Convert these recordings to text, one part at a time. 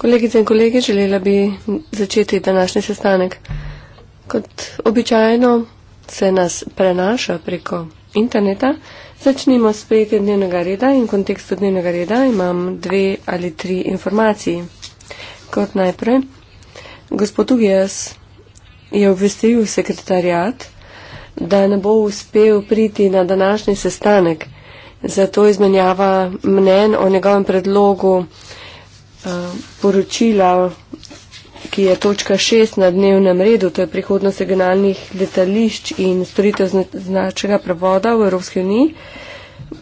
Kolegice in kolegi, želela bi začeti današnji sestanek. Kot običajno se nas prenaša preko interneta. Začnimo s prejetjem dnevnega reda in v kontekstu dnevnega reda imam dve ali tri informacije. Kot najprej, gospod Ugijas je obvestil sekretarjat, da ne bo uspel priti na današnji sestanek. Zato izmenjava mnen o njegovem predlogu eh, poročila, ki je točka 6 na dnevnem redu, to je prihodnost regionalnih letališč in storitev značega prevoda v Evropski uniji,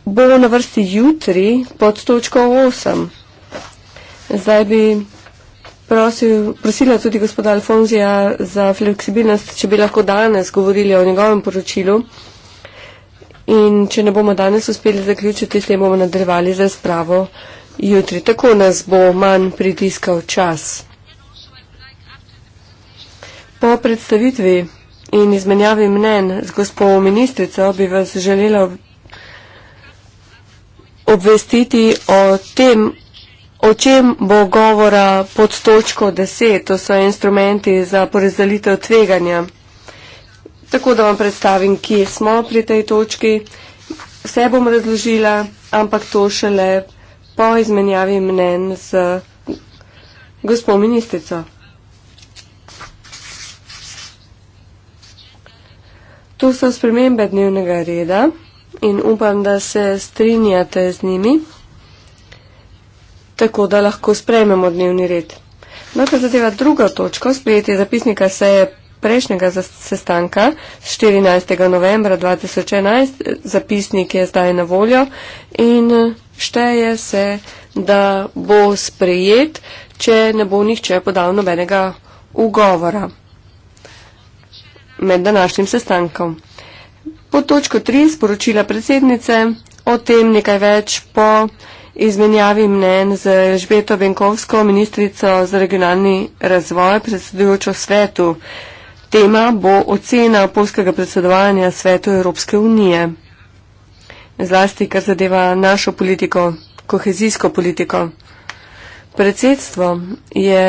bo na vrsti jutri pod točko 8. Zdaj bi prosil, prosila tudi gospoda Alfonzija za fleksibilnost, če bi lahko danes govorili o njegovem poročilu. In če ne bomo danes uspeli zaključiti, potem bomo nadaljevali z razpravo jutri. Tako nas bo manj pritiskal čas. Po predstavitvi in izmenjavi mnen z gospodom ministrico bi vas želela obvestiti o tem, o čem bo govora pod točko 10, to so instrumenti za porezdelitev tveganja. Tako da vam predstavim, kje smo pri tej točki. Vse bom razložila, ampak to šele po izmenjavi mnen z gospod ministrico. To so spremembe dnevnega reda in upam, da se strinjate z njimi, tako da lahko sprejmemo dnevni red. No, kar zadeva druga točka, sprejeti zapisnika se je prejšnjega sestanka 14. novembra 2011. Zapisnik je zdaj na voljo in šteje se, da bo sprejet, če ne bo nihče podal nobenega ugovora med današnjim sestankom. Po točko 3 sporočila predsednice o tem nekaj več po izmenjavi mnen z Žbeto Benkovsko, ministrico za regionalni razvoj, predsedujočo svetu. Tema bo ocena polskega predsedovanja Svetu Evropske unije, zlasti kar zadeva našo politiko, kohezijsko politiko. Predsedstvo je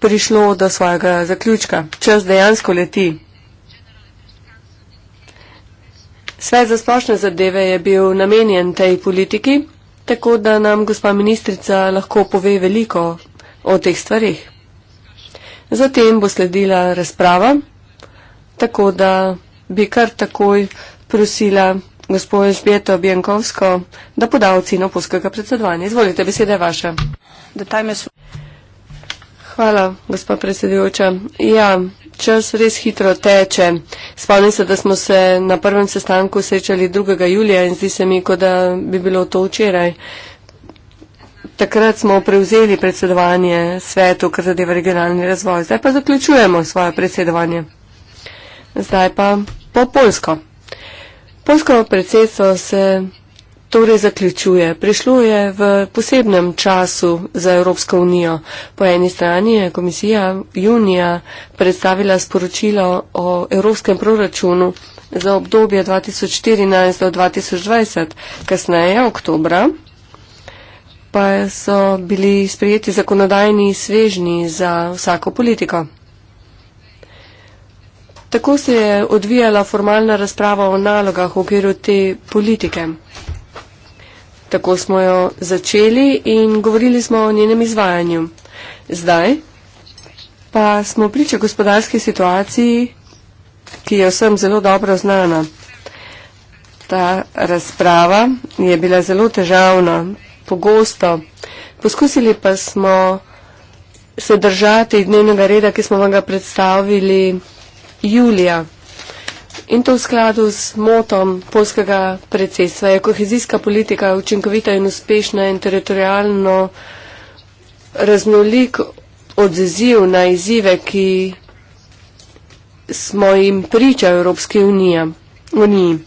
prišlo do svojega zaključka. Čas dejansko leti. Svet za splošne zadeve je bil namenjen tej politiki, tako da nam gospa ministrica lahko pove veliko o teh stvarih. Zatem bo sledila razprava, tako da bi kar takoj prosila gospod Žbeto Bjankovsko, da poda oceno polskega predsedovanja. Izvolite, beseda je vaša. Hvala, gospod predsedujoča. Ja, čas res hitro teče. Spomnim se, da smo se na prvem sestanku srečali 2. julija in zdi se mi, kot da bi bilo to včeraj. Uh, takrat smo prevzeli predsedovanje svetu, kar zadeva regionalni razvoj. Zdaj pa zaključujemo svoje predsedovanje. Zdaj pa po Polsko. Polsko predsedstvo se torej zaključuje. Prišlo je v posebnem času za Evropsko unijo. Po eni strani je komisija junija predstavila sporočilo o evropskem proračunu za obdobje 2014-2020, kasneje oktobra pa so bili sprejeti zakonodajni svežni za vsako politiko. Tako se je odvijala formalna razprava o nalogah v okviru te politike. Tako smo jo začeli in govorili smo o njenem izvajanju. Zdaj pa smo priča gospodarski situaciji, ki je vsem zelo dobro znana. Ta razprava je bila zelo težavna, pogosto. Poskusili pa smo se držati dnevnega reda, ki smo vam ga predstavili julija. In to v skladu s motom polskega predsedstva je kohezijska politika učinkovita in uspešna in teritorijalno raznolik odziv na izzive, ki smo jim priča Evropske unije. Uniji.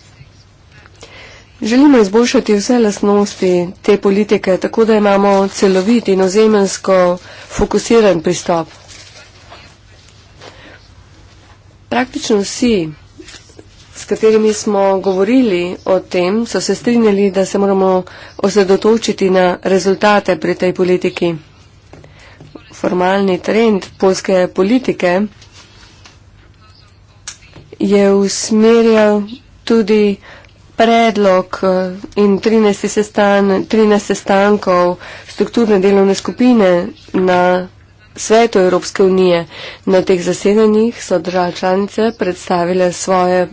Želimo izboljšati vse lasnosti te politike, tako da imamo celovit in ozemensko fokusiran pristop. Praktično vsi, s katerimi smo govorili o tem, so se strinjali, da se moramo osredotočiti na rezultate pri tej politiki. Formalni trend polske politike je usmerjal tudi predlog eh, in 13, sestan, 13 sestankov strukturne delovne skupine na svetu Evropske unije. Na teh zasedanjih so država članice predstavile svoje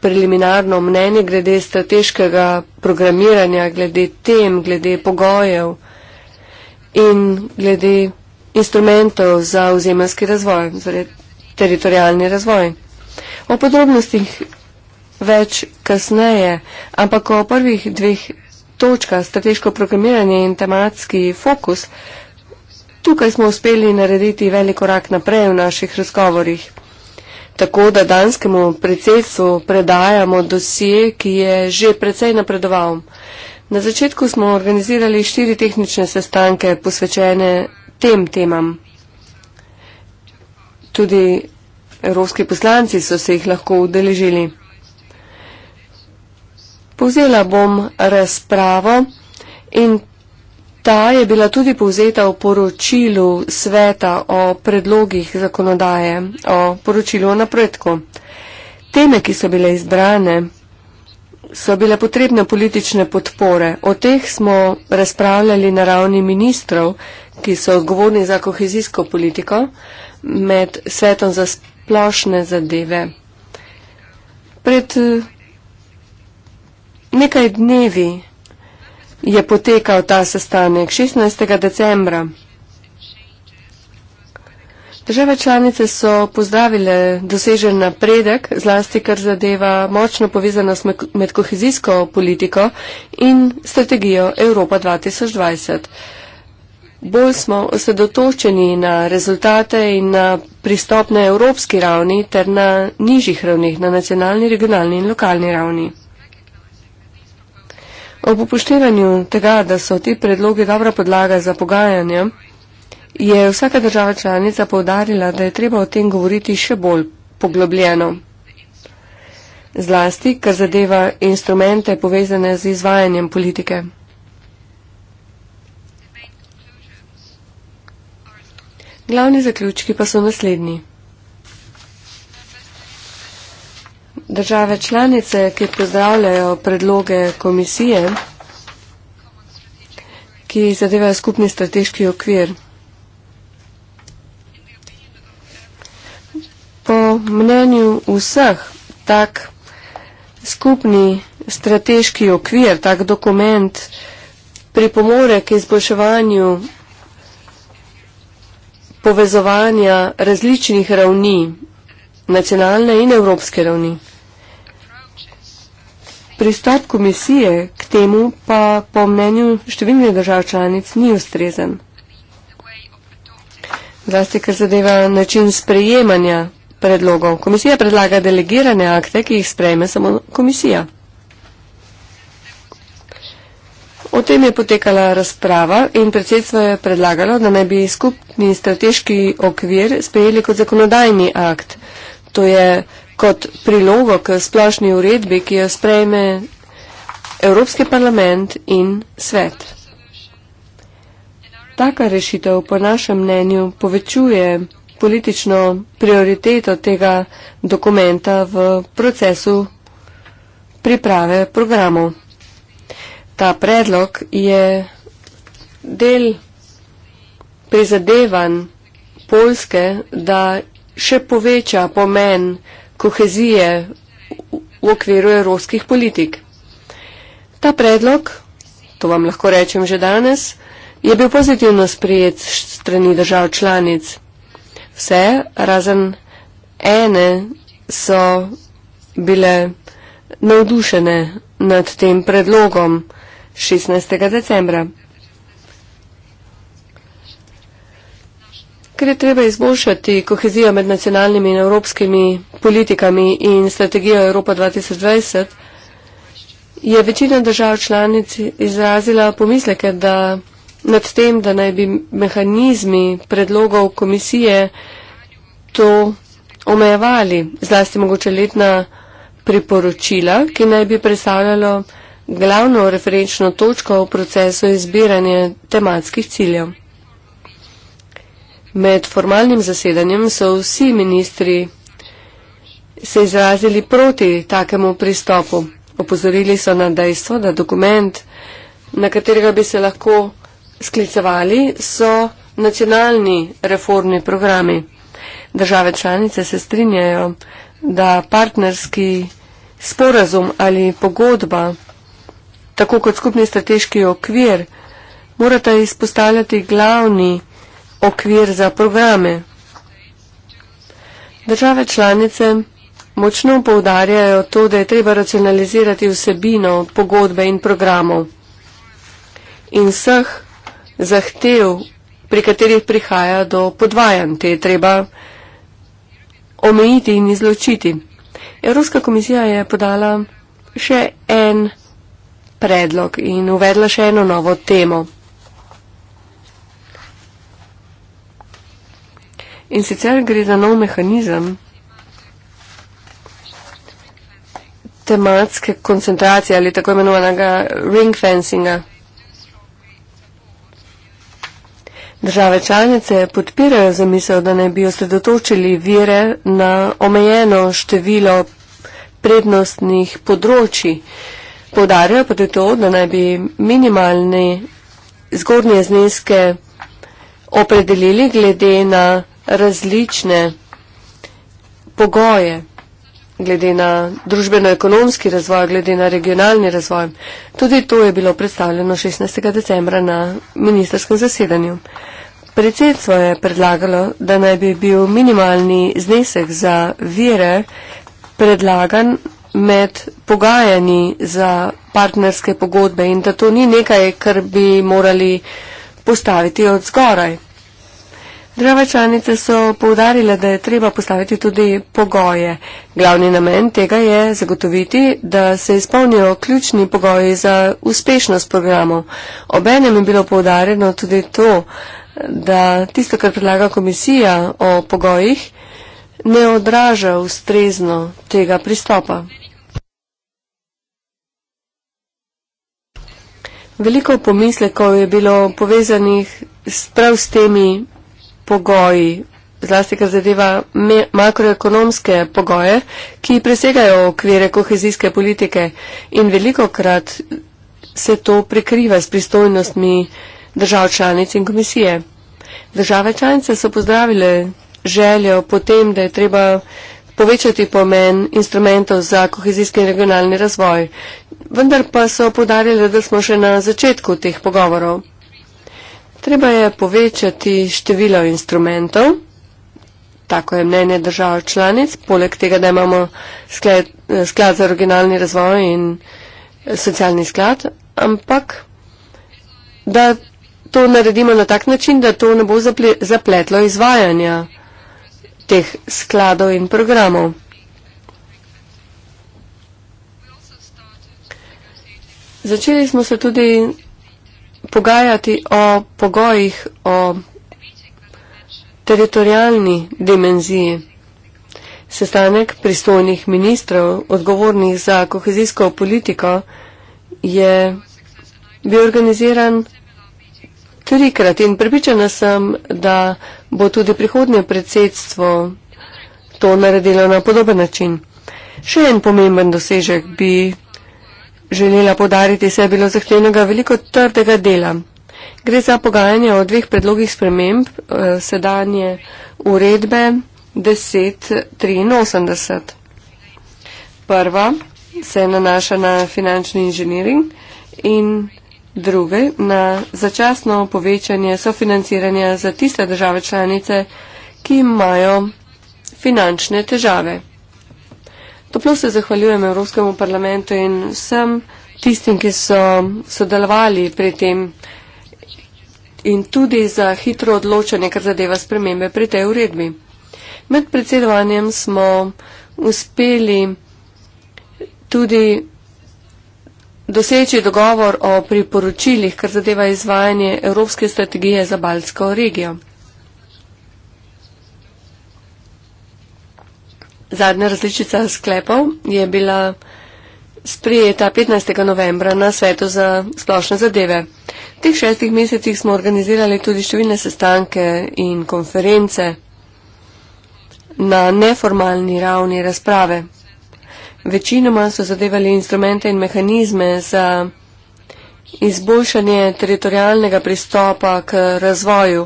preliminarno mnenje glede strateškega programiranja, glede tem, glede pogojev in glede instrumentov za vzemanski razvoj, torej teritorijalni razvoj. O podrobnostih več kasneje, ampak o prvih dveh točkah, strateško programiranje in tematski fokus, tukaj smo uspeli narediti velik korak naprej v naših razgovorih. Tako da danskemu predsedstvu predajamo dosije, ki je že precej napredoval. Na začetku smo organizirali štiri tehnične sestanke posvečene tem temam. Tudi evropski poslanci so se jih lahko udeležili. Povzela bom razpravo in ta je bila tudi povzeta v poročilu sveta o predlogih zakonodaje, o poročilu o napredku. Teme, ki so bile izbrane, so bile potrebne politične podpore. O teh smo razpravljali na ravni ministrov, ki so odgovorni za kohezijsko politiko med svetom za splošne zadeve. Pred Nekaj dnevi je potekal ta sestanek, 16. decembra. Države članice so pozdravile dosežen napredek, zlasti kar zadeva močno povezanost med kohezijsko politiko in strategijo Evropa 2020. Bolj smo osredotočeni na rezultate in na pristop na evropski ravni ter na nižjih ravnih, na nacionalni, regionalni in lokalni ravni. Ob upoštevanju tega, da so ti predlogi dobra podlaga za pogajanje, je vsaka država članica povdarila, da je treba o tem govoriti še bolj poglobljeno. Zlasti, kar zadeva instrumente povezane z izvajanjem politike. Glavni zaključki pa so naslednji. države članice, ki pozdravljajo predloge komisije, ki zadevajo skupni strateški okvir. Po mnenju vseh tak skupni strateški okvir, tak dokument pripomore k izboljševanju povezovanja različnih ravni, nacionalne in evropske ravni. Pristop komisije k temu pa po mnenju številnih držav članic ni ustrezen. Zlasti, ker zadeva način sprejemanja predlogov. Komisija predlaga delegirane akte, ki jih sprejme samo komisija. O tem je potekala razprava in predsedstvo je predlagalo, da naj bi skupni strateški okvir sprejeli kot zakonodajni akt. To je kot prilogo k splošni uredbi, ki jo sprejme Evropski parlament in svet. Taka rešitev, po našem mnenju, povečuje politično prioriteto tega dokumenta v procesu priprave programov. Ta predlog je del prizadevan Polske, da še poveča pomen kohezije v okviru evropskih politik. Ta predlog, to vam lahko rečem že danes, je bil pozitivno sprejet strani držav članic. Vse, razen ene, so bile navdušene nad tem predlogom 16. decembra. ker je treba izboljšati kohezijo med nacionalnimi in evropskimi politikami in strategijo Evropa 2020, je večina držav članic izrazila pomisleke da, nad tem, da naj bi mehanizmi predlogov komisije to omejevali, zlasti mogoče letna priporočila, ki naj bi predstavljalo glavno referenčno točko v procesu izbiranja tematskih ciljev. Med formalnim zasedanjem so vsi ministri se izrazili proti takemu pristopu. Opozorili so na dejstvo, da dokument, na katerega bi se lahko sklicevali, so nacionalni reformni programi. Države članice se strinjajo, da partnerski sporazum ali pogodba, tako kot skupni strateški okvir, morata izpostavljati glavni okvir za programe. Države članice močno poudarjajo to, da je treba racionalizirati vsebino pogodbe in programov in vseh zahtev, pri katerih prihaja do podvajanj, te je treba omejiti in izločiti. Evropska komisija je podala še en predlog in uvedla še eno novo temo. In sicer gre za nov mehanizem tematske koncentracije ali tako imenovanega ring fencinga. Države članice podpirajo zamisel, da ne bi osredotočili vire na omejeno število prednostnih področji. Podarjajo pa tudi to, da naj bi minimalne zgornje zneske opredelili glede na različne pogoje glede na družbeno-ekonomski razvoj, glede na regionalni razvoj. Tudi to je bilo predstavljeno 16. decembra na ministerskem zasedanju. Predsedstvo je predlagalo, da naj bi bil minimalni znesek za vire predlagan med pogajanji za partnerske pogodbe in da to ni nekaj, kar bi morali postaviti od zgoraj. Države članice so povdarile, da je treba postaviti tudi pogoje. Glavni namen tega je zagotoviti, da se izpolnijo ključni pogoji za uspešnost programov. Obenem je bilo povdarjeno tudi to, da tisto, kar predlaga komisija o pogojih, ne odraža ustrezno tega pristopa. Veliko pomislekov je bilo povezanih prav s temi pogoji, zlasti kar zadeva makroekonomske pogoje, ki presegajo okvire kohezijske politike in veliko krat se to prekriva s pristojnostmi držav članic in komisije. Države članice so pozdravile željo potem, da je treba povečati pomen instrumentov za kohezijski in regionalni razvoj, vendar pa so podarjali, da smo še na začetku teh pogovorov. Treba je povečati število instrumentov, tako je mnenje držav članic, poleg tega, da imamo skled, sklad za originalni razvoj in socialni sklad, ampak da to naredimo na tak način, da to ne bo zapletlo izvajanja teh skladov in programov. Začeli smo se tudi pogajati o pogojih, o teritorijalni dimenziji. Sestanek pristojnih ministrov, odgovornih za kohezijsko politiko, je bil organiziran trikrat in pripričana sem, da bo tudi prihodnje predsedstvo to naredilo na podoben način. Še en pomemben dosežek bi Želela podariti se je bilo zahtevnega veliko trdega dela. Gre za pogajanje o dveh predlogih sprememb eh, sedanje uredbe 1083. Prva se nanaša na finančni inženiring in druge na začasno povečanje sofinanciranja za tiste države članice, ki imajo finančne težave. Toplo se zahvaljujem Evropskemu parlamentu in vsem tistim, ki so sodelovali pri tem in tudi za hitro odločanje, kar zadeva spremembe pri tej uredbi. Med predsedovanjem smo uspeli tudi doseči dogovor o priporočilih, kar zadeva izvajanje Evropske strategije za Balsko regijo. Zadnja različica sklepov je bila sprijeta 15. novembra na svetu za splošne zadeve. V teh šestih mesecih smo organizirali tudi številne sestanke in konference na neformalni ravni razprave. Večinoma so zadevali instrumente in mehanizme za izboljšanje teritorijalnega pristopa k razvoju.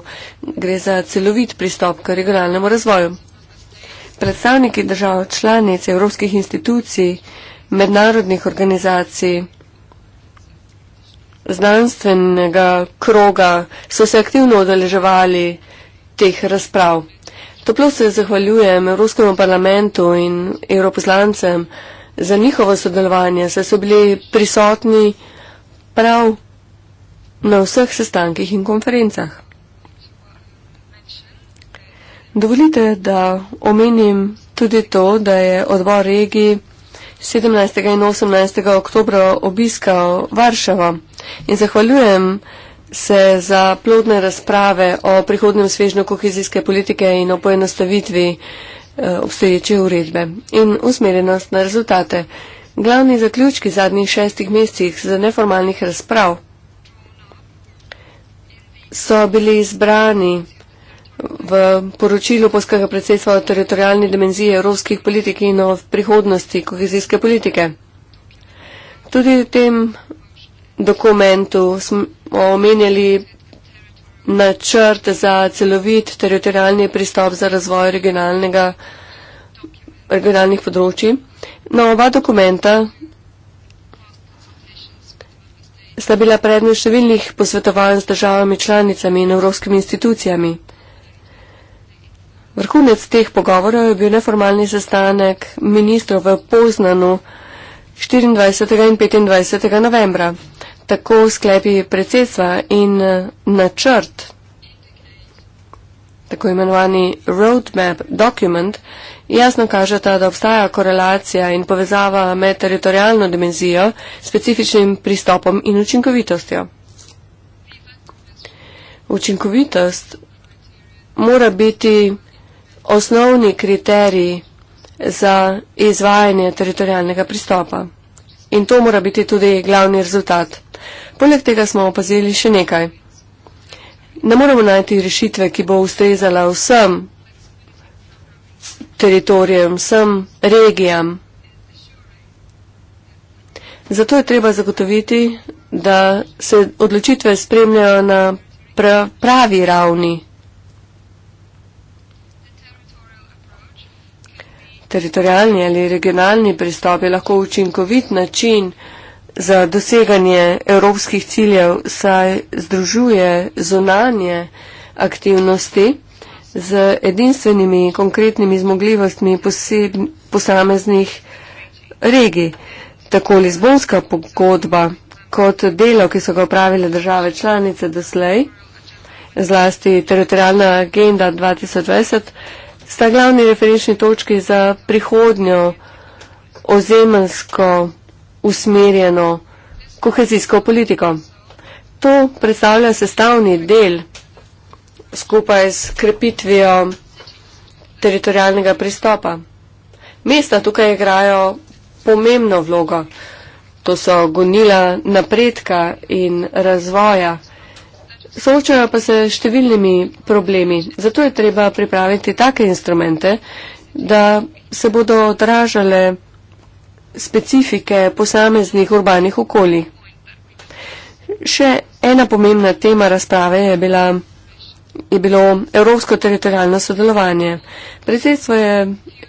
Gre za celovit pristop k regionalnemu razvoju predstavniki držav članic evropskih institucij, mednarodnih organizacij, znanstvenega kroga so se aktivno odeleževali teh razprav. Toplo se zahvaljujem Evropskemu parlamentu in europoslancem za njihovo sodelovanje, saj so bili prisotni prav na vseh sestankih in konferencah. Dovolite, da omenim tudi to, da je odbor regij 17. in 18. oktobra obiskal Varšavo in zahvaljujem se za plodne razprave o prihodnem svežnju kohezijske politike in o poenostavitvi eh, obstoječe uredbe in usmerjenost na rezultate. Glavni zaključki zadnjih šestih mesecih za neformalnih razprav so bili izbrani v poročilu polskega predsedstva o teritorijalni dimenziji evropskih politik in o prihodnosti kohezijske politike. Tudi v tem dokumentu smo omenjali načrt za celovit teritorijalni pristop za razvoj regionalnih področji. No, oba dokumenta sta bila predmet številnih posvetovanj z državami članicami in evropskimi institucijami. Vrhunec teh pogovorov je bil neformalni sestanek ministrov v Poznanu 24. in 25. novembra. Tako sklepi predsedstva in eh, načrt, tako imenovani roadmap document, jasno kaže ta, da obstaja korelacija in povezava med teritorijalno dimenzijo, specifičnim pristopom in učinkovitostjo. Učinkovitost mora biti osnovni kriteriji za izvajanje teritorijalnega pristopa. In to mora biti tudi glavni rezultat. Poleg tega smo opazili še nekaj. Ne moremo najti rešitve, ki bo ustrezala vsem teritorijem, vsem regijam. Zato je treba zagotoviti, da se odločitve spremljajo na pravi ravni. teritorijalni ali regionalni pristop je lahko učinkovit način za doseganje evropskih ciljev, saj združuje zunanje aktivnosti z edinstvenimi konkretnimi zmogljivostmi posebn, posameznih regij. Tako Lizbonska pogodba kot delo, ki so ga upravile države članice doslej, zlasti teritorijalna agenda 2020, sta glavni referenčni točki za prihodnjo ozemensko usmerjeno kohezijsko politiko. To predstavlja sestavni del skupaj s krepitvijo teritorijalnega pristopa. Mesta tukaj igrajo pomembno vlogo. To so gonila napredka in razvoja. Soočajo pa se številnimi problemi, zato je treba pripraviti take instrumente, da se bodo odražale specifike posameznih urbanih okolij. Še ena pomembna tema razprave je, bila, je bilo evropsko teritorijalno sodelovanje. Predsedstvo je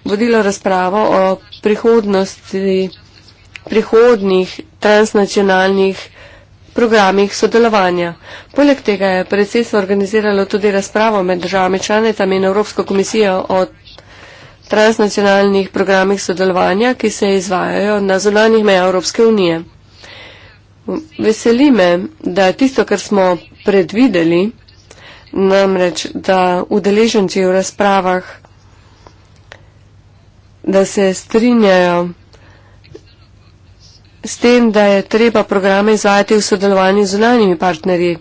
vodilo razpravo o prihodnosti prihodnih transnacionalnih programih sodelovanja. Poleg tega je predsedstvo organiziralo tudi razpravo med državami članicami in Evropsko komisijo o transnacionalnih programih sodelovanja, ki se izvajajo na zunanjih meja Evropske unije. Veseli me, da je tisto, kar smo predvideli, namreč, da udeleženci v razpravah, da se strinjajo s tem, da je treba programe izvajati v sodelovanju z zunanjimi partnerji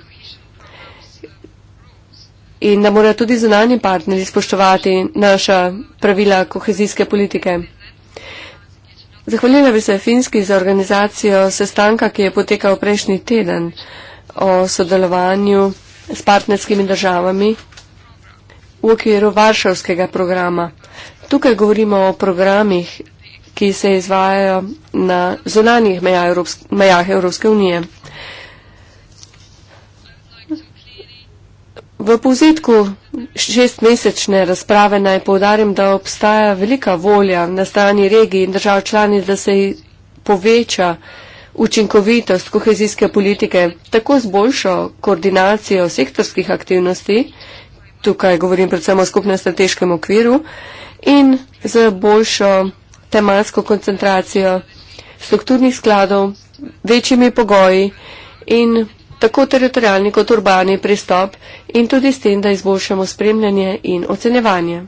in da morajo tudi zunanji partnerji spoštovati naša pravila kohezijske politike. Zahvaljujem bi se Finski za organizacijo sestanka, ki je potekal prejšnji teden o sodelovanju s partnerskimi državami v okviru Varšavskega programa. Tukaj govorimo o programih ki se izvajajo na zunanjih meja Evropske, mejah Evropske unije. V povzetku šestmesečne razprave naj povdarim, da obstaja velika volja na strani regij in držav člani, da se poveča učinkovitost kohezijske politike tako z boljšo koordinacijo sektorskih aktivnosti, tukaj govorim predvsem o skupnem strateškem okviru, in z boljšo temansko koncentracijo strukturnih skladov, večjimi pogoji in tako teritorijalni kot urbani pristop in tudi s tem, da izboljšamo spremljanje in ocenjevanje.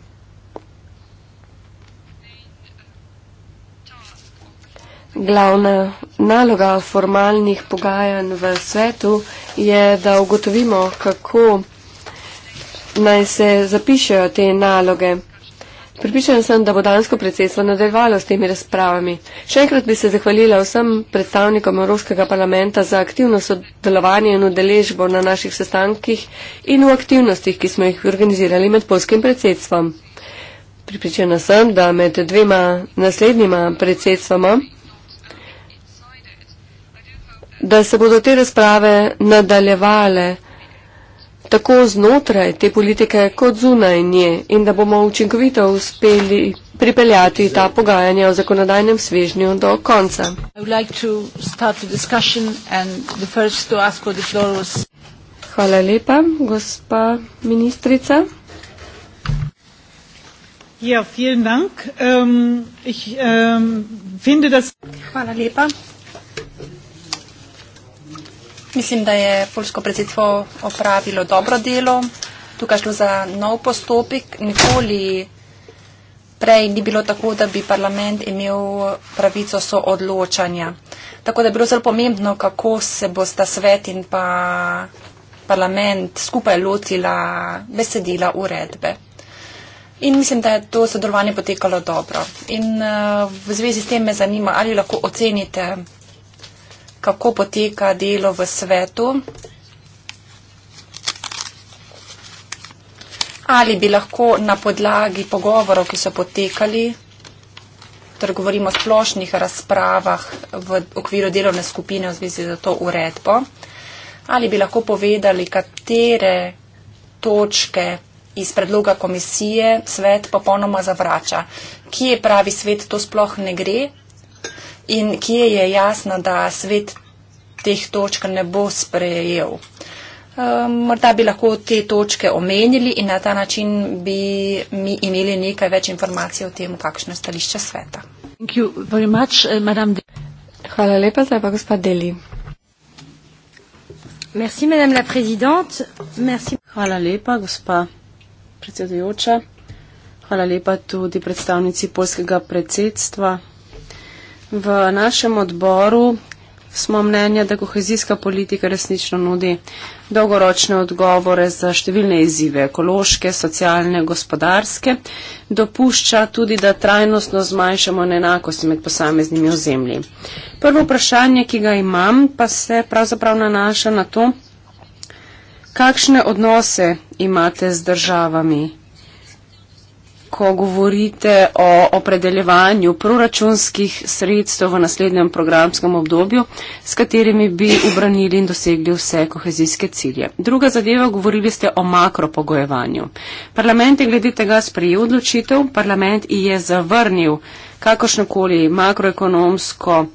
Glavna naloga formalnih pogajanj v svetu je, da ugotovimo, kako naj se zapišejo te naloge. Pripričan sem, da bo dansko predsedstvo nadaljevalo s temi razpravami. Še enkrat bi se zahvalila vsem predstavnikom Evropskega parlamenta za aktivno sodelovanje in udeležbo na naših sestankih in v aktivnostih, ki smo jih organizirali med polskim predsedstvom. Pripričana sem, da med dvema naslednjima predsedstvoma, da se bodo te razprave nadaljevale tako znotraj te politike kot zunaj nje in da bomo učinkovito uspeli pripeljati ta pogajanja o zakonodajnem svežnju do konca. Hvala lepa, gospa ministrica. Ja, vielen Dank. Um, ich um, finde, dass Hvala lepa. Mislim, da je polsko predsedstvo opravilo dobro delo. Tukaj šlo za nov postopek. Nikoli prej ni bilo tako, da bi parlament imel pravico soodločanja. Tako da je bilo zelo pomembno, kako se bo sta svet in pa parlament skupaj lotila besedila uredbe. In mislim, da je to sodelovanje potekalo dobro. In eh, v zvezi s tem me zanima, ali lahko ocenite kako poteka delo v svetu. Ali bi lahko na podlagi pogovorov, ki so potekali, torej govorimo o splošnih razpravah v okviru delovne skupine v zvezi z to uredbo, ali bi lahko povedali, katere točke iz predloga komisije svet popolnoma zavrača. Kje pravi svet, to sploh ne gre, in kje je jasno, da svet teh točk ne bo sprejel. Eh, morda bi lahko te točke omenili in na ta način bi mi imeli nekaj več informacij o tem, kakšno stališče sveta. Much, eh, Hvala lepa, zdaj pa gospod Deli. Merci, la Merci. Hvala lepa, gospa predsedujoča. Hvala lepa tudi predstavnici polskega predsedstva, V našem odboru smo mnenja, da kohezijska politika resnično nudi dolgoročne odgovore za številne izzive, ekološke, socialne, gospodarske, dopušča tudi, da trajnostno zmanjšamo neenakosti med posameznimi ozemlji. Prvo vprašanje, ki ga imam, pa se pravzaprav nanaša na to, kakšne odnose imate z državami ko govorite o opredeljevanju proračunskih sredstev v naslednjem programskem obdobju, s katerimi bi obranili in dosegli vse kohezijske cilje. Druga zadeva, govorili ste o makropogojevanju. Parlament je glede tega sprejel odločitev, parlament je zavrnil kakršnokoli makroekonomsko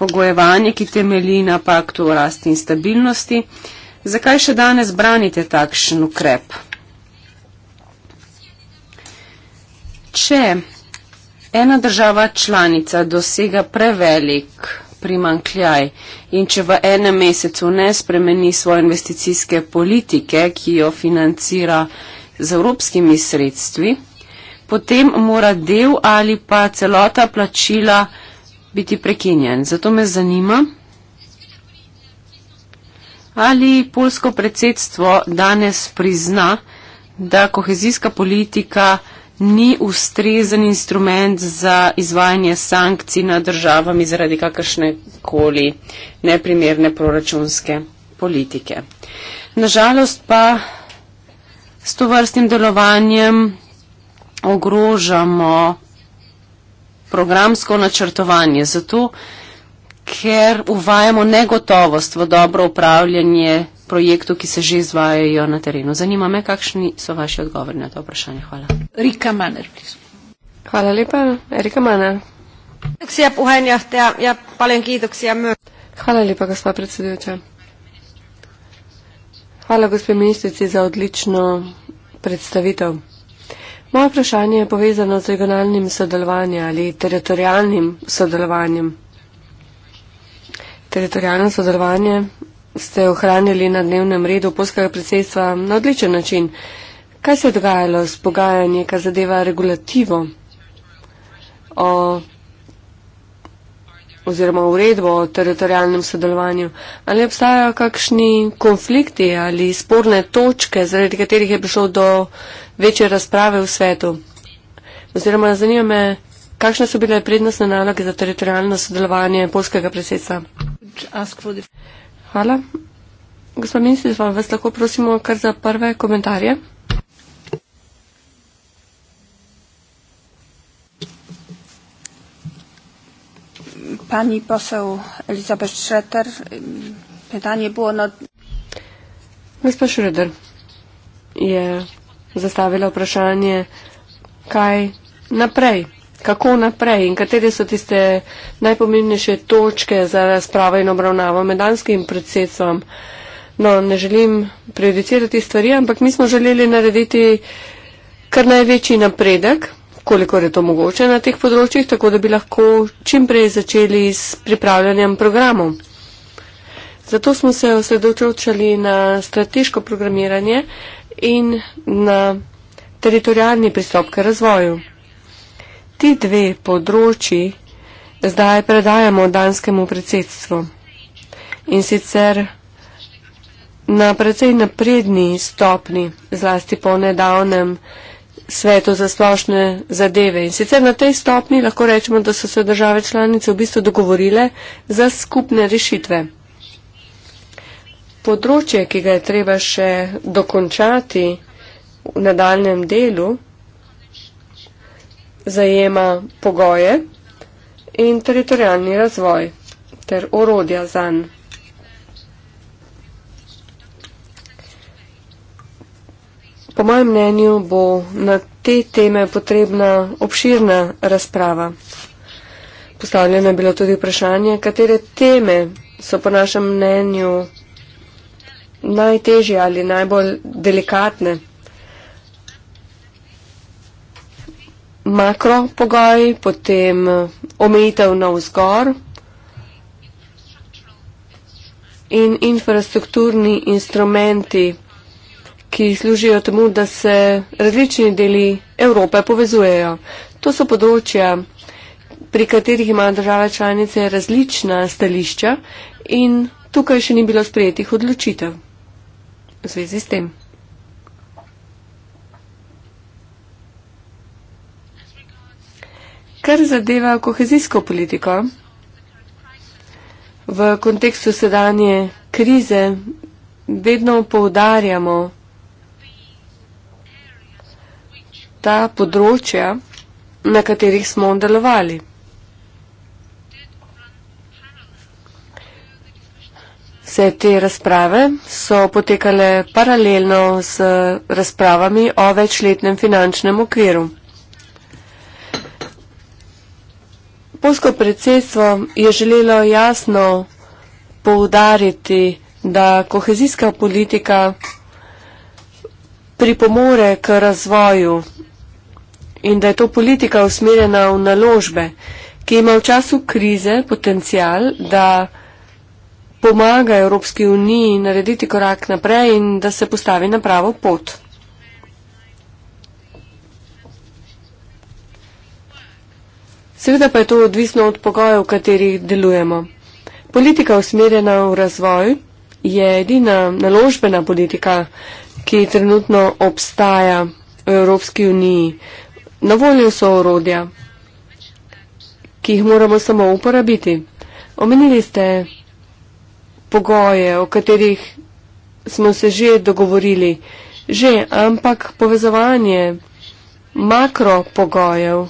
pogojevanje, ki temelji na paktu o rasti in stabilnosti. Zakaj še danes branite takšen ukrep? če ena država članica dosega prevelik primankljaj in če v enem mesecu ne spremeni svoje investicijske politike, ki jo financira z evropskimi sredstvi, potem mora del ali pa celota plačila biti prekinjen. Zato me zanima, ali polsko predsedstvo danes prizna, da kohezijska politika ni ustrezen instrument za izvajanje sankcij nad državami zaradi kakršne koli neprimerne proračunske politike. Nažalost pa s to vrstnim delovanjem ogrožamo programsko načrtovanje, zato ker uvajamo negotovost v dobro upravljanje projektu, ki se že izvajajo na terenu. Zanima me, kakšni so vaši odgovori na to vprašanje. Hvala. Rika Maner, Hvala lepa, Erika Maner. Ja Hvala lepa, gospod predsedujoča. Hvala, gospod ministrici, za odlično predstavitev. Moje vprašanje je povezano z regionalnim sodelovanjem ali teritorijalnim sodelovanjem. Teritorijalno sodelovanje ste ohranili na dnevnem redu polskega predsedstva na odličen način. Kaj se je dogajalo s pogajanjem, kar zadeva regulativo o, oziroma uredbo o teritorijalnem sodelovanju? Ali obstajajo kakšni konflikti ali sporne točke, zaradi katerih je prišlo do večje razprave v svetu? Oziroma, zanima me, kakšne so bile prednostne naloge za teritorijalno sodelovanje polskega predsedstva? Hvala. Gospod ministr, vas lahko prosimo kar za prve komentarje. Pani posel Elizabeth Schroeder, pytanie było na... Gospod Schroeder je zastavila vprašanje, kaj naprej kako naprej in katere so tiste najpomembnejše točke za razpravo in obravnavo med danskim predsedstvom. No, ne želim prejudicirati stvari, ampak mi smo želeli narediti kar največji napredek, kolikor je to mogoče na teh področjih, tako da bi lahko čim prej začeli s pripravljanjem programov. Zato smo se osredotočali na strateško programiranje in na teritorijalni pristop k razvoju. Ti dve področji zdaj predajamo danskemu predsedstvu in sicer na precej napredni stopni, zlasti po nedavnem svetu za splošne zadeve. In sicer na tej stopni lahko rečemo, da so se države članice v bistvu dogovorile za skupne rešitve. Področje, ki ga je treba še dokončati v nadaljem delu, zajema pogoje in teritorijalni razvoj ter orodja zan. Po mojem mnenju bo na te teme potrebna obširna razprava. Postavljeno je bilo tudi vprašanje, katere teme so po našem mnenju najtežje ali najbolj delikatne. makro pogoji, potem eh, omejitev na vzgor in infrastrukturni instrumenti, ki služijo temu, da se različni deli Evrope povezujejo. To so področja, pri katerih imajo države članice različna stališča in tukaj še ni bilo sprejetih odločitev v zvezi s tem. Kar zadeva kohezijsko politiko, v kontekstu sedanje krize vedno poudarjamo ta področja, na katerih smo delovali. Vse te razprave so potekale paralelno z razpravami o večletnem finančnem okviru. Polsko predsedstvo je želelo jasno poudariti, da kohezijska politika pripomore k razvoju in da je to politika usmerjena v naložbe, ki ima v času krize potencial, da pomaga Evropski uniji narediti korak naprej in da se postavi na pravo pot. Seveda pa je to odvisno od pogojev, v katerih delujemo. Politika usmerjena v razvoj je edina naložbena politika, ki trenutno obstaja v Evropski uniji. Na voljo so orodja, ki jih moramo samo uporabiti. Omenili ste pogoje, o katerih smo se že dogovorili, že, ampak povezovanje makro pogojev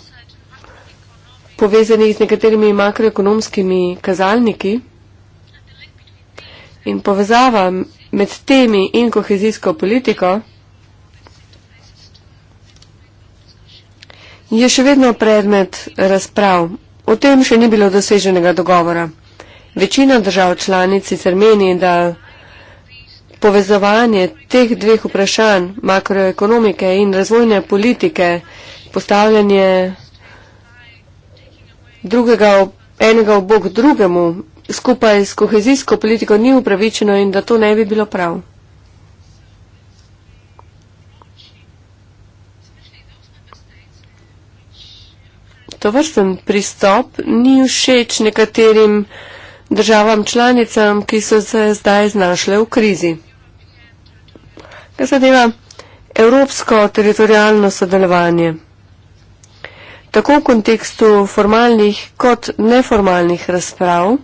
povezani z nekaterimi makroekonomskimi kazalniki in povezava med temi in kohezijsko politiko je še vedno predmet razprav. O tem še ni bilo doseženega dogovora. Večina držav članic sicer meni, da povezovanje teh dveh vprašanj, makroekonomike in razvojne politike, postavljanje drugega, enega v bog drugemu, skupaj s kohezijsko politiko ni upravičeno in da to ne bi bilo prav. To vrsten pristop ni všeč nekaterim državam članicam, ki so se zdaj znašle v krizi. Kaj zadeva evropsko teritorijalno sodelovanje? tako v kontekstu formalnih kot neformalnih razprav,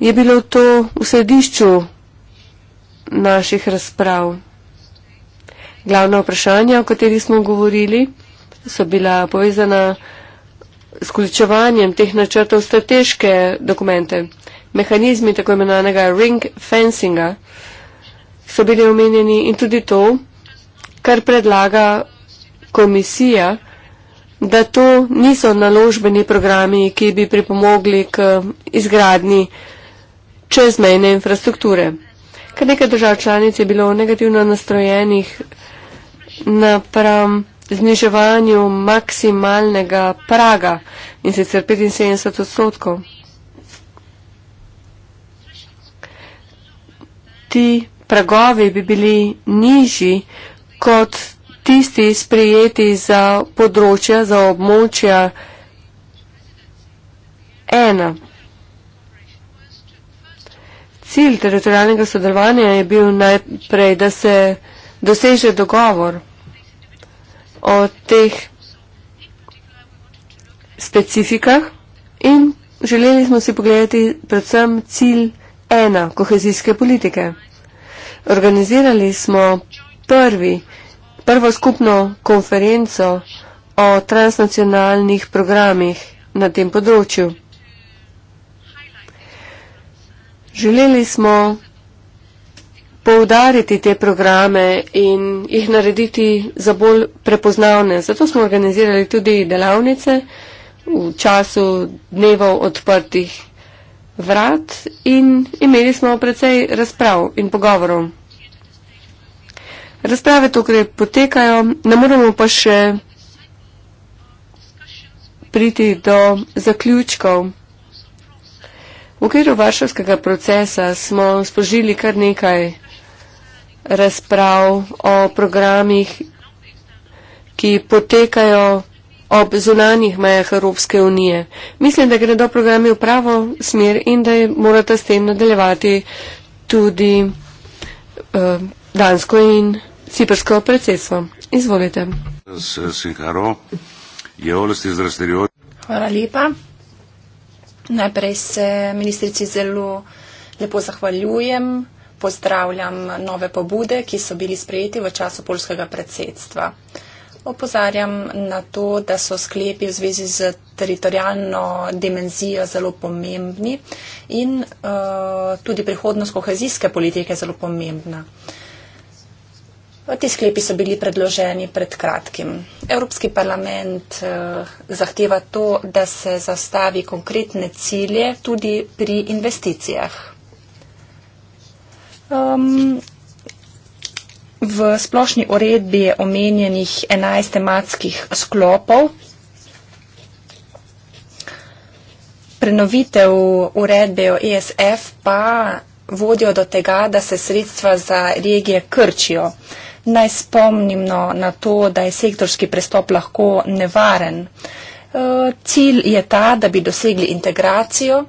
je bilo to v središču naših razprav. Glavna vprašanja, o katerih smo govorili, so bila povezana s količevanjem teh načrtov strateške dokumente. Mehanizmi tako imenovanega ring fencinga so bili omenjeni in tudi to, kar predlaga komisija, da to niso naložbeni programi, ki bi pripomogli k izgradni čezmejne infrastrukture. Kar nekaj držav članic je bilo negativno nastrojenih napram zniževanju maksimalnega praga in sicer 75 odstotkov. Ti pragovi bi bili nižji kot tisti sprijeti za področja, za območja ena. Cilj teritorijalnega sodelovanja je bil najprej, da se doseže dogovor o teh specifikah in želeli smo si pogledati predvsem cilj ena kohezijske politike. Organizirali smo prvi prvo skupno konferenco o transnacionalnih programih na tem področju. Želeli smo poudariti te programe in jih narediti za bolj prepoznavne. Zato smo organizirali tudi delavnice v času dnevov odprtih vrat in imeli smo precej razprav in pogovorov. Razprave tukaj potekajo, ne moramo pa še priti do zaključkov. V okviru varšavskega procesa smo spožili kar nekaj razprav o programih, ki potekajo ob zunanjih mejah Evropske unije. Mislim, da gredo programi v pravo smer in da morate s tem nadaljevati tudi uh, Dansko in Ciprsko predsedstvo. Izvolite. Hvala lepa. Najprej se ministrici zelo lepo zahvaljujem. Pozdravljam nove pobude, ki so bili sprejeti v času polskega predsedstva. Opozarjam na to, da so sklepi v zvezi z teritorijalno dimenzijo zelo pomembni in uh, tudi prihodnost kohezijske politike je zelo pomembna. Uh, No, ti sklepi so bili predloženi pred kratkim. Evropski parlament eh, zahteva to, da se zastavi konkretne cilje tudi pri investicijah. Um, v splošni uredbi je omenjenih 11 tematskih sklopov. Prenovitev uredbe o ESF pa vodijo do tega, da se sredstva za regije krčijo. Naj spomnim no, na to, da je sektorski prestop lahko nevaren. E, cilj je ta, da bi dosegli integracijo.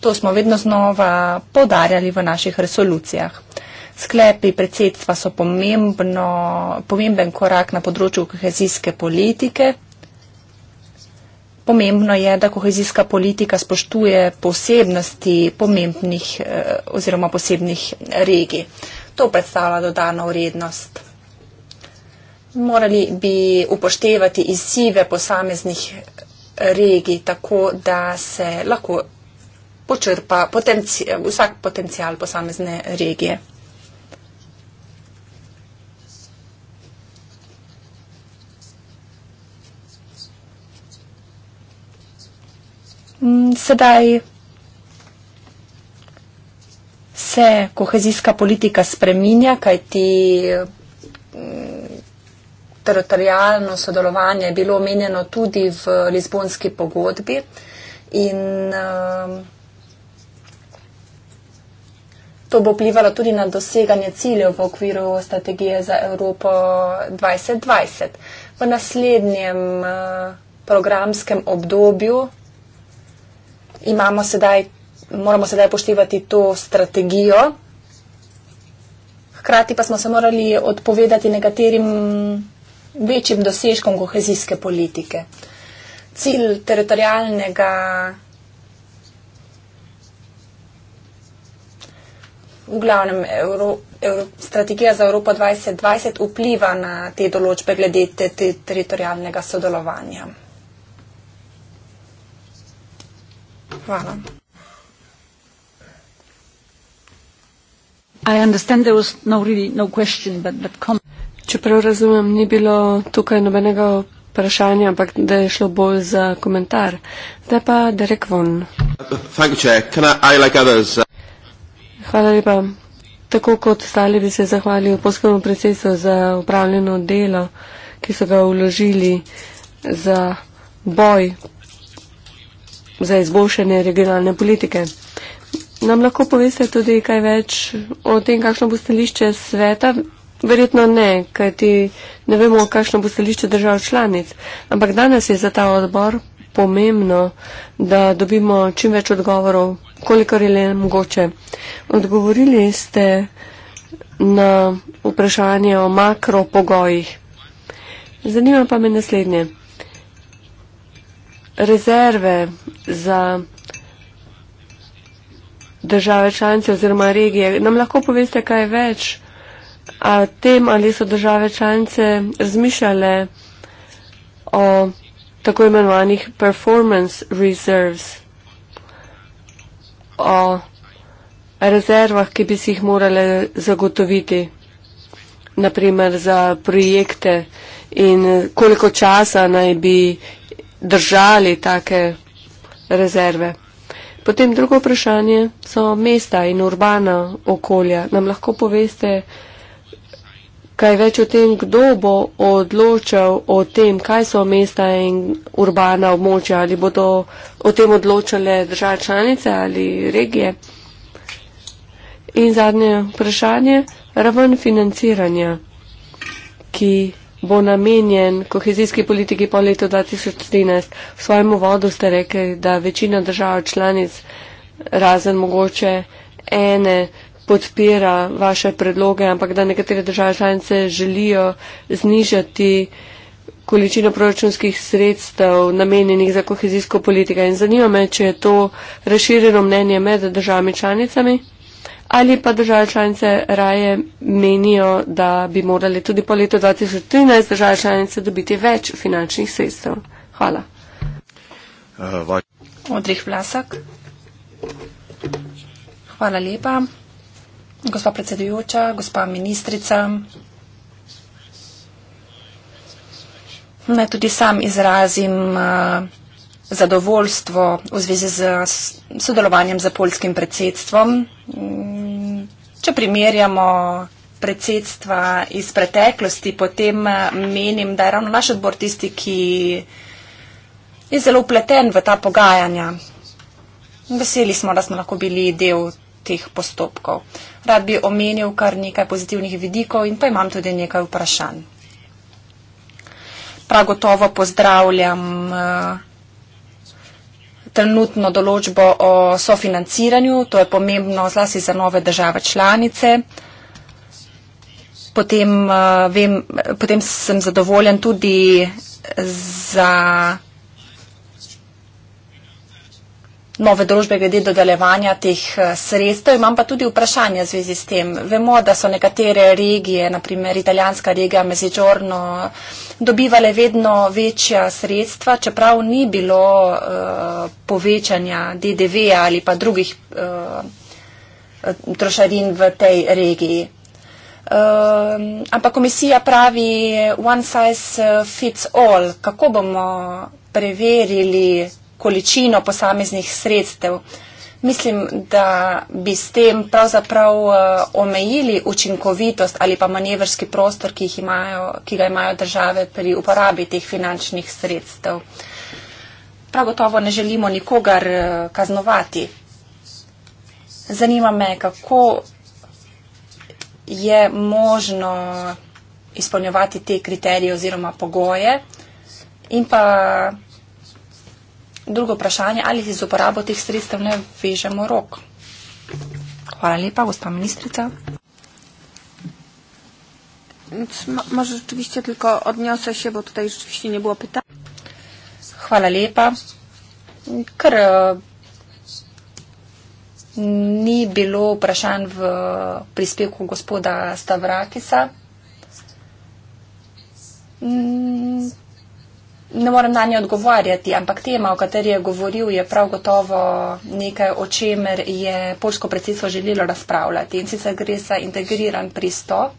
To smo vedno znova podarjali v naših resolucijah. Sklepi predsedstva so pomembno, pomemben korak na področju kohezijske politike. Pomembno je, da kohezijska politika spoštuje posebnosti pomembnih e, oziroma posebnih regij to predstavlja dodano vrednost. Morali bi upoštevati izzive posameznih regij, tako da se lahko počrpa potenci vsak potencial posamezne regije. Mm, sedaj se kohezijska politika spreminja, kajti mm, teritorijalno sodelovanje je bilo omenjeno tudi v Lizbonski pogodbi. In, um, To bo vplivalo tudi na doseganje ciljev v okviru strategije za Evropo 2020. V naslednjem uh, programskem obdobju imamo sedaj moramo sedaj poštevati to strategijo. Hkrati pa smo se morali odpovedati nekaterim večjim dosežkom kohezijske politike. Cilj teritorijalnega. V glavnem, Evro, Evro, strategija za Evropo 2020 vpliva na te določbe glede te, te teritorijalnega sodelovanja. Hvala. I understand there was no really no question but but come Čeprav razumem, ni bilo tukaj nobenega vprašanja, ampak da je šlo bolj za komentar. Zdaj pa Derek Von. Uh, Hvala lepa. Tako kot ostali bi se zahvalil poskovnemu predsedstvu za upravljeno delo, ki so ga vložili za boj za izboljšanje regionalne politike. Nam lahko poveste tudi kaj več o tem, kakšno bo stališče sveta? Verjetno ne, kajti ne vemo, kakšno bo stališče držav članic. Ampak danes je za ta odbor pomembno, da dobimo čim več odgovorov, kolikor je le mogoče. Odgovorili ste na vprašanje o makropogojih. Zanima pa me naslednje. Rezerve za države članice oziroma regije. Nam lahko poveste kaj več o tem, ali so države članice razmišljale o tako imenovanih performance reserves, o rezervah, ki bi si jih morale zagotoviti, naprimer za projekte in koliko časa naj bi držali take rezerve. Potem drugo vprašanje so mesta in urbana okolja. Nam lahko poveste kaj več o tem, kdo bo odločal o tem, kaj so mesta in urbana območja, ali bodo o tem odločale države članice ali regije. In zadnje vprašanje, raven financiranja, ki bo namenjen kohezijski politiki po letu 2013. V svojem uvodu ste rekli, da večina držav članic, razen mogoče ene, podpira vaše predloge, ampak da nekatere države članice želijo znižati količino proračunskih sredstev namenjenih za kohezijsko politiko. In zanima me, če je to razširjeno mnenje med državami članicami ali pa države članice raje menijo, da bi morali tudi po letu 2013 države članice dobiti več finančnih sredstev. Hvala. Uh, Odrih Vlasak. Hvala lepa. Gospa predsedujoča, gospa ministrica. Naj tudi sam izrazim. Uh, zadovoljstvo v zvezi z sodelovanjem za polskim predsedstvom. Mm, če primerjamo predsedstva iz preteklosti, potem menim, da je ravno naš odbor tisti, ki je zelo upleten v ta pogajanja. Veseli smo, da smo lahko bili del teh postopkov. Rad bi omenil kar nekaj pozitivnih vidikov in pa imam tudi nekaj vprašanj. Prav gotovo pozdravljam trenutno določbo o sofinanciranju, to je pomembno zlasti za nove države članice. Potem, uh, vem, potem sem zadovoljen tudi za nove družbe glede dodelevanja teh eh, sredstev. Imam pa tudi vprašanje v zvezi s tem. Vemo, da so nekatere regije, naprimer italijanska regija Mezzogiorno, uh, dobivale vedno večja sredstva, čeprav ni bilo uh, povečanja DDV ali pa drugih uh, trošarin v tej regiji. Uh, ampak komisija pravi one size eh, fits all. Kako bomo preverili količino posameznih sredstev? Uh, Mislim, da bi s tem pravzaprav eh, omejili učinkovitost ali pa manevrski prostor, ki, imajo, ki ga imajo države pri uporabi teh finančnih sredstev. Prav gotovo ne želimo nikogar eh, kaznovati. Zanima me, kako je možno izpolnjevati te kriterije oziroma pogoje in pa drugo vprašanje, ali z uporabo teh sredstev ne vežemo rok. Hvala lepa, gospa ministrica. Može rečeviče tylko odniosę się, bo tutaj rzeczywiście nie było pytań. Hvala lepa. Ker e, ni bilo vprašanj v prispevku gospoda Stavrakisa ne morem na nje odgovarjati, ampak tema, o kateri je govoril, je prav gotovo nekaj, o čemer je polsko predsedstvo želelo razpravljati. In sicer gre za integriran pristop.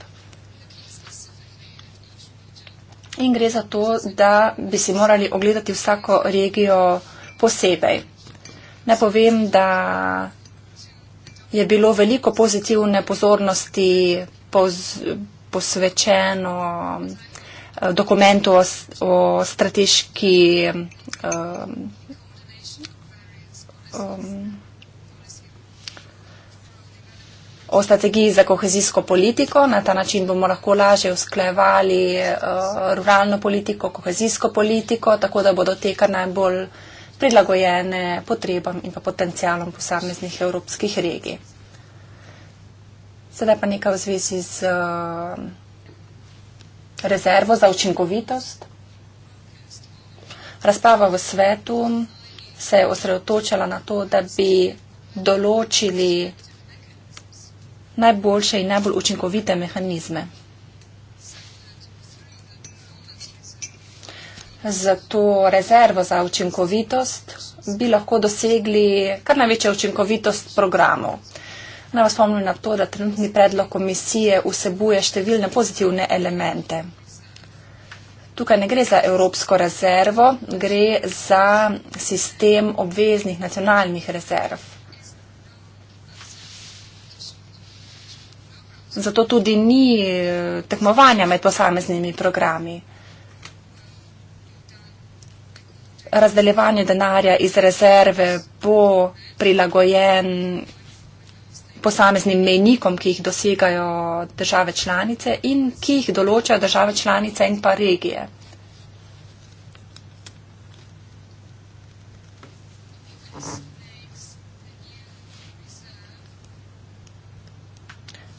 In gre za to, da bi si morali ogledati vsako regijo posebej. Ne povem, da je bilo veliko pozitivne pozornosti posvečeno dokumentu o, o strateški um, o strategiji za kohezijsko politiko. Na ta način bomo lahko lažje usklejevali uh, eh, ruralno politiko, kohezijsko politiko, tako da bodo te kar najbolj prilagojene potrebam in pa potencialom posameznih evropskih regij. Sedaj pa nekaj v zvezi z uh, rezervo za učinkovitost. Razprava v svetu se je osredotočala na to, da bi določili najboljše in najbolj učinkovite mehanizme. Za to rezervo za učinkovitost bi lahko dosegli kar največjo učinkovitost programov. Naj vas spomnim na to, da trenutni predlog komisije vsebuje številne pozitivne elemente. Tukaj ne gre za evropsko rezervo, gre za sistem obveznih nacionalnih rezerv. Zato tudi ni eh, tekmovanja med posameznimi programi. Razdeljevanje denarja iz rezerve bo prilagojen posameznim menikom, ki jih dosegajo države članice in ki jih določajo države članice in pa regije.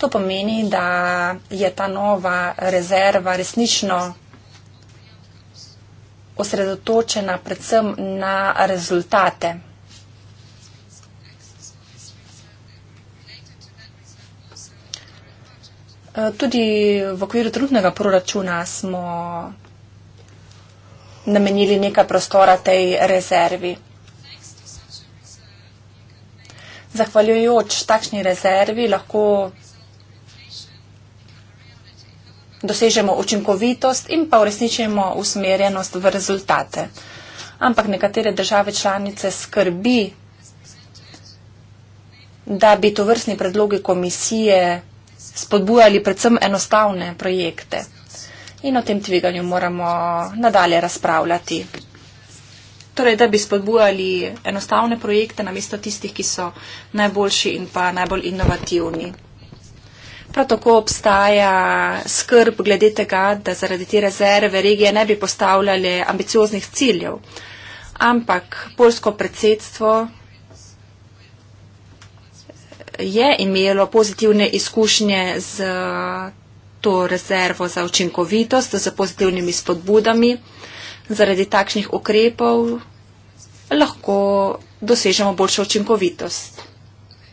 To pomeni, da je ta nova rezerva resnično osredotočena predvsem na rezultate. Eh, tudi v okviru trenutnega proračuna smo namenili nekaj prostora tej rezervi. Zahvaljujoč takšni rezervi lahko dosežemo učinkovitost in pa uresničimo usmerjenost v rezultate. Ampak nekatere države članice skrbi, da bi to vrstni predlogi komisije spodbujali predvsem enostavne projekte. In o tem tveganju moramo nadalje razpravljati. Torej, da bi spodbujali enostavne projekte namesto tistih, ki so najboljši in pa najbolj inovativni. Prav tako obstaja skrb glede tega, da zaradi te rezerve regije ne bi postavljali ambicioznih ciljev. Ampak polsko predsedstvo je imelo pozitivne izkušnje z eh, to rezervo za učinkovitost, z pozitivnimi spodbudami. Zaradi takšnih ukrepov lahko dosežemo boljšo učinkovitost.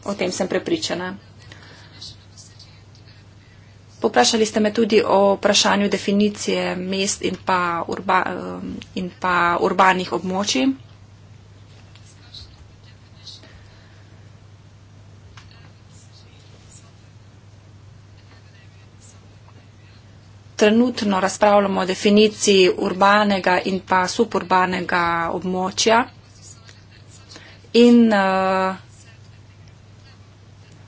O tem sem prepričana. Poprašali ste me tudi o vprašanju definicije mest in pa, urba, eh, in pa urbanih območij. trenutno razpravljamo o definiciji urbanega in pa suburbanega območja. In uh,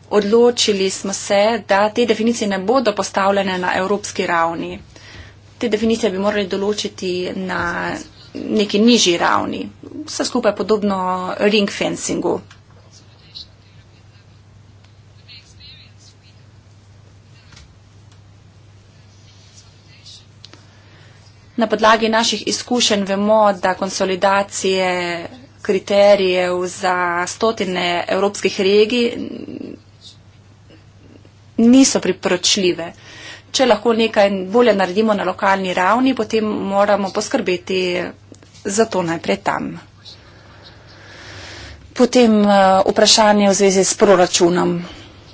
odločili smo se, da te definicije ne bodo postavljene na evropski ravni. Te definicije bi morali določiti na neki nižji ravni. Vse skupaj podobno ring fencingu. Na podlagi naših izkušenj vemo, da konsolidacije kriterijev za stotine evropskih regij niso priporočljive. Če lahko nekaj bolje naredimo na lokalni ravni, potem moramo poskrbeti za to najprej tam. Potem eh, vprašanje v zvezi s proračunom.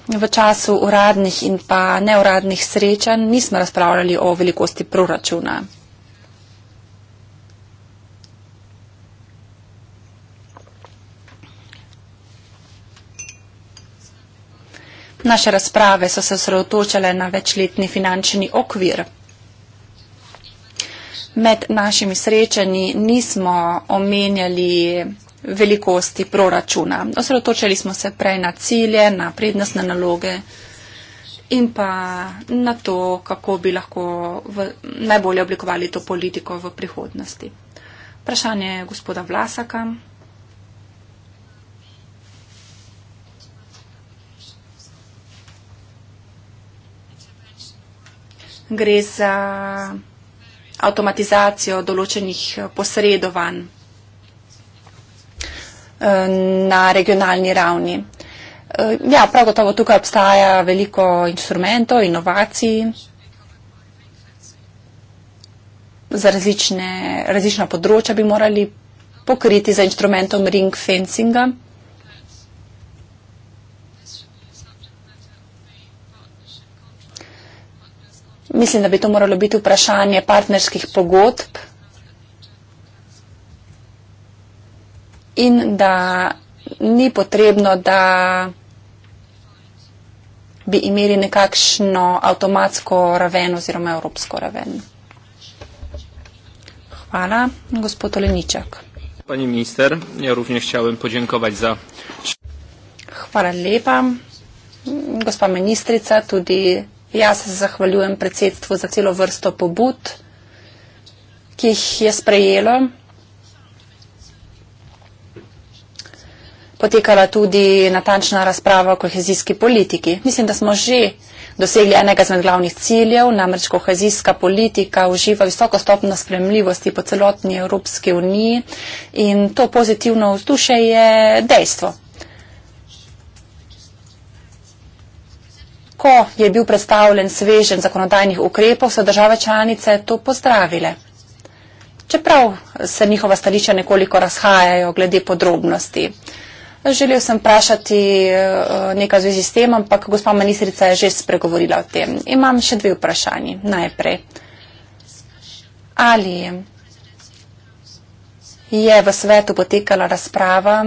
V času uradnih in pa neuradnih srečanj nismo razpravljali o velikosti proračuna. Naše razprave so se osredotočale na večletni finančni okvir. Med našimi srečanji nismo omenjali velikosti proračuna. Osredotočali smo se prej na cilje, na prednostne naloge in pa na to, kako bi lahko v, najbolje oblikovali to politiko v prihodnosti. Vprašanje gospoda Vlasaka. gre za avtomatizacijo določenih eh, posredovanj eh, na regionalni ravni. Eh, ja, prav gotovo tukaj obstaja veliko instrumentov, inovacij za različne, različna področja bi morali pokriti za instrumentom ring fencinga. Mislim, da bi to moralo biti vprašanje partnerskih pogodb in da ni potrebno, da bi imeli nekakšno avtomatsko raven oziroma evropsko raven. Hvala, gospod Oleničak. Pani minister, ja również chciałem podziękować za... Hvala lepa, gospa ministrica, tudi Jaz se zahvaljujem predsedstvu za celo vrsto pobud, ki jih je sprejelo. Potekala tudi natančna razprava o kohezijski politiki. Mislim, da smo že dosegli enega zmed glavnih ciljev, namreč kohezijska politika uživa visoko stopno spremljivosti po celotni Evropski uniji in to pozitivno vzdušje je dejstvo. Ko je bil predstavljen svežen zakonodajnih ukrepov, so države članice to pozdravile. Čeprav se njihova stališča nekoliko razhajajo glede podrobnosti. Želel sem vprašati eh, nekaj zvezi s tem, ampak gospa ministrica je že spregovorila o tem. Imam še dve vprašanji. Najprej. Ali je v svetu potekala razprava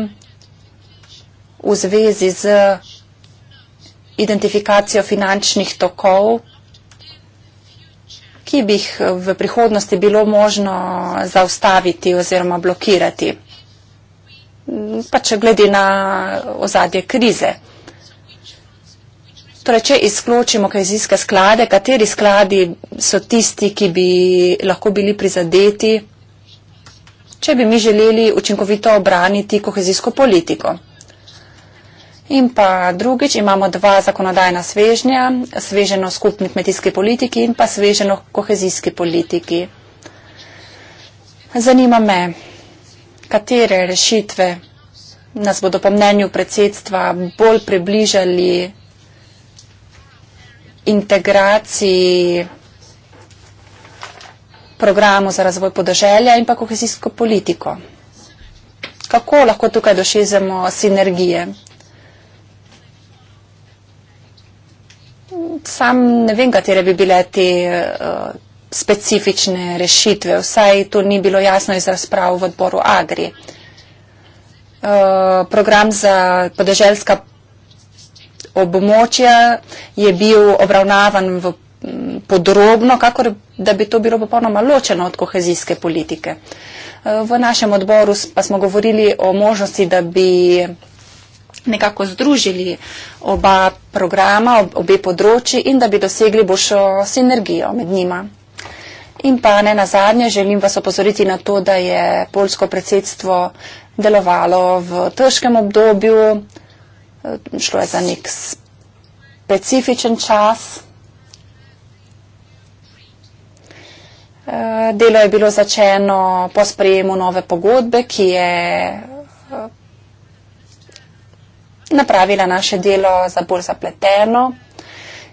v zvezi z identifikacijo finančnih tokov, ki bi jih eh, v prihodnosti bilo možno zaustaviti oziroma blokirati, pa če glede na ozadje krize. Torej, če izključimo krizijske sklade, kateri skladi so tisti, ki bi lahko bili prizadeti, če bi mi želeli učinkovito obraniti kohezijsko politiko. In pa drugič, imamo dva zakonodajna svežnja, sveženo skupni kmetijski politiki in pa sveženo kohezijski politiki. Zanima me, katere rešitve nas bodo po mnenju predsedstva bolj približali integraciji programu za razvoj podeželja in pa kohezijsko politiko. Kako lahko tukaj došizemo sinergije? sam ne vem, katere bi bile te uh, specifične rešitve. Vsaj to ni bilo jasno iz razprav v odboru Agri. Uh, program za podeželska območja je bil obravnavan v, m, mm, podrobno, kakor da bi to bilo popolnoma ločeno od kohezijske politike. Uh, v našem odboru pa smo govorili o možnosti, da bi nekako združili oba programa, ob, obe področji in da bi dosegli boljšo sinergijo med njima. In pa ne na zadnje, želim vas opozoriti na to, da je polsko predsedstvo delovalo v težkem obdobju, eh, šlo je za nek specifičen čas. Eh, delo je bilo začeno po sprejemu nove pogodbe, ki je eh, napravila naše delo za bolj zapleteno.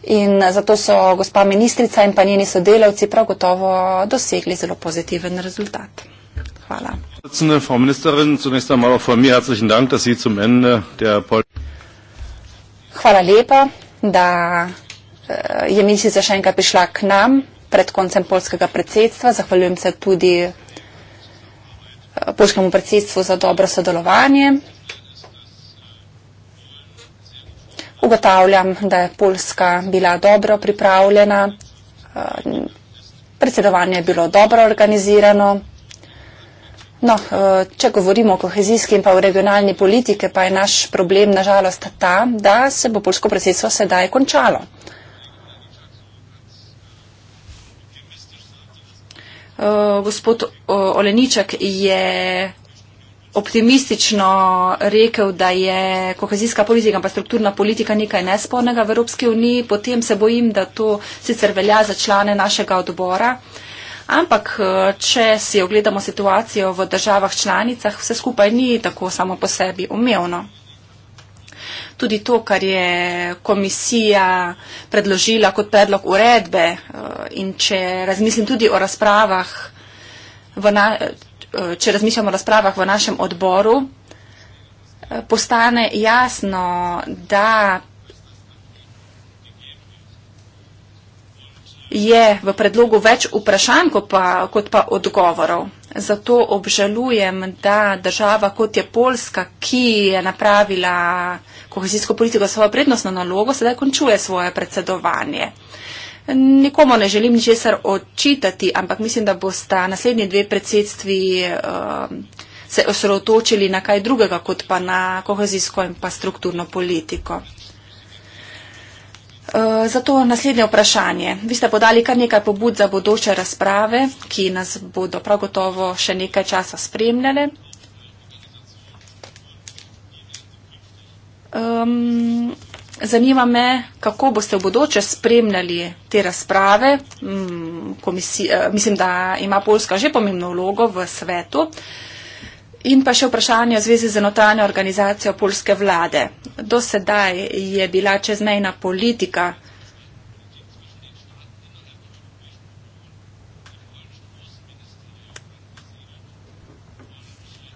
In zato so gospa ministrica in pa njeni sodelavci prav gotovo dosegli zelo pozitiven rezultat. Hvala. Hvala lepa, da eh, je ministrica še enkrat prišla k nam pred koncem polskega predsedstva. Zahvaljujem se tudi eh, polskemu predsedstvu za dobro sodelovanje. ugotavljam, da je Poljska bila dobro pripravljena, eh, predsedovanje je bilo dobro organizirano. No, eh, če govorimo o kohezijski in pa o regionalni politike, pa je naš problem nažalost ta, da se bo polsko predsedstvo sedaj končalo. Eh, gospod Oleniček je optimistično rekel, da je kohezijska politika, pa strukturna politika nekaj nespornega v Evropski uniji, potem se bojim, da to sicer velja za člane našega odbora. Ampak, eh, če si ogledamo situacijo v državah članicah, vse skupaj ni tako samo po sebi umevno. Tudi to, kar je komisija predložila kot predlog uredbe eh, in če razmislim tudi o razpravah v na, Eh, če razmišljamo o razpravah v našem odboru, eh, postane jasno, da je v predlogu več vprašanj kot pa, kot pa odgovorov. Zato obžalujem, da država kot je Polska, ki je napravila kohezijsko politiko svojo prednostno nalogo, sedaj končuje svoje predsedovanje. Uh, Nikomu ne želim ničesar očitati, ampak mislim, da bosta naslednji dve predsedstvi um, se osredotočili na kaj drugega, kot pa na kohezijsko in pa strukturno politiko. Uh, zato naslednje vprašanje. Vi ste podali kar nekaj pobud za bodoče razprave, ki nas bodo prav gotovo še nekaj časa spremljale. Um, Zanima me, kako boste v bodoče spremljali te razprave. Mm, Komisija, eh, mislim, da ima Poljska že pomembno vlogo v svetu. In pa še vprašanje v zvezi z notranjo organizacijo polske vlade. Do sedaj je bila čezmejna politika.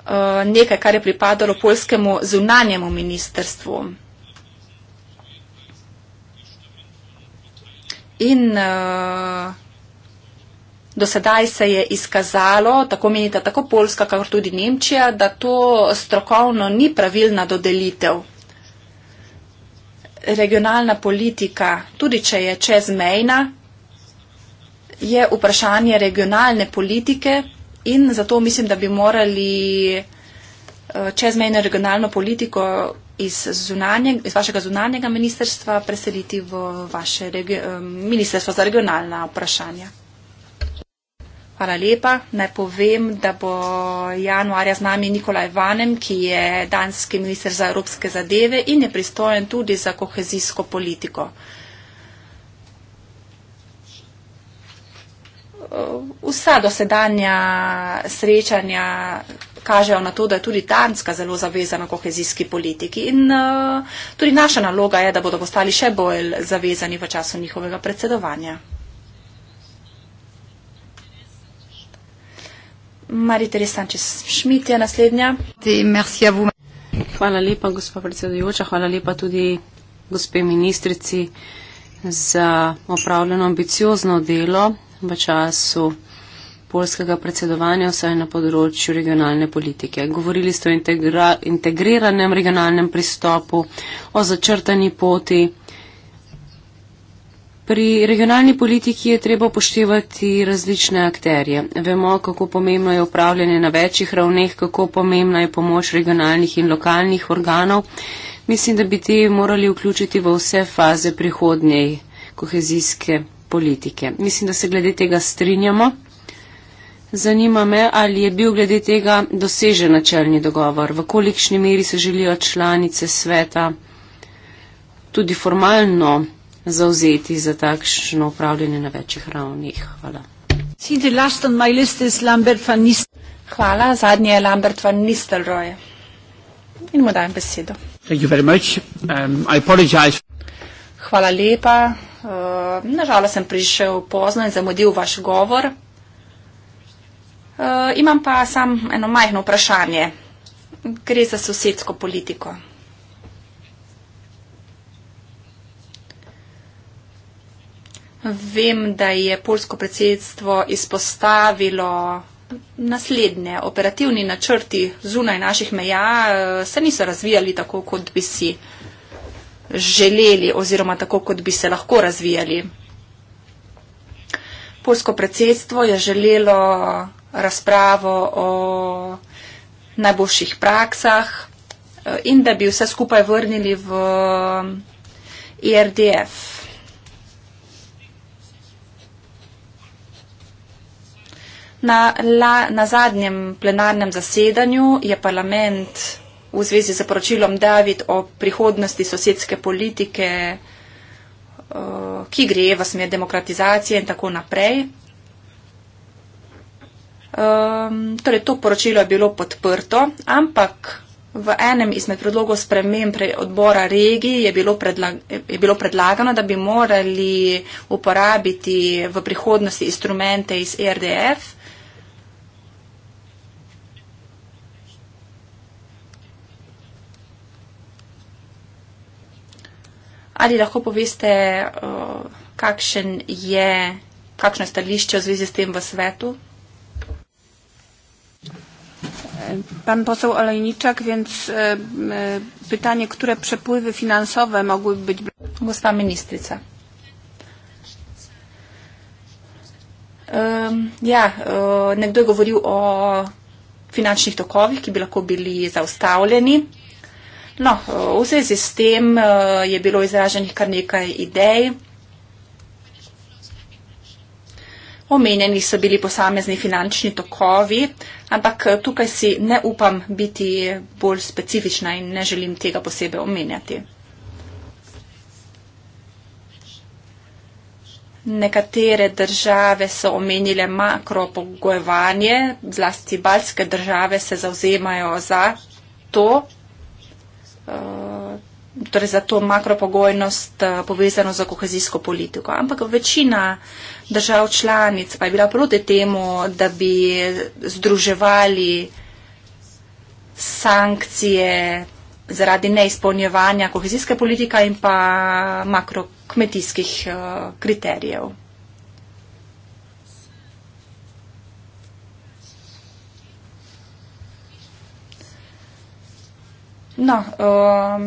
Eh, nekaj, kar je pripadalo polskemu zunanjemu ministerstvu. In uh, eh, dosedaj se je izkazalo, tako menite tako Polska, kakor tudi Nemčija, da to strokovno ni pravilna dodelitev. Regionalna politika, tudi če je čezmejna, je vprašanje regionalne politike in zato mislim, da bi morali Eh, čezmejno regionalno politiko iz, zunanje, iz vašega zunanjega ministerstva preseliti v vaše regi, eh, ministerstvo za regionalna vprašanja. Hvala lepa. Naj povem, da bo januarja z nami Nikolaj Vanem, ki je danski minister za evropske zadeve in je pristojen tudi za kohezijsko politiko. vsa dosedanja srečanja kažejo na to, da je tudi Danska zelo zavezana kohezijski politiki in uh, tudi naša naloga je, da bodo postali še bolj zavezani v času njihovega predsedovanja. Marie-Therese Sanchez-Schmidt je naslednja. Hvala lepa, gospa predsedujoča, hvala lepa tudi gospe ministrici za opravljeno ambiciozno delo v času polskega predsedovanja, vsaj na področju regionalne politike. Govorili ste o integra integriranem regionalnem pristopu, o začrtani poti. Pri regionalni politiki je treba upoštevati različne akterje. Vemo, kako pomembno je upravljanje na večjih ravneh, kako pomembna je pomoč regionalnih in lokalnih organov. Mislim, da bi te morali vključiti v vse faze prihodnje kohezijske politike. Mislim, da se glede tega strinjamo. Zanima me, ali je bil glede tega dosežen načelni dogovor, v kolikšni meri se želijo članice sveta tudi formalno zauzeti za takšno upravljanje na večjih ravnih. Hvala. Hvala, zadnje je Lambert van Nistelrooy. In mu dajem besedo. Um, Hvala lepa, Eh, nažalost sem prišel pozno in zamudil vaš govor. Uh, imam pa samo eno majhno vprašanje. Gre za sosedsko politiko. Vem, da je polsko predsedstvo izpostavilo naslednje. Operativni načrti zunaj naših meja eh, se niso razvijali tako, kot bi si uh, želeli oziroma tako, kot bi se lahko razvijali. Polsko predsedstvo je želelo razpravo o najboljših praksah eh, in da bi vse skupaj vrnili v IRDF. Eh, e na, la, na zadnjem plenarnem zasedanju je parlament v zvezi z poročilom David o prihodnosti sosedske politike, eh, ki gre v smer demokratizacije in tako naprej. Ehm, torej, to poročilo je bilo podprto, ampak v enem izmed predlogov sprememb odbora regij je bilo, predla je bilo predlagano, da bi morali uporabiti v prihodnosti instrumente iz RDF Ali lahko poveste, eh, kakšen je, kakšno je stališče v zvezi s tem v svetu? Pan poseł Olejniczak, więc e, e, pytanie, które przepływy finansowe mogłyby być. Gospa ministrica. Um, ja, e, niektórzy mówił o finansowych tokowych, które by mogły być zaustawione. No, v zvezi s tem eh, je bilo izraženih kar nekaj idej. Omenjeni so bili posamezni finančni tokovi, ampak eh, tukaj si ne upam biti bolj specifična in ne želim tega posebej omenjati. Nekatere države so omenile makropogojevanje, zlasti balske države se zauzemajo za to, Eh, torej za to makropogojnost eh, povezano za kohezijsko politiko. Ampak večina držav članic pa je bila proti temu, da bi združevali sankcije zaradi neizpolnjevanja kohezijske politike in pa makrokmetijskih eh, kriterijev. No, um,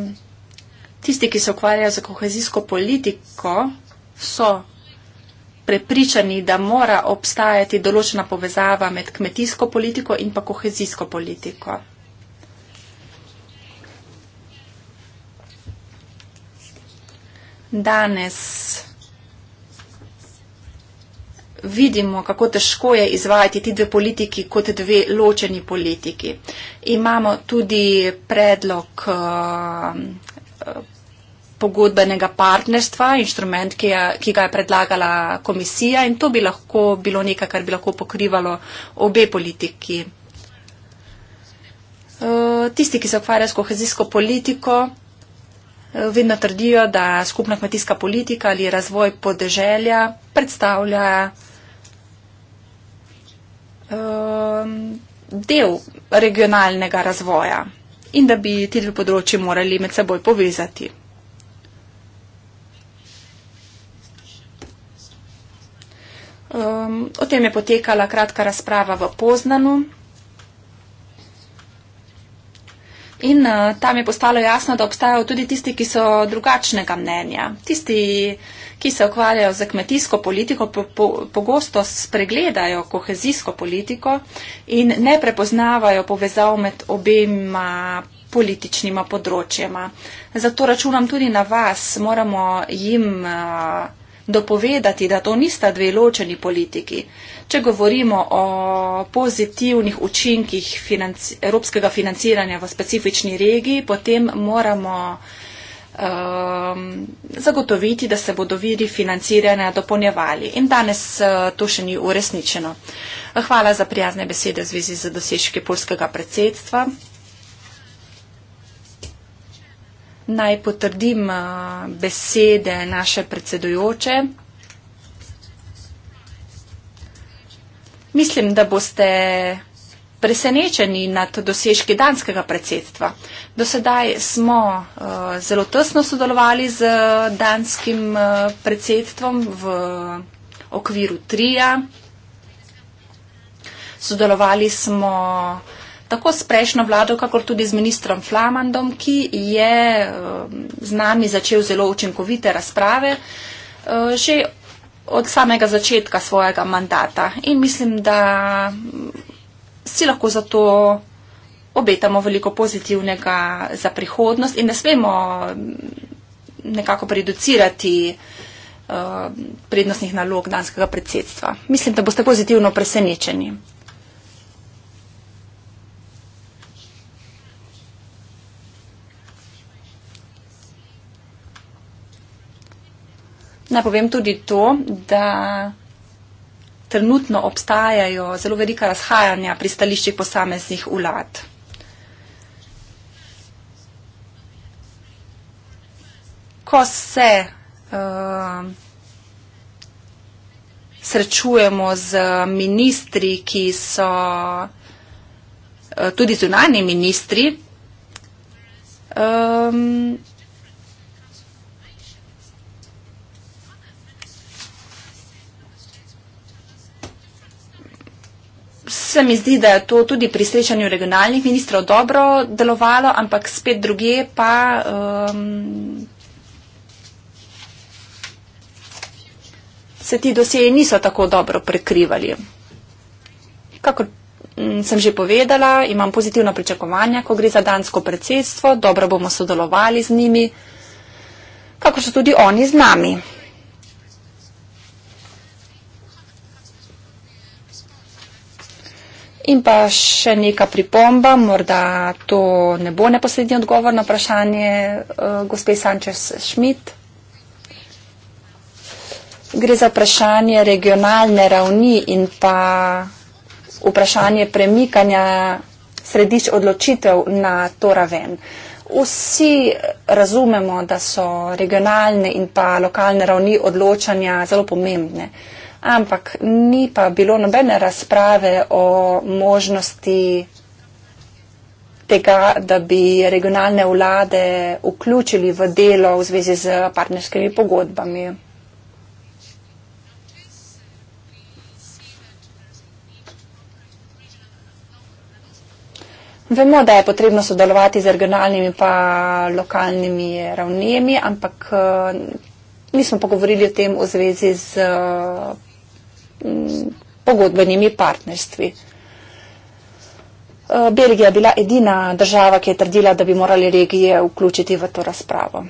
tisti, ki se ukvarjajo z kohezijsko politiko, so prepričani, da mora obstajati določena povezava med kmetijsko politiko in pa kohezijsko politiko. Danes vidimo, kako težko je izvajati ti dve politiki kot dve ločeni politiki. Imamo tudi predlog uh, pogodbenega partnerstva, inštrument, ki, je, ki ga je predlagala komisija in to bi lahko bilo nekaj, kar bi lahko pokrivalo obe politiki. Eh, tisti, ki se ukvarjajo s kohezijsko politiko, vedno trdijo, da skupna kmetijska politika ali razvoj podeželja predstavlja um, del regionalnega razvoja in da bi ti dve področji morali med seboj povezati. Um, o tem je potekala kratka razprava v Poznanu. In uh, tam je postalo jasno, da obstajajo tudi tisti, ki so drugačnega mnenja. Tisti, uh, ki se ukvarjajo z kmetijsko politiko, po, po, pogosto spregledajo kohezijsko politiko in ne prepoznavajo povezav med obema političnima področjema. Zato računam tudi na vas, moramo jim dopovedati, da to nista dve ločeni politiki. Če govorimo o pozitivnih učinkih financ evropskega financiranja v specifični regiji, potem moramo uh, um, zagotoviti, da se bodo viri financiranja dopolnjevali. In danes uh, to še ni uresničeno. Hvala za prijazne besede v zvezi z dosežki polskega predsedstva. Naj potrdim uh, besede naše predsedujoče. Mislim, da boste presenečeni nad dosežki danskega predsedstva. Do sedaj smo uh, zelo tesno sodelovali z eh, danskim uh, predsedstvom v okviru trija. Sodelovali smo tako s prejšnjo vlado, kakor tudi z ministrom Flamandom, ki je z nami začel zelo učinkovite razprave že od samega začetka svojega mandata. In mislim, da si lahko zato obetamo veliko pozitivnega za prihodnost in ne smemo mm, nekako reducirati uh, prednostnih nalog danskega predsedstva. Mislim, da boste pozitivno presenečeni. Naj povem tudi to, da trenutno obstajajo zelo velika razhajanja pri stališčih posameznih vlad. Ko se uh, srečujemo z ministri, ki so uh, tudi zunani ministri, um, se mi zdi, da je to tudi pri srečanju regionalnih ministrov dobro delovalo, ampak spet druge pa. Um, se ti doseji niso tako dobro prekrivali. Kako mm, sem že povedala, imam pozitivno pričakovanje, ko gre za dansko predsedstvo, dobro bomo sodelovali z njimi, kako so tudi oni z nami. In pa še neka pripomba, morda to ne bo neposrednji odgovor na vprašanje uh, gospe Sančes-Šmit. Gre za vprašanje regionalne ravni in pa vprašanje premikanja središč odločitev na to raven. Vsi razumemo, da so regionalne in pa lokalne ravni odločanja zelo pomembne. Uh, ampak ni pa bilo nobene razprave o možnosti tega, da bi regionalne vlade vključili v delo v zvezi z partnerskimi pogodbami. Vemo, da je potrebno sodelovati z regionalnimi pa lokalnimi ravnemi, ampak eh, nismo pogovorili o tem v zvezi z Mm, pogodbenimi partnerstvi. Eh, Belgija je bila edina država, ki je trdila, da bi morali regije vključiti v to razpravo.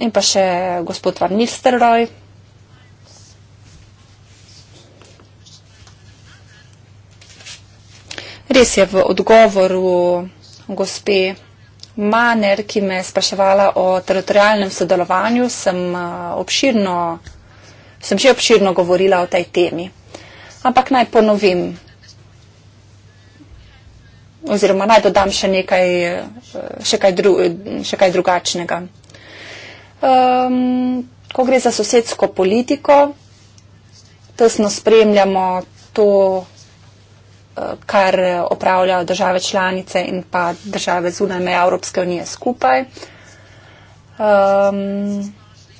In pa še gospod Van Nistelrooy. Res je v odgovoru gospe Maner, ki me je spraševala o teritorijalnem sodelovanju, sem, eh, obširno, sem že obširno govorila o tej temi. Ampak naj ponovim oziroma naj dodam še nekaj, eh, še kaj, dru, še kaj drugačnega. Um, ko gre za sosedsko politiko, tesno spremljamo to, eh, kar opravljajo države članice in pa države zunaj meja Evropske unije skupaj. Um,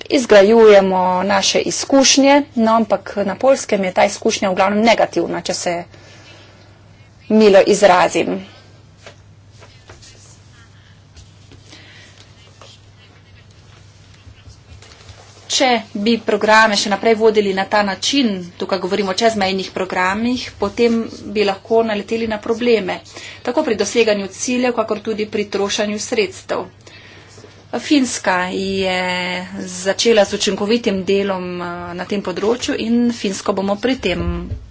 izgrajujemo naše izkušnje, no ampak na polskem je ta izkušnja v glavnem negativna, če se milo izrazim. Če bi programe še naprej vodili na ta način, tukaj govorimo o čezmejnih programih, potem bi lahko naleteli na probleme, tako pri doseganju ciljev, kakor tudi pri trošanju sredstev. Finska je začela z učinkovitim delom eh, na tem področju in Finsko bomo pri tem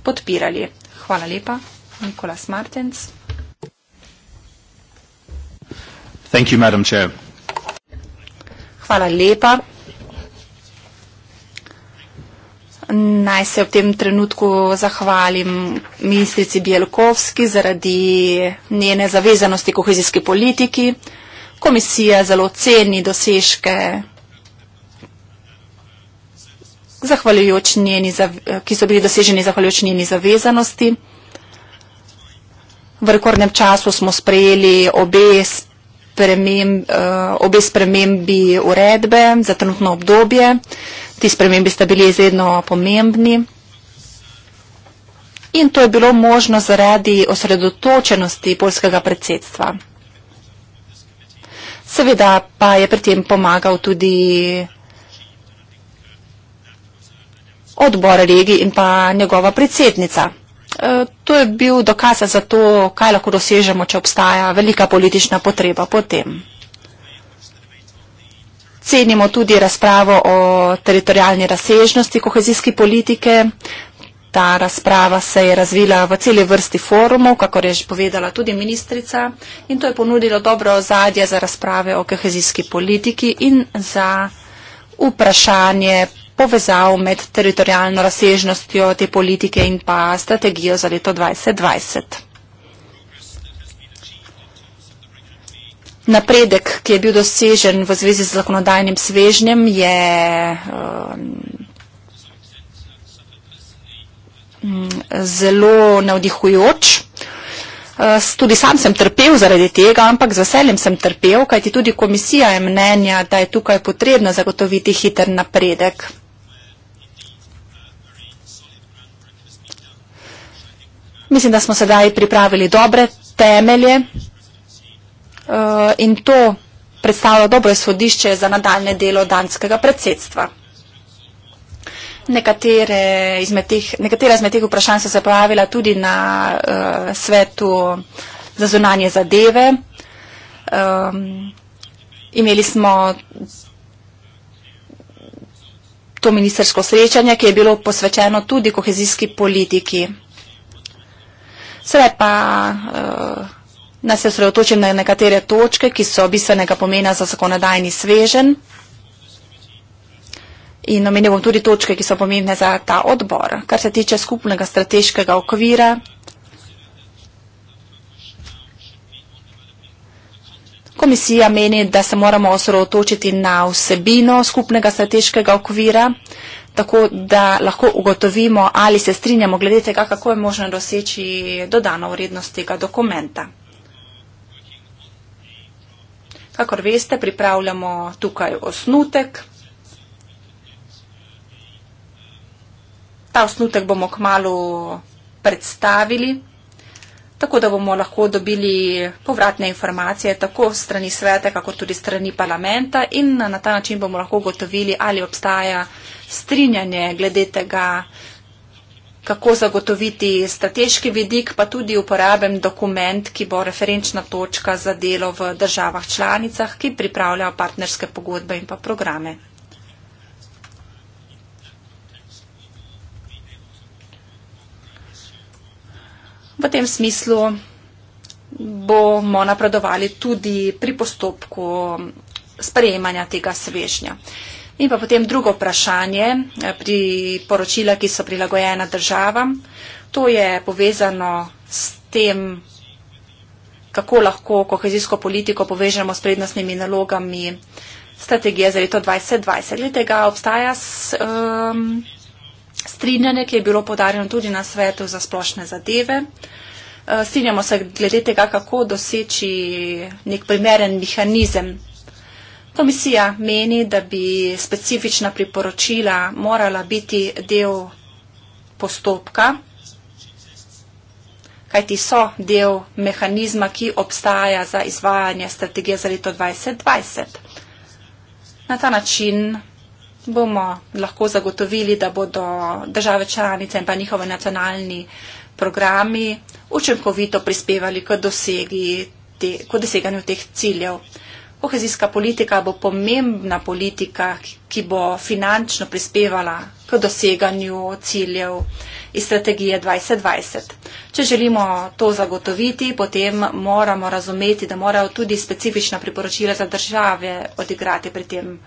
podpirali. Hvala lepa, Nikola Smartens. Thank you, Madam Chair. Hvala lepa. Naj se v tem trenutku zahvalim ministrici Bielkovski zaradi njene zavezanosti kohezijski politiki komisija zelo ceni dosežke, njeni, ki so bili doseženi zahvaljujoč njeni zavezanosti. V rekordnem času smo sprejeli obe spremembi, eh, obe spremembi uredbe za trenutno obdobje. Ti spremembi sta bili izredno pomembni. In to je bilo možno zaradi osredotočenosti polskega predsedstva. Seveda pa je pri tem pomagal tudi odbor regij in pa njegova predsednica. E, to je bil dokaz za to, kaj lahko dosežemo, če obstaja velika politična potreba po tem. Cenimo tudi razpravo o teritorijalni razsežnosti kohezijske politike, Ta razprava se je razvila v celi vrsti forumov, kako je že povedala tudi ministrica, in to je ponudilo dobro ozadje za razprave o kohezijski politiki in za vprašanje povezav med teritorijalno razsežnostjo te politike in pa strategijo za leto 2020. Napredek, ki je bil dosežen v zvezi z zakonodajnim svežnjem, je eh, Mm, zelo navdihujoč. Eh, tudi sam sem trpel zaradi tega, ampak z veseljem sem trpel, kajti tudi komisija je mnenja, da je tukaj potrebno zagotoviti hiter napredek. Mislim, da smo sedaj pripravili dobre temelje eh, in to predstavlja dobro izhodišče za nadaljne delo danskega predsedstva. Nekatere izmed teh, nekatera izmed teh vprašanj so se pojavila tudi na uh, svetu za zunanje zadeve. Um, imeli smo to ministersko srečanje, ki je bilo posvečeno tudi kohezijski politiki. Sedaj pa uh, naj se osredotočim na nekatere točke, ki so bistvenega pomena za zakonodajni svežen. In omenil bom tudi točke, ki so pomembne za ta odbor. Kar se tiče skupnega strateškega okvira, komisija meni, da se moramo osredotočiti na vsebino skupnega strateškega okvira, tako da lahko ugotovimo ali se strinjamo glede tega, kako je možno doseči dodano vrednost tega dokumenta. Kakor veste, pripravljamo tukaj osnutek. Ta osnutek bomo kmalo predstavili, tako da bomo lahko dobili povratne informacije tako strani sveta, kako tudi strani parlamenta in na ta način bomo lahko gotovili, ali obstaja strinjanje glede tega, kako zagotoviti strateški vidik, pa tudi uporaben dokument, ki bo referenčna točka za delo v državah članicah, ki pripravljajo partnerske pogodbe in pa programe. v tem smislu bomo napredovali tudi pri postopku sprejemanja tega svežnja. In pa potem drugo vprašanje eh, pri poročila, ki so prilagojena državam. To je povezano s tem, kako lahko kohezijsko politiko povežemo s prednostnimi nalogami strategije za leto 2020. Glede tega obstaja s, um, strinjanje, ki je bilo podarjeno tudi na svetu za splošne zadeve. Eh, strinjamo se glede tega, kako doseči nek primeren mehanizem. Komisija meni, da bi specifična priporočila morala biti del postopka, kajti so del mehanizma, ki obstaja za izvajanje strategije za leto 2020. Na ta način bomo lahko zagotovili, da bodo države članice in pa njihovi nacionalni programi učinkovito prispevali k, dosegi, te, k doseganju teh ciljev. Kohezijska politika bo pomembna politika, ki bo finančno prispevala k doseganju ciljev iz strategije 2020. Če želimo to zagotoviti, potem moramo razumeti, da morajo tudi specifična priporočila za države odigrati pri tem.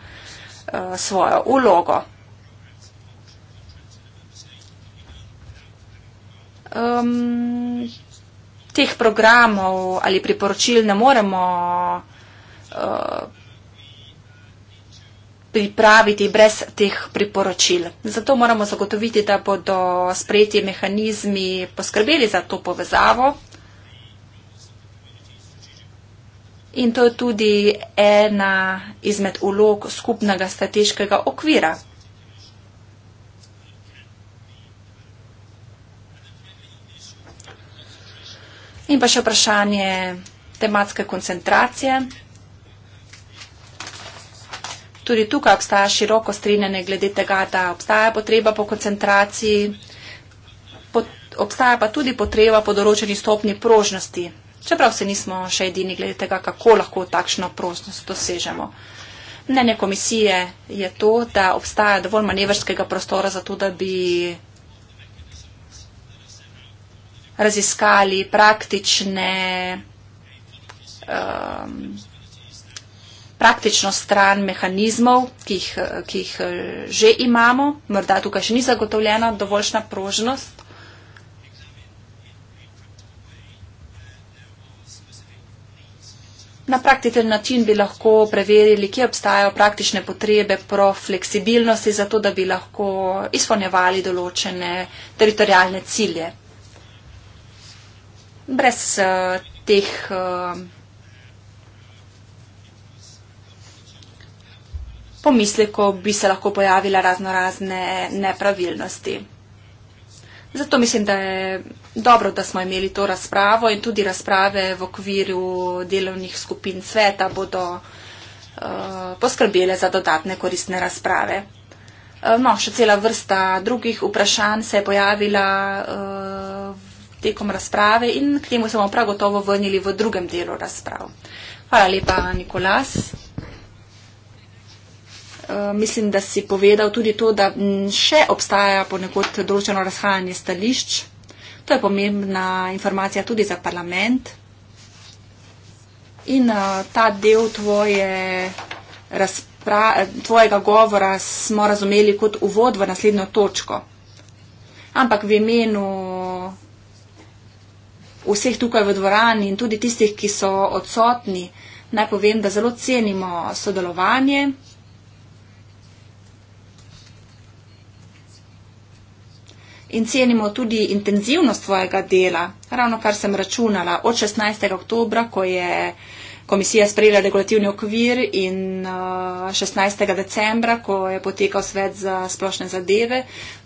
Eh, svojo ulogo. Um, teh programov ali priporočil ne moremo uh, pripraviti brez teh priporočil. Zato moramo zagotoviti, da bodo sprejeti mehanizmi poskrbeli za to povezavo in to je tudi ena izmed ulog skupnega strateškega okvira. In pa še vprašanje tematske koncentracije. Tudi tukaj obstaja široko strinjanje glede tega, da obstaja potreba po koncentraciji, pot, obstaja pa tudi potreba po določeni stopni prožnosti čeprav se nismo še edini glede tega, kako lahko takšno prostnost dosežemo. Mnenje komisije je to, da obstaja dovolj manevrskega prostora za to, da bi raziskali praktične, um, praktično stran mehanizmov, ki jih, ki jih eh, že imamo. Morda tukaj še ni zagotovljena dovoljšna prožnost. Na praktičen način bi lahko preverili, kje obstajajo praktične potrebe pro fleksibilnosti, zato da bi lahko izpolnjevali določene teritorijalne cilje. Brez uh, teh uh, pomislekov bi se lahko pojavila razno razne nepravilnosti. Zato mislim, da je Dobro, da smo imeli to razpravo in tudi razprave v okviru delovnih skupin sveta bodo uh, poskrbele za dodatne koristne razprave. Eh, no, še cela vrsta drugih vprašanj se je pojavila uh, tekom razprave in k temu se bomo prav gotovo vrnili v drugem delu razprav. Hvala lepa, Nikolas. Uh, mislim, da si povedal tudi to, da še obstaja ponekod določeno razhajanje stališč. To je pomembna informacija tudi za parlament. In uh, ta del tvoje tvojega govora smo razumeli kot uvod v naslednjo točko. Ampak v imenu vseh tukaj v dvorani in tudi tistih, ki so odsotni, naj povem, da zelo cenimo sodelovanje. in cenimo tudi intenzivnost tvojega dela. Ravno kar sem računala od 16. oktobra, ko je komisija sprejela regulativni okvir in 16. Eh, decembra, ko je potekal svet za splošne zadeve.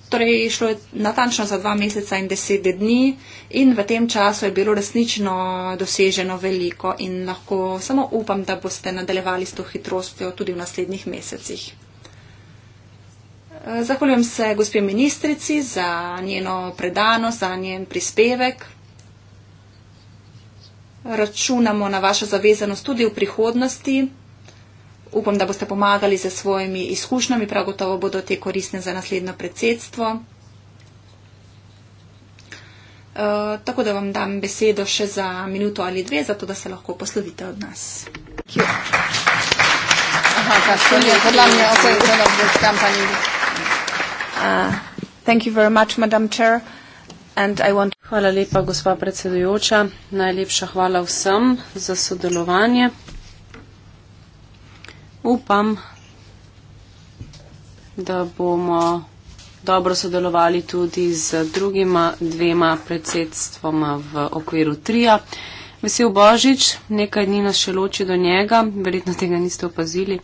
Torej, šlo je natančno za dva meseca in deset dni in v tem času je bilo resnično doseženo veliko in lahko samo upam, da boste nadaljevali s to hitrostjo tudi v naslednjih mesecih. Zahvaljujem se gospe ministrici za njeno predano, za njen prispevek. Računamo na vašo zavezanost tudi v prihodnosti. Upam, da boste pomagali za svojimi izkušnjami, prav gotovo bodo te koristne za naslednjo predsedstvo. E, tako da vam dam besedo še za minuto ali dve, zato da se lahko poslovite od nas. Aha, kaj, Uh, hvala lepa, gospa predsedujoča. Najlepša hvala vsem za sodelovanje. Upam, da bomo dobro sodelovali tudi z drugima dvema predsedstvoma v okviru trija. Vesel Božič, nekaj dni nas še loči do njega, verjetno tega niste opazili.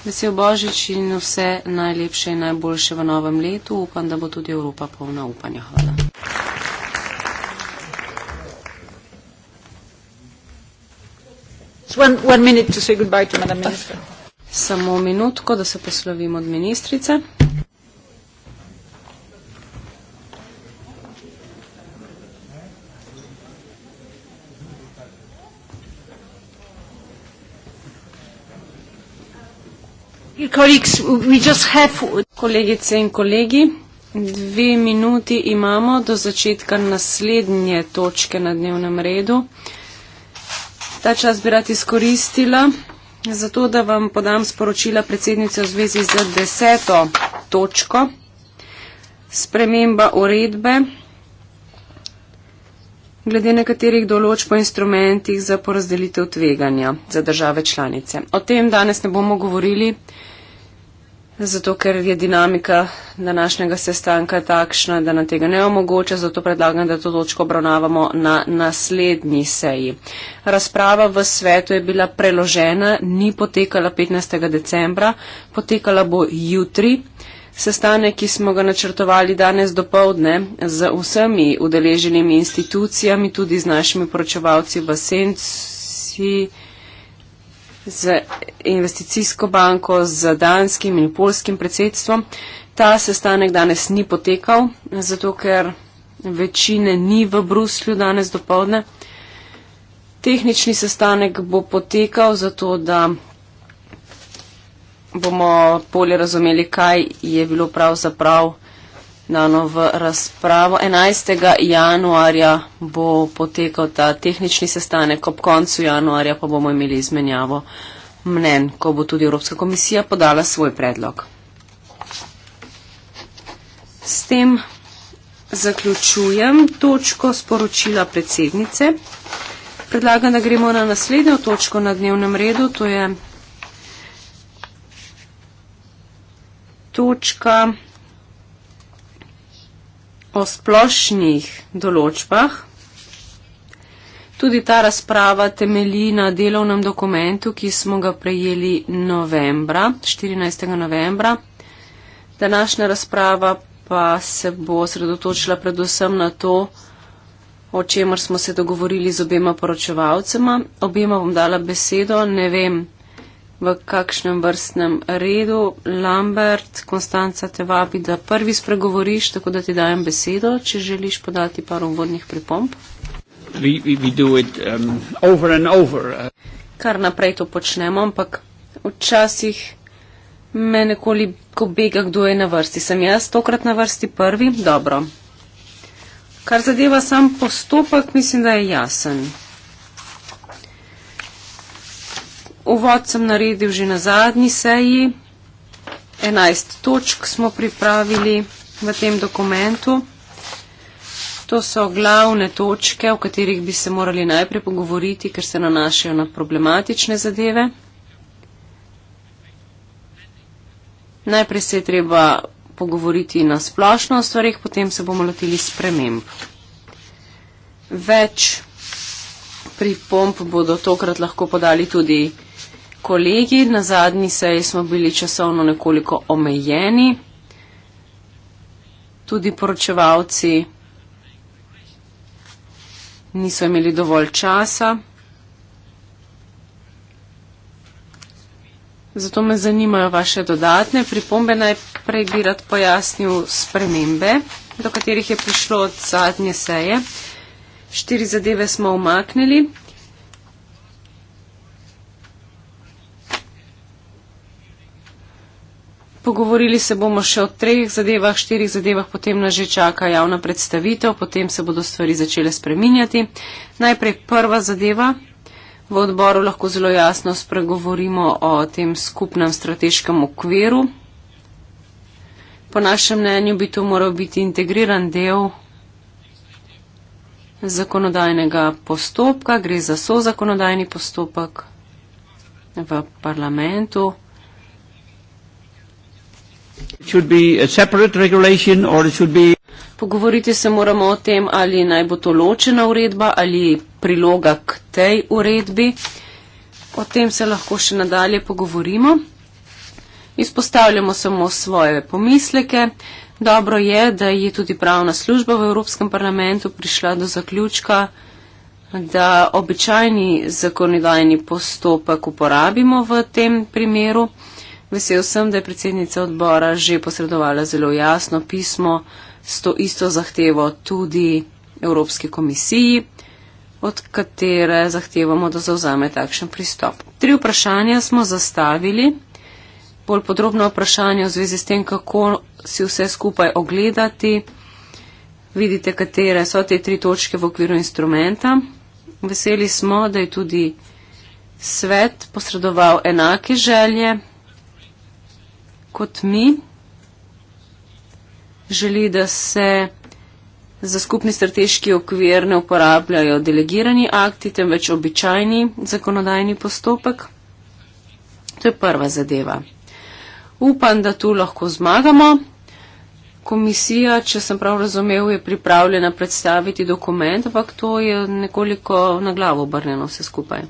Vesel Božič in vse najlepše in najboljše v novem letu. Upam, da bo tudi Evropa polna upanja. Hvala. One, one Samo minutko, da se poslovim od ministrice. Kolegice in kolegi, dve minuti imamo do začetka naslednje točke na dnevnem redu. Ta čas bi rad izkoristila, zato da vam podam sporočila predsednice v zvezi z deseto točko. Sprememba uredbe, glede nekaterih določb po instrumentih za porazdelitev tveganja za države članice. O tem danes ne bomo govorili. Zato, ker je dinamika današnjega sestanka takšna, da nam tega ne omogoča, zato predlagam, da to točko obravnavamo na naslednji seji. Razprava v svetu je bila preložena, ni potekala 15. decembra, potekala bo jutri. Sestanek, ki smo ga načrtovali danes do povdne z vsemi udeleženimi institucijami, tudi z našimi poročevalci v Senci z investicijsko banko, z danskim in polskim predsedstvom. Ta sestanek danes ni potekal, zato ker večine ni v Bruslju danes dopoledne. Tehnični sestanek bo potekal, zato da bomo bolje razumeli, kaj je bilo pravzaprav prav dano v razpravo. 11. januarja bo potekal ta tehnični sestanek, ob koncu januarja pa bomo imeli izmenjavo mnen, ko bo tudi Evropska komisija podala svoj predlog. S tem zaključujem točko sporočila predsednice. Predlagam, da gremo na naslednjo točko na dnevnem redu, to je točka o splošnih določbah. Tudi ta razprava temelji na delovnem dokumentu, ki smo ga prejeli novembra, 14. novembra. Današnja razprava pa se bo sredotočila predvsem na to, o čemer smo se dogovorili z obema poročevalcema. Obema bom dala besedo, ne vem, v kakšnem vrstnem redu. Lambert, Konstanca te vabi, da prvi spregovoriš, tako da ti dajem besedo, če želiš podati par uvodnih pripomp. We, we, we it, um, over over. Uh. Kar naprej to počnemo, ampak včasih. Me nekoliko bega, kdo je na vrsti. Sem jaz tokrat na vrsti prvi? Dobro. Kar zadeva sam postopek, mislim, da je jasen. Uvod sem naredil že na zadnji seji. 11 točk smo pripravili v tem dokumentu. To so glavne točke, o katerih bi se morali najprej pogovoriti, ker se nanašajo na problematične zadeve. Najprej se je treba pogovoriti na splošno o stvarih, potem se bomo lotili sprememb. Več pripomp bodo tokrat lahko podali tudi kolegi, na zadnji seji smo bili časovno nekoliko omejeni, tudi poročevalci niso imeli dovolj časa. Zato me zanimajo vaše dodatne pripombe. Najprej bi rad pojasnil spremembe, do katerih je prišlo od zadnje seje. Štiri zadeve smo umaknili. pogovorili se bomo še o treh zadevah, štirih zadevah, potem nas že čaka javna predstavitev, potem se bodo stvari začele spreminjati. Najprej prva zadeva. V odboru lahko zelo jasno spregovorimo o tem skupnem strateškem okviru. Po našem mnenju bi to moral biti integriran del zakonodajnega postopka, gre za so zakonodajni postopek v parlamentu. Pogovoriti se moramo o tem, ali naj bo to ločena uredba ali priloga k tej uredbi. O tem se lahko še nadalje pogovorimo. Izpostavljamo samo svoje pomisleke. Dobro je, da je tudi pravna služba v Evropskem parlamentu prišla do zaključka, da običajni zakonodajni postopek uporabimo v tem primeru. Vesel sem, da je predsednica odbora že posredovala zelo jasno pismo s to isto zahtevo tudi Evropske komisiji, od katere zahtevamo, da zauzame takšen pristop. Tri vprašanja smo zastavili. Bolj podrobno vprašanje v zvezi s tem, kako si vse skupaj ogledati. Vidite, katere so te tri točke v okviru instrumenta. Veseli smo, da je tudi svet posredoval enake želje kot mi, želi, da se za skupni strateški okvir ne uporabljajo delegirani akti, temveč običajni zakonodajni postopek. To je prva zadeva. Upam, da tu lahko zmagamo. Komisija, če sem prav razumev, je pripravljena predstaviti dokument, ampak to je nekoliko na glavo obrnjeno vse skupaj.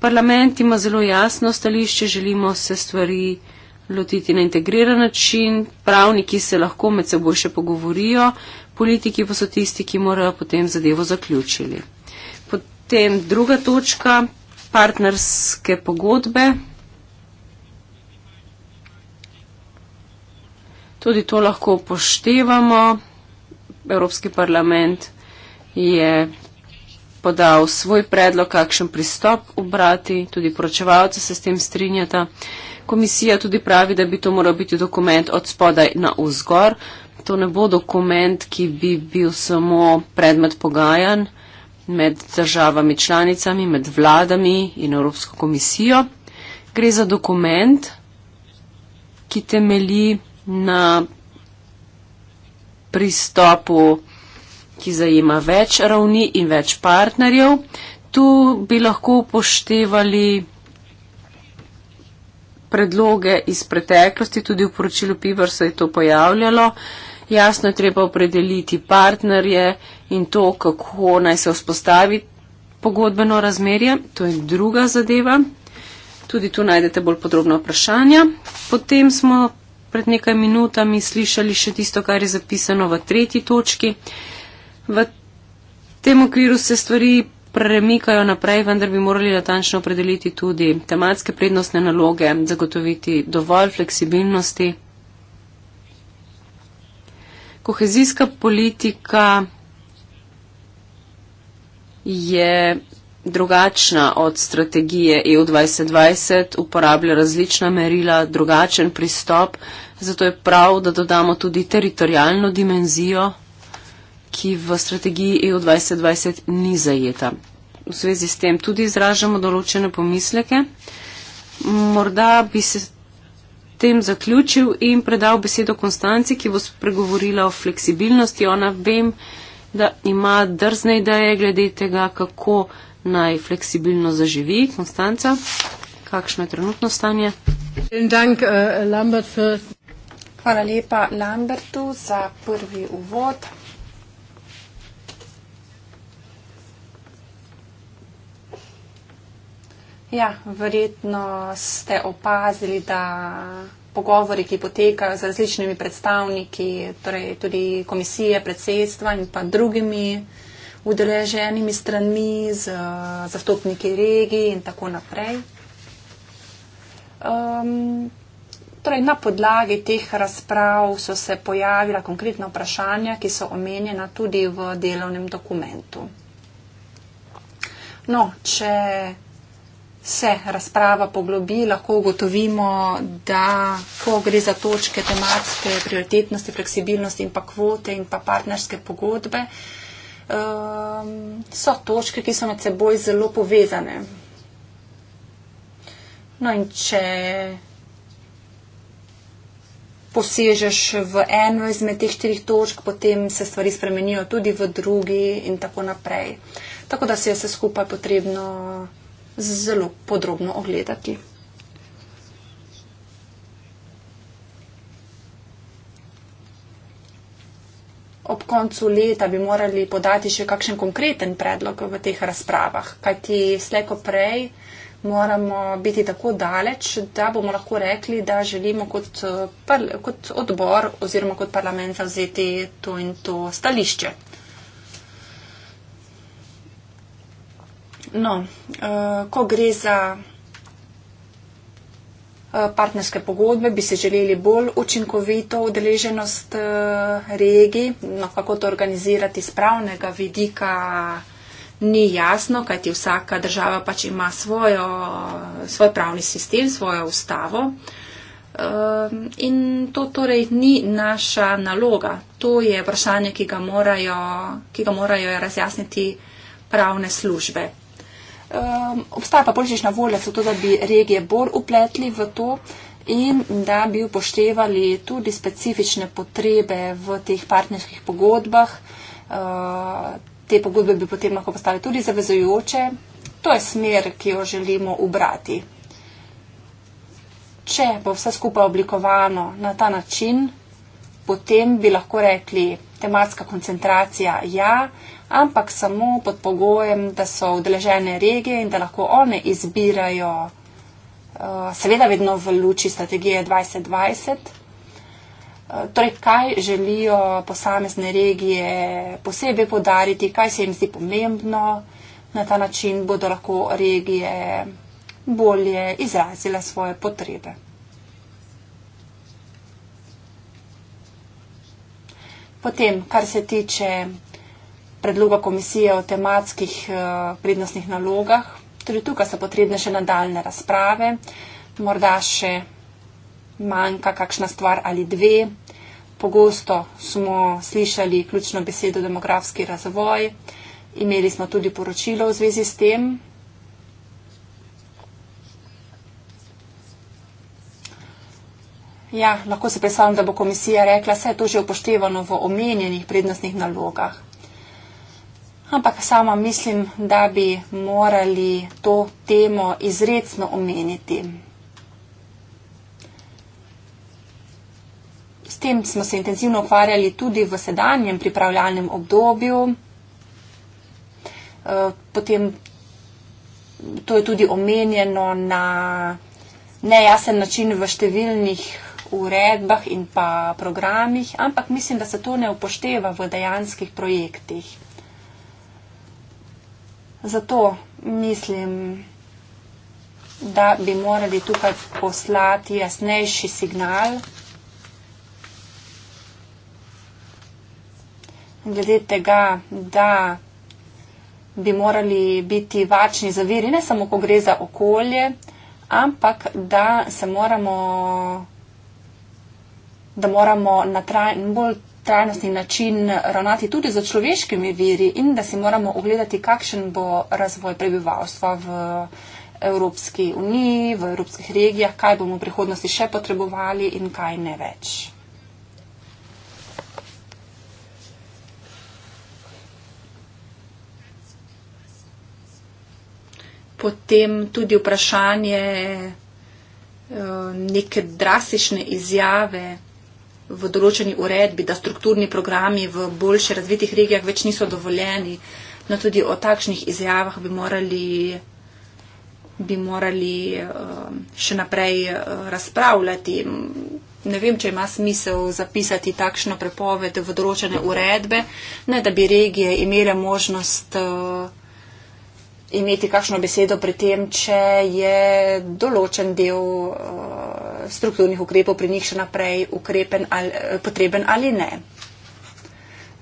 Parlament ima zelo jasno stališče, želimo se stvari lotiti na integriran način, pravniki se lahko med seboj še pogovorijo, politiki pa so tisti, ki morajo potem zadevo zaključiti. Potem druga točka, partnerske pogodbe. Tudi to lahko poštevamo. Evropski parlament je podal svoj predlog, kakšen pristop obrati, tudi poročevalce se s tem strinjata. Komisija tudi pravi, da bi to moral biti dokument od spodaj na vzgor. To ne bo dokument, ki bi bil samo predmet pogajanj med državami članicami, med vladami in Evropsko komisijo. Gre za dokument, ki temeli na pristopu, ki zajema več ravni in več partnerjev. Tu bi lahko upoštevali predloge iz preteklosti, tudi v poročilu PIBR se je to pojavljalo. Jasno je treba opredeliti partnerje in to, kako naj se vzpostavi pogodbeno razmerje. To je druga zadeva. Tudi tu najdete bolj podrobno vprašanje. Potem smo pred nekaj minutami slišali še tisto, kar je zapisano v tretji točki. V tem okviru se stvari premikajo naprej, vendar bi morali natančno opredeliti tudi tematske prednostne naloge, zagotoviti dovolj fleksibilnosti. Kohezijska politika je drugačna od strategije EU 2020, uporablja različna merila, drugačen pristop, zato je prav, da dodamo tudi teritorijalno dimenzijo ki v strategiji EU 2020 ni zajeta. V zvezi s tem tudi izražamo določene pomisleke. Morda bi se tem zaključil in predal besedo Konstanci, ki bo spregovorila o fleksibilnosti. Ona vem, da ima drzne ideje glede tega, kako naj fleksibilno zaživi. Konstanca, kakšno je trenutno stanje? Dank, uh, Lambert, Hvala lepa Lambertu za prvi uvod. Ja, verjetno ste opazili, da pogovori, ki potekajo z različnimi predstavniki, torej tudi komisije, predsedstva in pa drugimi udeleženimi stranmi, z zastopniki regij in tako naprej. Um, torej na podlagi teh razprav so se pojavila konkretna vprašanja, ki so omenjena tudi v delovnem dokumentu. No, če se razprava poglobi, lahko ugotovimo, da ko gre za točke tematske prioritetnosti, fleksibilnosti in pa kvote in pa partnerske pogodbe, um, so točke, ki so med seboj zelo povezane. No in če posežeš v eno izmed teh štirih točk, potem se stvari spremenijo tudi v drugi in tako naprej. Tako da se je vse skupaj potrebno zelo podrobno ogledati. Ob koncu leta bi morali podati še kakšen konkreten predlog v teh razpravah, kajti sleko prej moramo biti tako daleč, da bomo lahko rekli, da želimo kot, eh, kot odbor oziroma kot parlament zavzeti to in to stališče. no, uh, ko gre za eh, partnerske pogodbe, bi se želeli bolj učinkovito udeleženost eh, regij, no kako to organizirati z pravnega vidika ni jasno, kajti vsaka država pač ima svojo, svoj pravni sistem, svojo ustavo in to torej ni naša naloga. To je vprašanje, ki ga morajo, ki ga morajo razjasniti pravne službe um, obstaja pa politična volja za to, da bi regije bolj upletli v to in da bi upoštevali tudi specifične potrebe v teh partnerskih pogodbah. Uh, te pogodbe bi potem lahko postale tudi zavezujoče. To je smer, ki jo želimo ubrati. Če bo vse skupaj oblikovano na ta način, potem bi lahko rekli tematska koncentracija ja, ampak samo pod pogojem, da so vdeležene regije in da lahko one izbirajo, eh, seveda vedno v luči strategije 2020, eh, torej kaj želijo posamezne regije posebej podariti, kaj se jim zdi pomembno. Na ta način bodo lahko regije bolje izrazile svoje potrebe. Potem, kar se tiče predloga komisije o tematskih eh, prednostnih nalogah. Tudi tukaj so potrebne še nadaljne razprave, morda še manjka kakšna stvar ali dve. Pogosto smo slišali ključno besedo demografski razvoj, imeli smo tudi poročilo v zvezi s tem. Ja, lahko se predstavljam, da bo komisija rekla, vse je to že upoštevano v omenjenih prednostnih nalogah ampak sama mislim, da bi morali to temo izredno omeniti. S tem smo se intenzivno ukvarjali tudi v sedanjem pripravljalnem obdobju. Eh, potem to je tudi omenjeno na nejasen način v številnih uredbah in pa programih, ampak mislim, da se to ne upošteva v dejanskih projektih. Zato mislim, da bi morali tukaj poslati jasnejši signal glede tega, da bi morali biti vačni zaviri, ne samo, ko gre za okolje, ampak da se moramo, da moramo na trajni bolj trajnostni način ravnati tudi za človeškimi viri in da si moramo ogledati, kakšen bo razvoj prebivalstva v Evropski uniji, v evropskih regijah, kaj bomo v prihodnosti še potrebovali in kaj ne več. Potem tudi vprašanje eh, neke drastične izjave v določeni uredbi, da strukturni programi v boljše razvitih regijah več niso dovoljeni. No, tudi o takšnih izjavah bi morali, bi morali um, še naprej uh, razpravljati. Ne vem, če ima smisel zapisati takšno prepoved v določene uredbe, ne da bi regije imele možnost uh, imeti kakšno besedo pri tem, če je določen del uh, strukturnih ukrepov pri njih še naprej ukrepen ali, eh, potreben ali ne.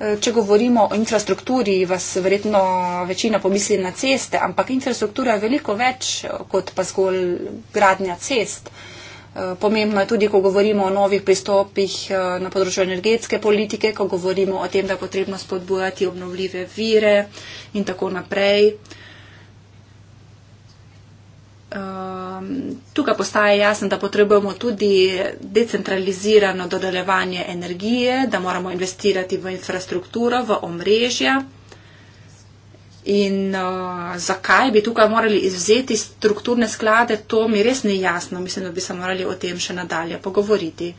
Eh, če govorimo o infrastrukturi, vas verjetno večina pomisli na ceste, ampak infrastruktura je veliko več kot pa zgolj gradnja cest. Pomembno je tudi, ko govorimo o novih pristopih na področju energetske politike, ko govorimo o tem, da je potrebno spodbujati obnovljive vire in tako naprej um, tukaj postaje jasno, da potrebujemo tudi decentralizirano dodeljevanje energije, da moramo investirati v infrastrukturo, v omrežja. In uh, zakaj bi tukaj morali izvzeti strukturne sklade, to mi res ni jasno. Mislim, da bi se morali o tem še nadalje pogovoriti.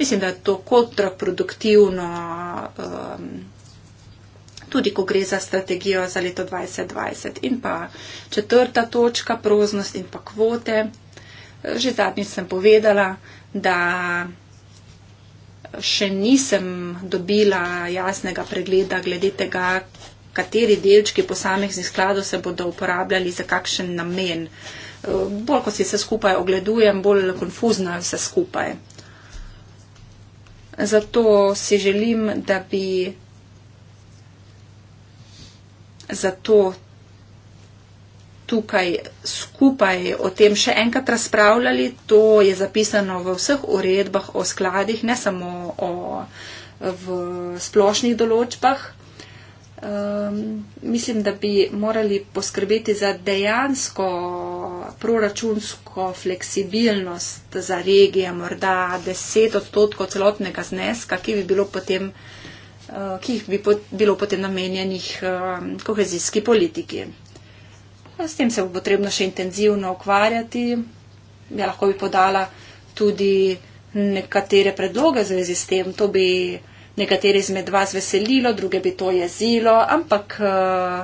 Mislim, da je to kontraproduktivno. Um, tudi ko gre za strategijo za leto 2020. In pa četrta točka, proznost in pa kvote. Že zadnjič sem povedala, da še nisem dobila jasnega pregleda glede tega, kateri delčki posameznih skladov se bodo uporabljali za kakšen namen. Bolj, ko si vse skupaj ogledujem, bolj konfuzno je vse skupaj. Zato si želim, da bi zato tukaj skupaj o tem še enkrat razpravljali. To je zapisano v vseh uredbah o skladih, ne samo o, v splošnih določbah. Um, mislim, da bi morali poskrbeti za dejansko proračunsko fleksibilnost za regije, morda 10 odstotkov celotnega zneska, ki bi bilo potem. Eh, ki jih bi pot, bilo potem namenjenih eh, kohezijski politiki. S tem se bo potrebno še intenzivno ukvarjati. Ja, lahko bi podala tudi nekatere predloge v zvezi s tem. To bi nekateri izmed vas veselilo, druge bi to jezilo, ampak uh,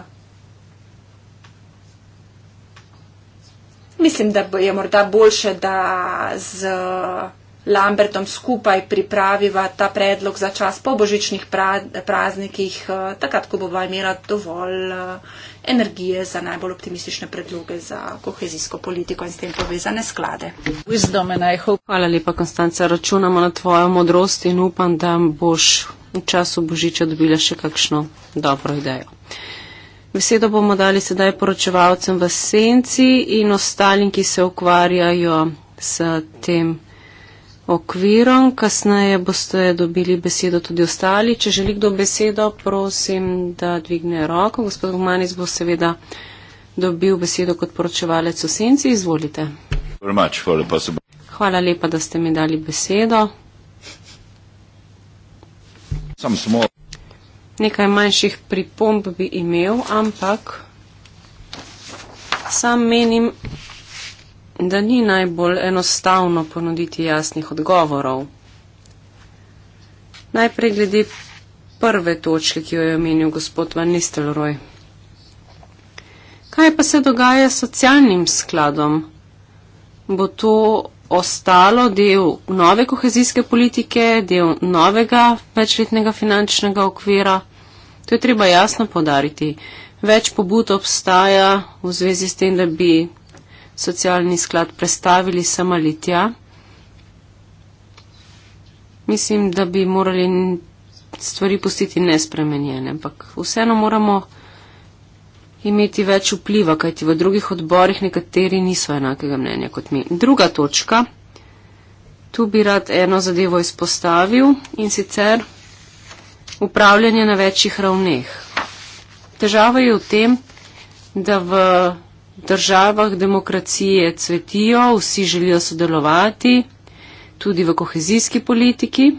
mislim, da je morda boljše, da z. Uh, Lambertom skupaj pripraviva ta predlog za čas po božičnih praznikih, eh, takrat, ko bo imela dovolj eh, energije za najbolj optimistične predloge za kohezijsko politiko in s tem povezane sklade. Hvala lepa, Konstanca. Računamo na tvojo modrost in upam, da boš v času božiča dobila še kakšno dobro idejo. Besedo bomo dali sedaj poročevalcem v senci in ostalim, ki se ukvarjajo s tem okvirom. Kasneje boste dobili besedo tudi ostali. Če želi kdo besedo, prosim, da dvigne roko. Gospod Gumanic bo seveda dobil besedo kot poročevalec v senci. Izvolite. Hvala lepa, da ste mi dali besedo. Nekaj manjših pripomb bi imel, ampak sam menim, da ni najbolj enostavno ponuditi jasnih odgovorov. Najprej glede prve točke, ki jo je omenil gospod Van Nistelrooy. Kaj pa se dogaja s socialnim skladom? Bo to ostalo del nove kohezijske politike, del novega večletnega finančnega okvira? To je treba jasno podariti. Več pobud obstaja v zvezi s tem, da bi socialni sklad prestavili sama letja. Mislim, da bi morali stvari pustiti nespremenjene, ampak vseeno moramo imeti več vpliva, kajti v drugih odborih nekateri niso enakega mnenja kot mi. Druga točka, tu bi rad eno zadevo izpostavil in sicer upravljanje na večjih ravneh. Težava je v tem, da v državah demokracije cvetijo, vsi želijo sodelovati, tudi v kohezijski politiki.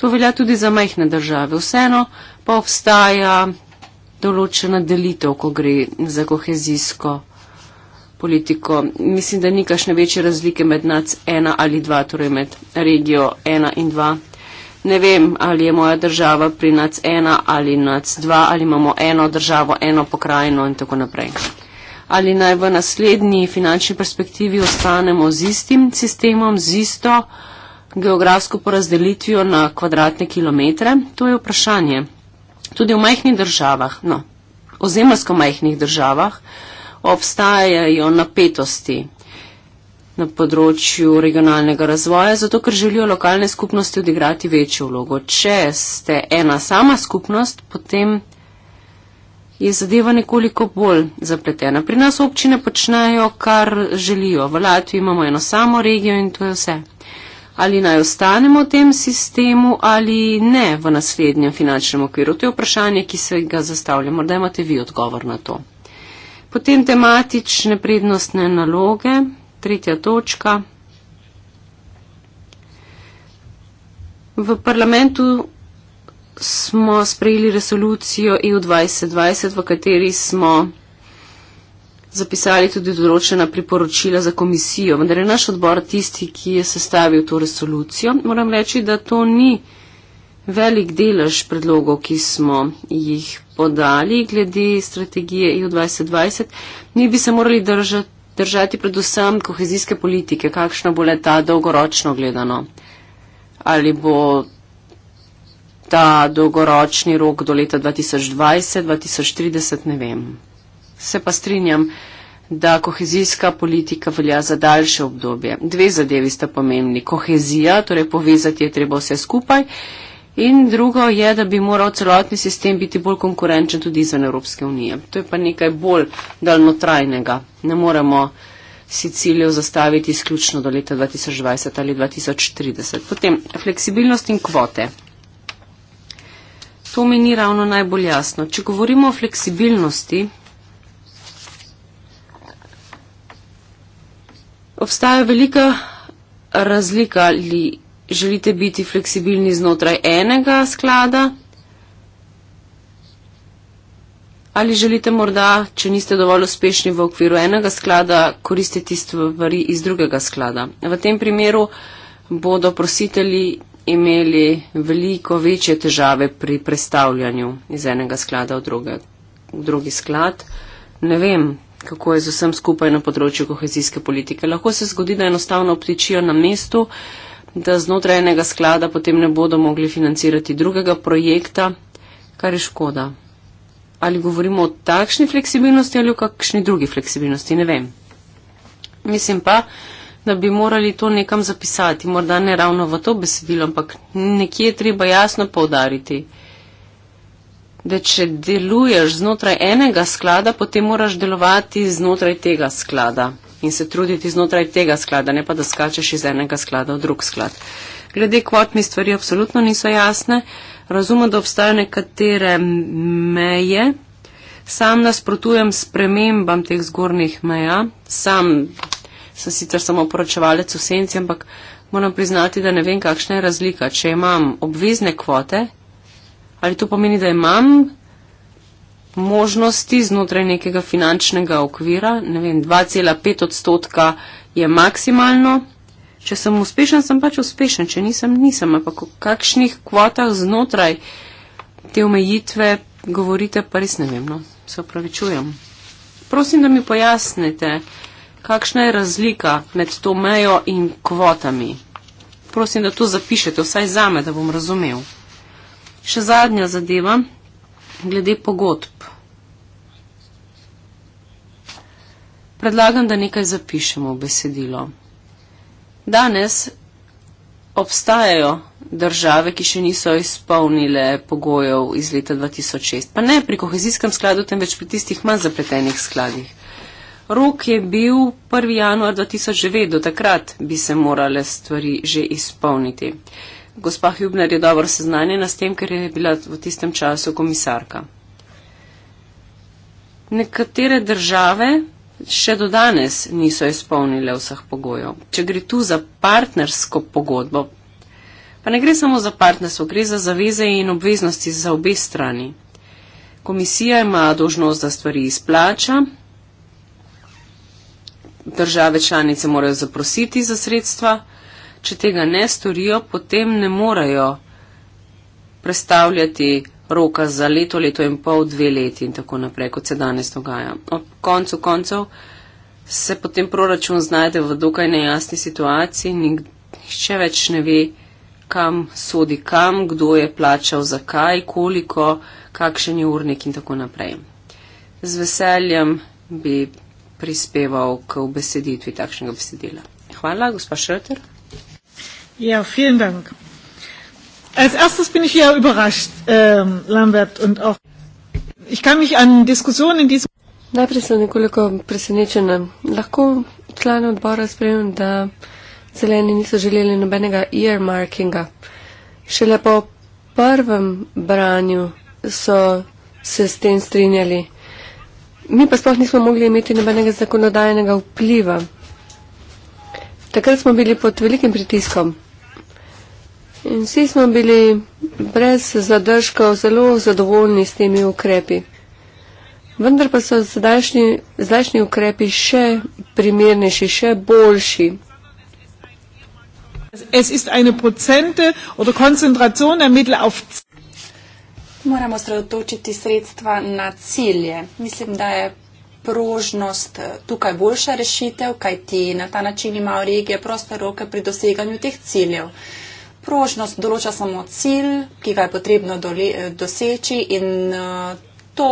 To velja tudi za majhne države. Vseeno pa obstaja določena delitev, ko gre za kohezijsko politiko. Mislim, da ni kašne večje razlike med NAC 1 ali 2, torej med regijo 1 in 2. Ne vem, ali je moja država pri nas ena ali nas dva, ali imamo eno državo, eno pokrajino in tako naprej. Ali naj v naslednji finančni perspektivi ostanemo z istim sistemom, z isto geografsko porazdelitvijo na kvadratne kilometre, to je vprašanje. Tudi v majhnih državah, no, ozemarsko majhnih državah, obstajajo napetosti, na področju regionalnega razvoja, zato ker želijo lokalne skupnosti odigrati večjo vlogo. Če ste ena sama skupnost, potem je zadeva nekoliko bolj zapletena. Pri nas občine počnejo, kar želijo. V Latviji imamo eno samo regijo in to je vse. Ali naj ostanemo v tem sistemu ali ne v naslednjem finančnem okviru? To je vprašanje, ki se ga zastavlja. Morda imate vi odgovor na to. Potem tematične prednostne naloge tretja točka. V parlamentu smo sprejeli resolucijo EU 2020, v kateri smo zapisali tudi določena priporočila za komisijo, vendar je naš odbor tisti, ki je sestavil to resolucijo. Moram reči, da to ni velik delež predlogov, ki smo jih podali glede strategije EU 2020. Mi bi se morali držati držati predvsem kohezijske politike, kakšna bo le ta dolgoročno gledano. Ali bo ta dolgoročni rok do leta 2020, 2030, ne vem. Se pa strinjam, da kohezijska politika velja za daljše obdobje. Dve zadevi sta pomembni. Kohezija, torej povezati je treba vse skupaj In drugo je, da bi moral celotni sistem biti bolj konkurenčen tudi izven Evropske unije. To je pa nekaj bolj daljnotrajnega. Ne moremo si ciljev zastaviti izključno do leta 2020 ali 2030. Potem fleksibilnost in kvote. To mi ni ravno najbolj jasno. Če govorimo o fleksibilnosti, obstaja velika razlika ali želite biti fleksibilni znotraj enega sklada? Ali želite morda, če niste dovolj uspešni v okviru enega sklada, koristiti stvari iz drugega sklada? V tem primeru bodo prositelji imeli veliko večje težave pri prestavljanju iz enega sklada v, druge, v drugi sklad. Ne vem, kako je z vsem skupaj na področju kohezijske politike. Lahko se zgodi, da enostavno obtičijo na mestu, da znotraj enega sklada potem ne bodo mogli financirati drugega projekta, kar je škoda. Ali govorimo o takšni fleksibilnosti ali o kakšni drugi fleksibilnosti, ne vem. Mislim pa, da bi morali to nekam zapisati, morda ne ravno v to besedilo, ampak nekje je treba jasno povdariti, da če deluješ znotraj enega sklada, potem moraš delovati znotraj tega sklada in se truditi znotraj tega sklada, ne pa da skačeš iz enega sklada v drug sklad. Glede kvot mi stvari apsolutno niso jasne. Razumem, da obstajajo nekatere meje. Sam nasprotujem spremembam teh zgornjih meja. Sam sem sicer samo poročevalec v senci, ampak moram priznati, da ne vem, kakšna je razlika. Če imam obvezne kvote, ali to pomeni, da imam možnosti znotraj nekega finančnega okvira. Ne vem, 2,5 odstotka je maksimalno. Če sem uspešen, sem pač uspešen, če nisem, nisem. Ampak v kakšnih kvotah znotraj te omejitve govorite, pa res ne vem. No. Se upravičujem. Prosim, da mi pojasnite, kakšna je razlika med to mejo in kvotami. Prosim, da to zapišete vsaj zame, da bom razumel. Še zadnja zadeva, glede pogodb. predlagam, da nekaj zapišemo v besedilo. Danes obstajajo države, ki še niso izpolnile pogojev iz leta 2006, pa ne pri kohezijskem skladu, temveč pri tistih manj zapletenih skladih. Rok je bil 1. januar 2009, do takrat bi se morale stvari že izpolniti. Gospa Hübner je dobro seznanjena s tem, ker je bila v tistem času komisarka. Nekatere države še do danes niso izpolnile vseh pogojev. Če gre tu za partnersko pogodbo, pa ne gre samo za partnerstvo, gre za zaveze in obveznosti za obe strani. Komisija ima dožnost, da stvari izplača, države članice morajo zaprositi za sredstva, če tega ne storijo, potem ne morejo predstavljati roka za leto, leto in pol, dve leti in tako naprej, kot se danes dogaja. Ob koncu koncev se potem proračun znajde v dokaj nejasni situaciji, nihče več ne ve, kam sodi kam, kdo je plačal, zakaj, koliko, kakšen je urnik in tako naprej. Z veseljem bi prispeval k obeseditvi takšnega besedila. Hvala, gospa Šrter. Ja, vielen Dank. Als erstes bin ich ja überrascht, ähm, Lambert, und auch ich kann mich an Diskussionen in diesem. Najprej sem nekoliko presenečena. Lahko člani odbora sprejem, da zeleni niso želeli nobenega earmarkinga. Šele po prvem branju so se s tem strinjali. Mi pa sploh nismo mogli imeti nobenega zakonodajnega vpliva. Takrat smo bili pod velikim pritiskom. In vsi smo bili brez zadržkov zelo zadovoljni s temi ukrepi. Vendar pa so zdajšnji, zdajšnji ukrepi še primernejši, še boljši. Moramo sredotočiti sredstva na cilje. Mislim, da je prožnost eh, tukaj boljša rešitev, kajti na ta način imajo regije proste roke pri doseganju teh ciljev prožnost določa samo cilj, ki ga je potrebno dole, eh, doseči in eh, to,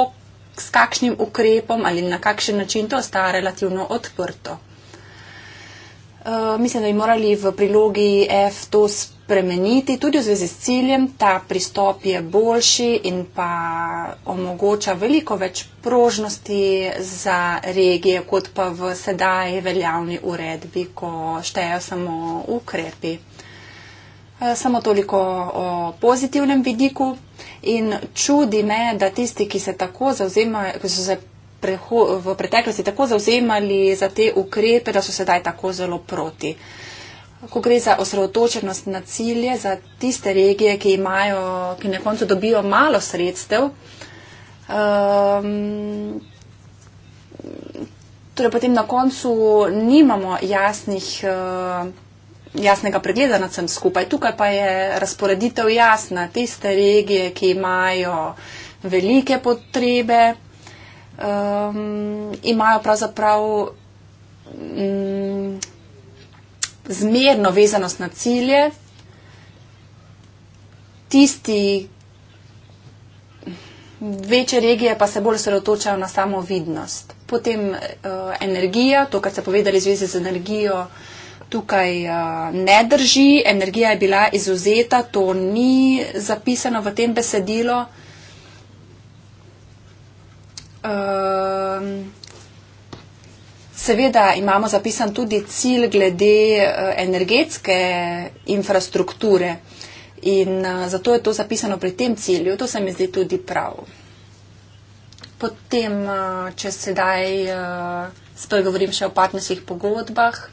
s kakšnim ukrepom ali na kakšen način, to ostaja relativno odprto. Eh, mislim, da bi morali v prilogi F to spremeniti tudi v zvezi s ciljem. Ta pristop je boljši in pa omogoča veliko več prožnosti za regije, kot pa v sedaj veljavni uredbi, ko štejejo samo ukrepi. Eh, samo toliko o pozitivnem vidiku in čudi me, da tisti, ki se tako zauzemajo, ki so se preho, v preteklosti tako zauzemali za te ukrepe, da so sedaj tako zelo proti. Ko gre za osredotočenost na cilje, za tiste regije, ki imajo, ki na koncu dobijo malo sredstev, um, torej potem na koncu nimamo jasnih. Uh, jasnega pregleda nad vsem skupaj. Tukaj pa je razporeditev jasna. Tiste regije, ki imajo velike potrebe, um, imajo pravzaprav um, zmerno vezanost na cilje. Tisti večje regije pa se bolj sredotočajo na samo vidnost. Potem uh, energija, to, kar ste povedali v zvezi z energijo, uh, tukaj ne drži, energija je bila izuzeta, to ni zapisano v tem besedilo. Ehm, seveda imamo zapisan tudi cilj glede e, energetske infrastrukture in zato je to zapisano pri tem cilju, to se mi zdi tudi prav. Potem, če sedaj e, spregovorim še o partnerskih pogodbah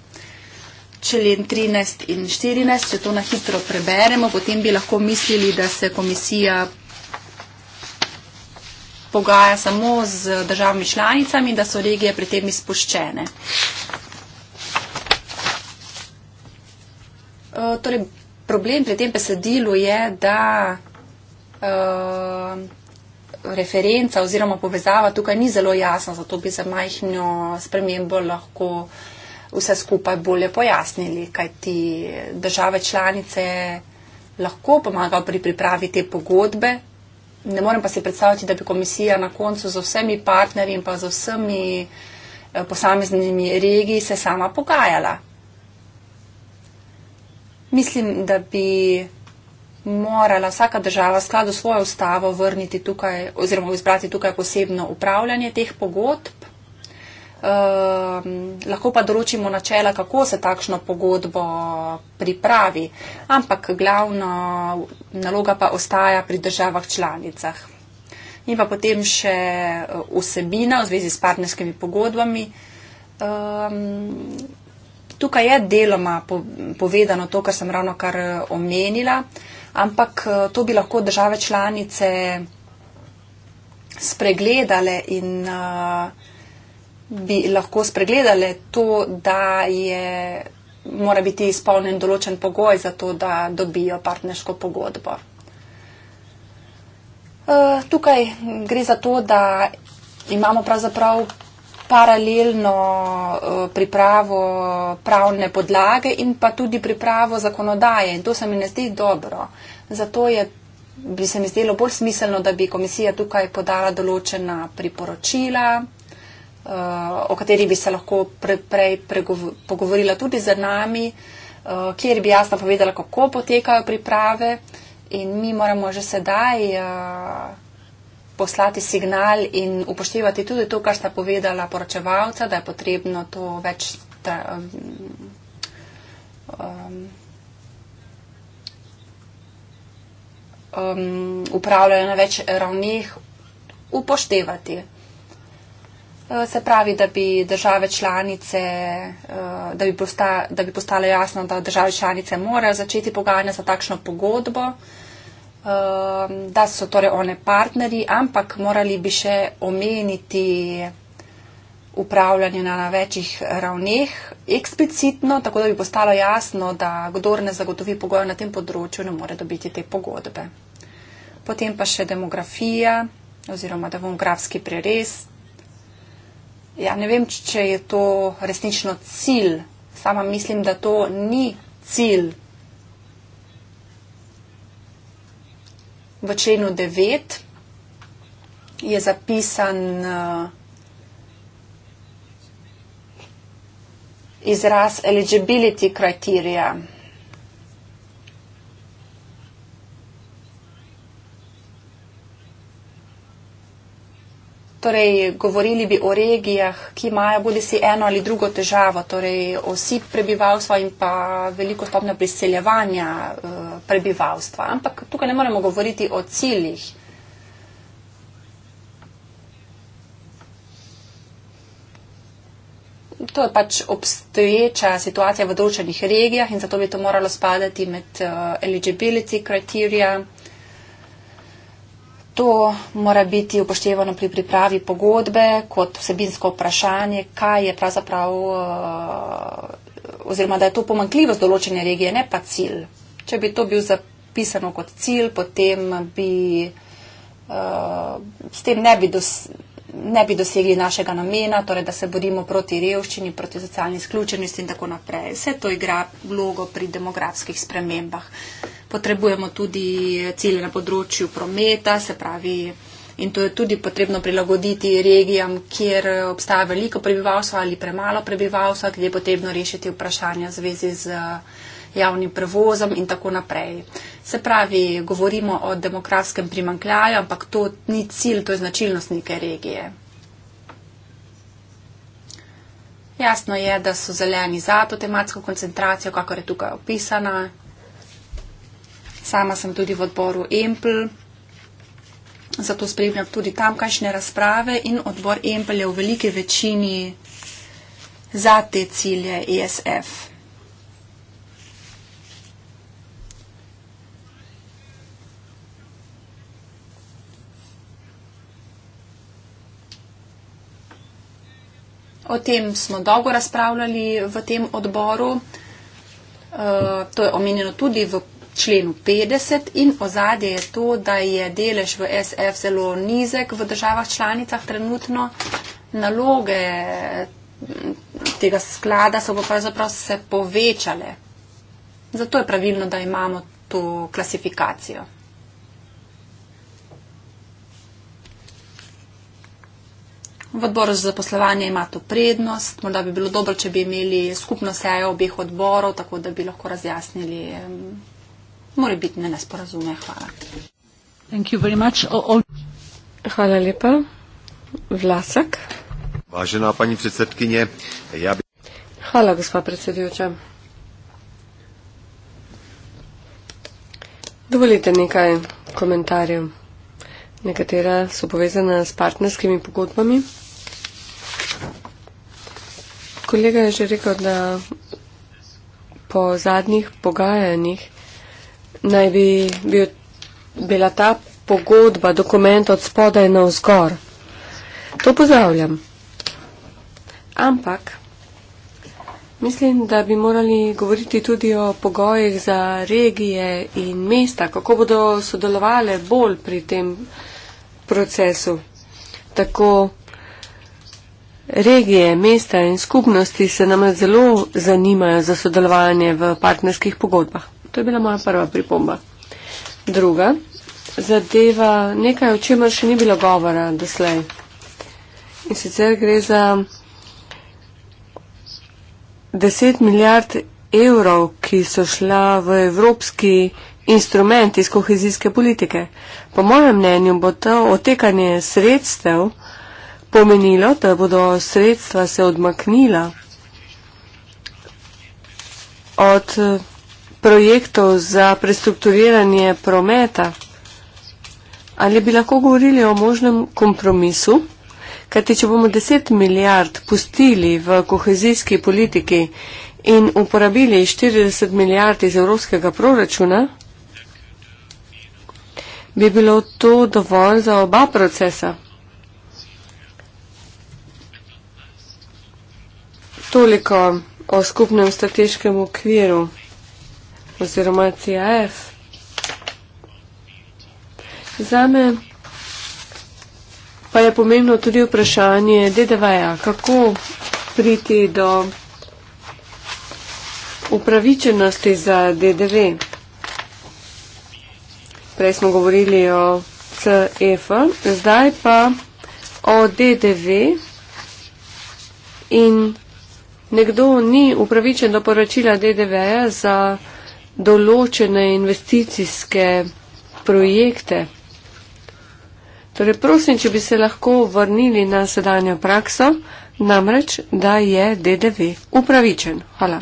člen 13 in 14, če to na hitro preberemo, potem bi lahko mislili, da se komisija pogaja samo z državami članicami in da so regije pri tem izpuščene. Uh, torej, problem pri tem besedilu je, da uh, referenca oziroma povezava tukaj ni zelo jasna, zato bi za majhno spremembo lahko uh, vse skupaj bolje pojasnili, kajti države članice lahko pomagajo pri pripravi te pogodbe. Ne morem pa si predstavljati, da bi komisija na koncu z vsemi partnerji in pa z vsemi eh, posameznimi regiji se sama pogajala. Mislim, da bi morala vsaka država skladu svojo ustavo vrniti tukaj oziroma izbrati tukaj posebno upravljanje teh pogodb. Ehm, lahko pa določimo načela, kako se takšno pogodbo pripravi, ampak glavna naloga pa ostaja pri državah članicah. In pa potem še eh, vsebina v zvezi s partnerskimi pogodbami. Um, tukaj je deloma po, povedano to, kar sem ravno kar eh, omenila, ampak eh, to bi lahko države članice spregledale in uh, bi lahko spregledale to, da je, mora biti izpolnen določen pogoj za to, da dobijo partnersko pogodbo. Eh, tukaj gre za to, da imamo pravzaprav paralelno eh, pripravo pravne podlage in pa tudi pripravo zakonodaje. In to se mi ne zdi dobro. Zato je, bi se mi zdelo bolj smiselno, da bi komisija tukaj podala določena priporočila. Eh, o kateri bi se lahko pre, prej pogovorila tudi z nami, eh, kjer bi jasno povedala, kako potekajo priprave in mi moramo že sedaj eh, poslati signal in upoštevati tudi to, kar sta povedala poročevalca, da je potrebno to več. Ta, um, Um, upravljajo na več ravneh, upoštevati Eh, se pravi, da bi države članice, eh, da bi, posta, da bi postalo jasno, da države članice morajo začeti pogajanja za takšno pogodbo, eh, da so torej one partneri, ampak morali bi še omeniti upravljanje na večjih ravneh eksplicitno, tako da bi postalo jasno, da kdor ne zagotovi pogojev na tem področju, ne more dobiti te pogodbe. Potem pa še demografija oziroma demografski prerest. Ja, ne vem, če je to resnično cilj. Sama mislim, da to ni cilj. V členu 9 je zapisan uh, izraz eligibility kriterija. Torej, govorili bi o regijah, ki imajo bodi si eno ali drugo težavo, torej osi prebivalstva in pa veliko stopnjo priseljevanja eh, prebivalstva. Ampak tukaj ne moremo govoriti o ciljih. To je pač obstoječa situacija v določenih regijah in zato bi to moralo spadati med eh, eligibility kriterija. To mora biti upoštevano pri pripravi pogodbe kot vsebinsko vprašanje, kaj je pravzaprav, eh, oziroma da je to pomankljivost določene regije, ne pa cilj. Če bi to bil zapisano kot cilj, potem bi eh, s tem ne bi dosegli ne bi dosegli našega namena, torej da se borimo proti revščini, proti socialni izključenosti in tako naprej. Vse to igra vlogo pri demografskih spremembah. Potrebujemo tudi cilje na področju prometa, se pravi, in to je tudi potrebno prilagoditi regijam, kjer obstaja veliko prebivalstva ali premalo prebivalstva, kjer je potrebno rešiti vprašanja v zvezi z. Uh, javnim prevozom in tako naprej. Se pravi, govorimo o demografskem primankljaju, ampak to ni cilj, to je značilnost neke regije. Jasno je, da so zeleni za to tematsko koncentracijo, kakor je tukaj opisana. Sama sem tudi v odboru EMPL, zato spremljam tudi tamkajšnje razprave in odbor EMPL je v veliki večini za te cilje ESF. O tem smo dolgo razpravljali v tem odboru. Eh, to je omenjeno tudi v členu 50 in ozadje je to, da je delež v SF zelo nizek v državah članicah trenutno. Naloge tega sklada so pa pravzaprav se povečale. Zato je pravilno, da imamo to klasifikacijo. V odboru za zaposlovanje ima to prednost. Morda bi bilo dobro, če bi imeli skupno sejo obeh odborov, tako da bi lahko razjasnili mori biti ne nesporazume. Hvala. Hvala lepa. Vlasak. Važena, pani predsedkinje. Ja bi... Hvala, gospa predsedujoča. Dovolite nekaj komentarjev. Nekatera so povezana s partnerskimi pogodbami. Kolega je že rekel, da po zadnjih pogajanjih naj bi bil, bila ta pogodba, dokument od spodaj na vzgor. To pozdravljam. Ampak mislim, da bi morali govoriti tudi o pogojih za regije in mesta, kako bodo sodelovali bolj pri tem procesu. Tako Regije, mesta in skupnosti se nam zelo zanimajo za sodelovanje v partnerskih pogodbah. To je bila moja prva pripomba. Druga zadeva nekaj, o čemer še ni bilo govora doslej. In sicer gre za 10 milijard evrov, ki so šla v evropski instrument iz kohezijske politike. Po mojem mnenju bo to otekanje sredstev pomenilo, da bodo sredstva se odmaknila od eh, projektov za prestrukturiranje prometa. Ali bi lahko govorili o možnem kompromisu? Kajti, če bomo 10 milijard pustili v kohezijski politiki in uporabili 40 milijard iz evropskega proračuna, bi bilo to dovolj za oba procesa. toliko o skupnem strateškem okviru oziroma CIF. Za me pa je pomembno tudi vprašanje DDV-ja, kako priti do upravičenosti za DDV. Prej smo govorili o CEF, zdaj pa o DDV in nekdo ni upravičen do poračila DDV-ja za določene investicijske projekte. Torej, prosim, če bi se lahko vrnili na sedanjo prakso, namreč, da je DDV upravičen. Hvala.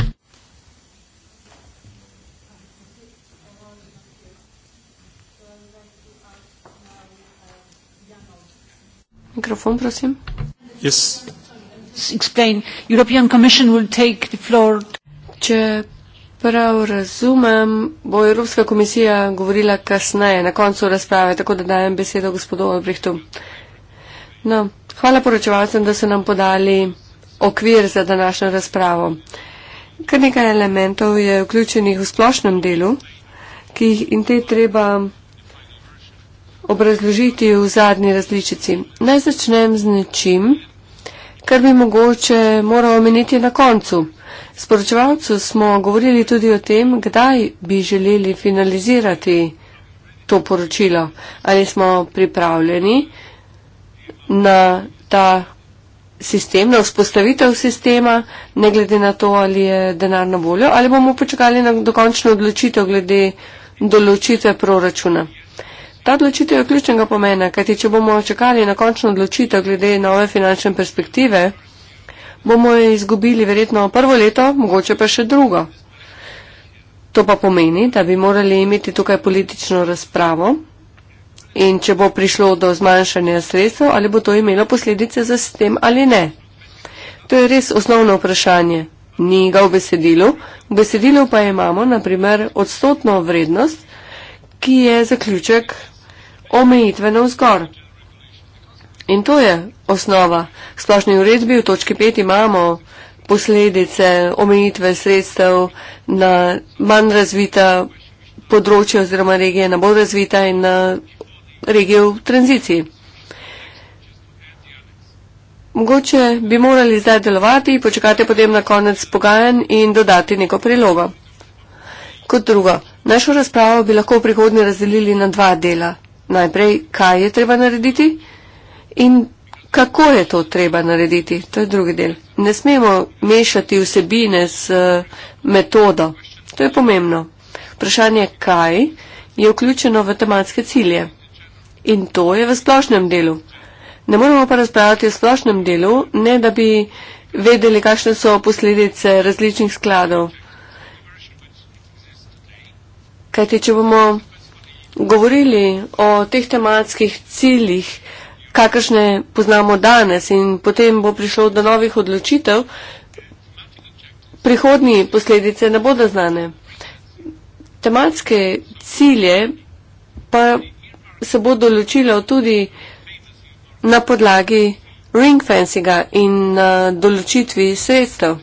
Mikrofon, prosim. Yes explain. European Commission will take the floor. Če prav razumem, bo Evropska komisija govorila kasneje, na koncu razprave, tako da dajem besedo gospodu Obrihtu. No, hvala poročevalcem, da so nam podali okvir za današnjo razpravo. Kar nekaj elementov je vključenih v splošnem delu, ki jih in te treba obrazložiti v zadnji različici. Naj začnem z nečim, kar bi mogoče moral omeniti na koncu. Sporočevalcu smo govorili tudi o tem, kdaj bi želeli finalizirati to poročilo, ali smo pripravljeni na ta sistem, na vzpostavitev sistema, ne glede na to, ali je denar na voljo, ali bomo počakali na dokončno odločitev glede določitve proračuna. Ta odločitev je ključnega pomena, kajti če bomo čakali na končno odločitev glede nove finančne perspektive, bomo jo izgubili verjetno prvo leto, mogoče pa še drugo. To pa pomeni, da bi morali imeti tukaj politično razpravo in če bo prišlo do zmanjšanja sredstev, ali bo to imelo posledice za sistem ali ne. To je res osnovno vprašanje. Ni ga v besedilu. V besedilu pa imamo, naprimer, odstotno vrednost, ki je zaključek omejitve na vzgor. In to je osnova. V splošni uredbi v točki 5 imamo posledice omejitve sredstev na manj razvita področja oziroma regije, na bolj razvita in na regije v tranziciji. Mogoče bi morali zdaj delovati, počakati potem na konec pogajanj in dodati neko prilogo. Kot drugo, našo razpravo bi lahko v prihodnje razdelili na dva dela najprej, kaj je treba narediti in kako je to treba narediti. To je drugi del. Ne smemo mešati vsebine z eh, metodo. To je pomembno. Vprašanje, kaj je vključeno v tematske cilje. In to je v splošnem delu. Ne moramo pa razpravljati o splošnem delu, ne da bi vedeli, kakšne so posledice različnih skladov. Kajti, če bomo govorili o teh tematskih ciljih, kakršne poznamo danes in potem bo prišlo do novih odločitev, prihodnji posledice ne bodo znane. Tematske cilje pa se bodo ločile tudi na podlagi ring fencinga in na določitvi sredstev.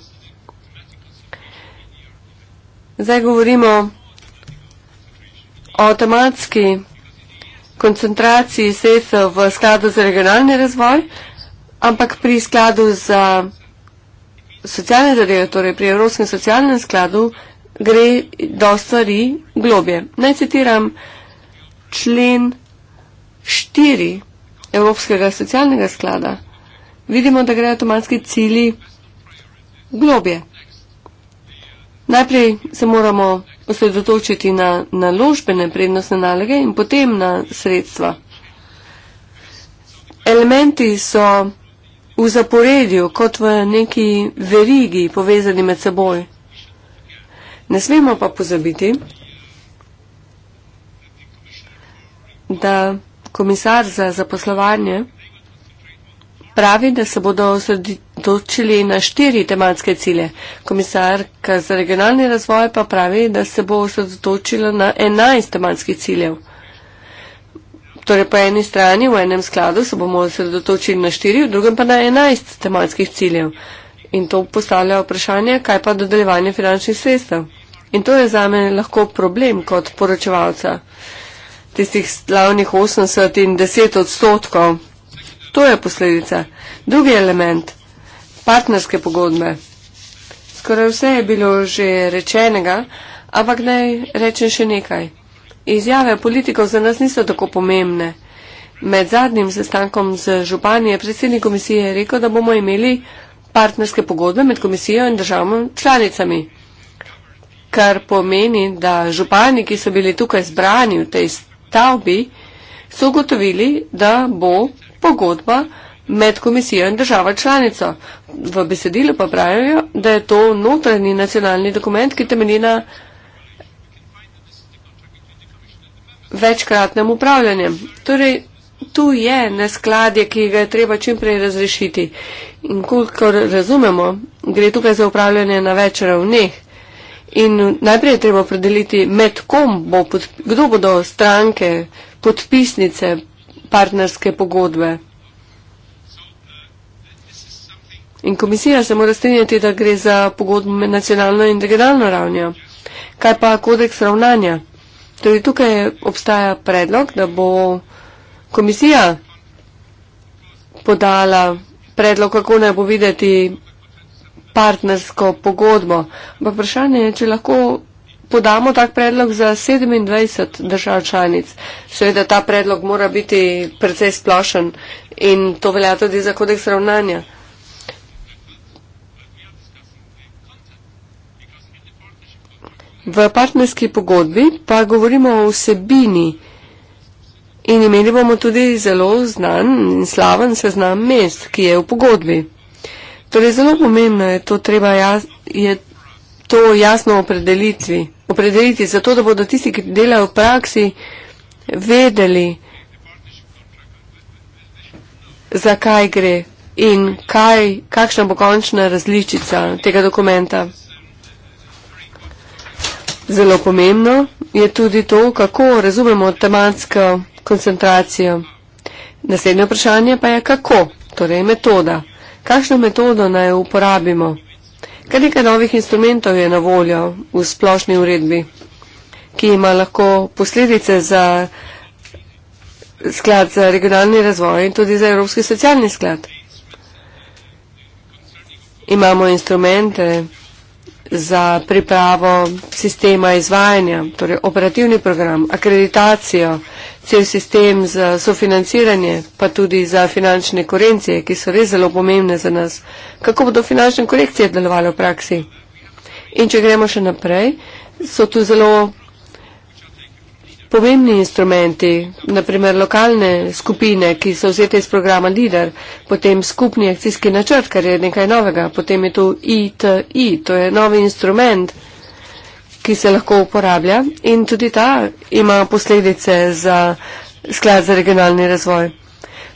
Zdaj govorimo avtomatski koncentraciji sredstev v skladu za regionalni razvoj, ampak pri skladu za socialne zadeve, torej pri Evropskem socialnem skladu, gre do stvari globje. Naj citiram člen 4 Evropskega socialnega sklada. Vidimo, da gre avtomatski cili globje. Najprej se moramo osredotočiti na naložbene prednostne naloge in potem na sredstva. Elementi so v zaporedju, kot v neki verigi povezani med seboj. Ne smemo pa pozabiti, da komisar za zaposlovanje Pravi, da se bodo osredotočili na štiri tematske cilje. Komisarka za regionalni razvoj pa pravi, da se bo osredotočila na enajst tematskih ciljev. Torej po eni strani v enem skladu se bomo osredotočili na štiri, v drugem pa na enajst tematskih ciljev. In to postavlja vprašanje, kaj pa dodeljevanje finančnih sredstev. In to je zame lahko problem kot poročevalca. Tistih slavnih 80 in 10 odstotkov To je posledica. Drugi element. Partnerske pogodbe. Skoraj vse je bilo že rečenega, ampak naj rečem še nekaj. Izjave politikov za nas niso tako pomembne. Med zadnjim sestankom z županije predsednik komisije je rekel, da bomo imeli partnerske pogodbe med komisijo in državami članicami. Kar pomeni, da župani, ki so bili tukaj zbrani v tej stavbi, so ugotovili, da bo pogodba med komisijo in država članico. V besedilu pa pravijo, da je to notranji nacionalni dokument, ki temelji na večkratnem upravljanju. Torej, tu je neskladje, ki ga je treba čimprej razrešiti. In kolikor razumemo, gre tukaj za upravljanje na več ravneh. In najprej je treba opredeliti, med kom bo, pod, kdo bodo stranke, podpisnice, partnerske pogodbe. In komisija se mora strinjati, da gre za pogodbo med nacionalno in regionalno ravnjo. Kaj pa kodeks ravnanja? Torej tukaj obstaja predlog, da bo komisija podala predlog, kako naj bo videti partnersko pogodbo. Pa vprašanje je, če lahko podamo tak predlog za 27 držav članic. Seveda ta predlog mora biti precej splošen in to velja tudi za kodeks ravnanja. V partnerski pogodbi pa govorimo o vsebini in imeli bomo tudi zelo znan in slaven seznam mest, ki je v pogodbi. Torej zelo pomembno je to, treba jaz, je to jasno opredelitvi opredeliti, zato da bodo tisti, ki delajo v praksi, vedeli, zakaj gre in kaj, kakšna bo končna različica tega dokumenta. Zelo pomembno je tudi to, kako razumemo tematsko koncentracijo. Naslednje vprašanje pa je kako, torej metoda. Kakšno metodo naj uporabimo? Kar nekaj novih instrumentov je na voljo v splošni uredbi, ki ima lahko posledice za sklad za regionalni razvoj in tudi za Evropski socialni sklad. Imamo instrumente za pripravo sistema izvajanja, torej operativni program, akreditacijo, cel sistem za sofinanciranje, pa tudi za finančne korencije, ki so res zelo pomembne za nas. Kako bodo finančne korekcije delovali v praksi? In če gremo še naprej, so tu zelo pomembni instrumenti, naprimer lokalne skupine, ki so vzete iz programa LIDER, potem skupni akcijski načrt, kar je nekaj novega, potem je tu ITI, to je novi instrument, ki se lahko uporablja in tudi ta ima posledice za sklad za regionalni razvoj.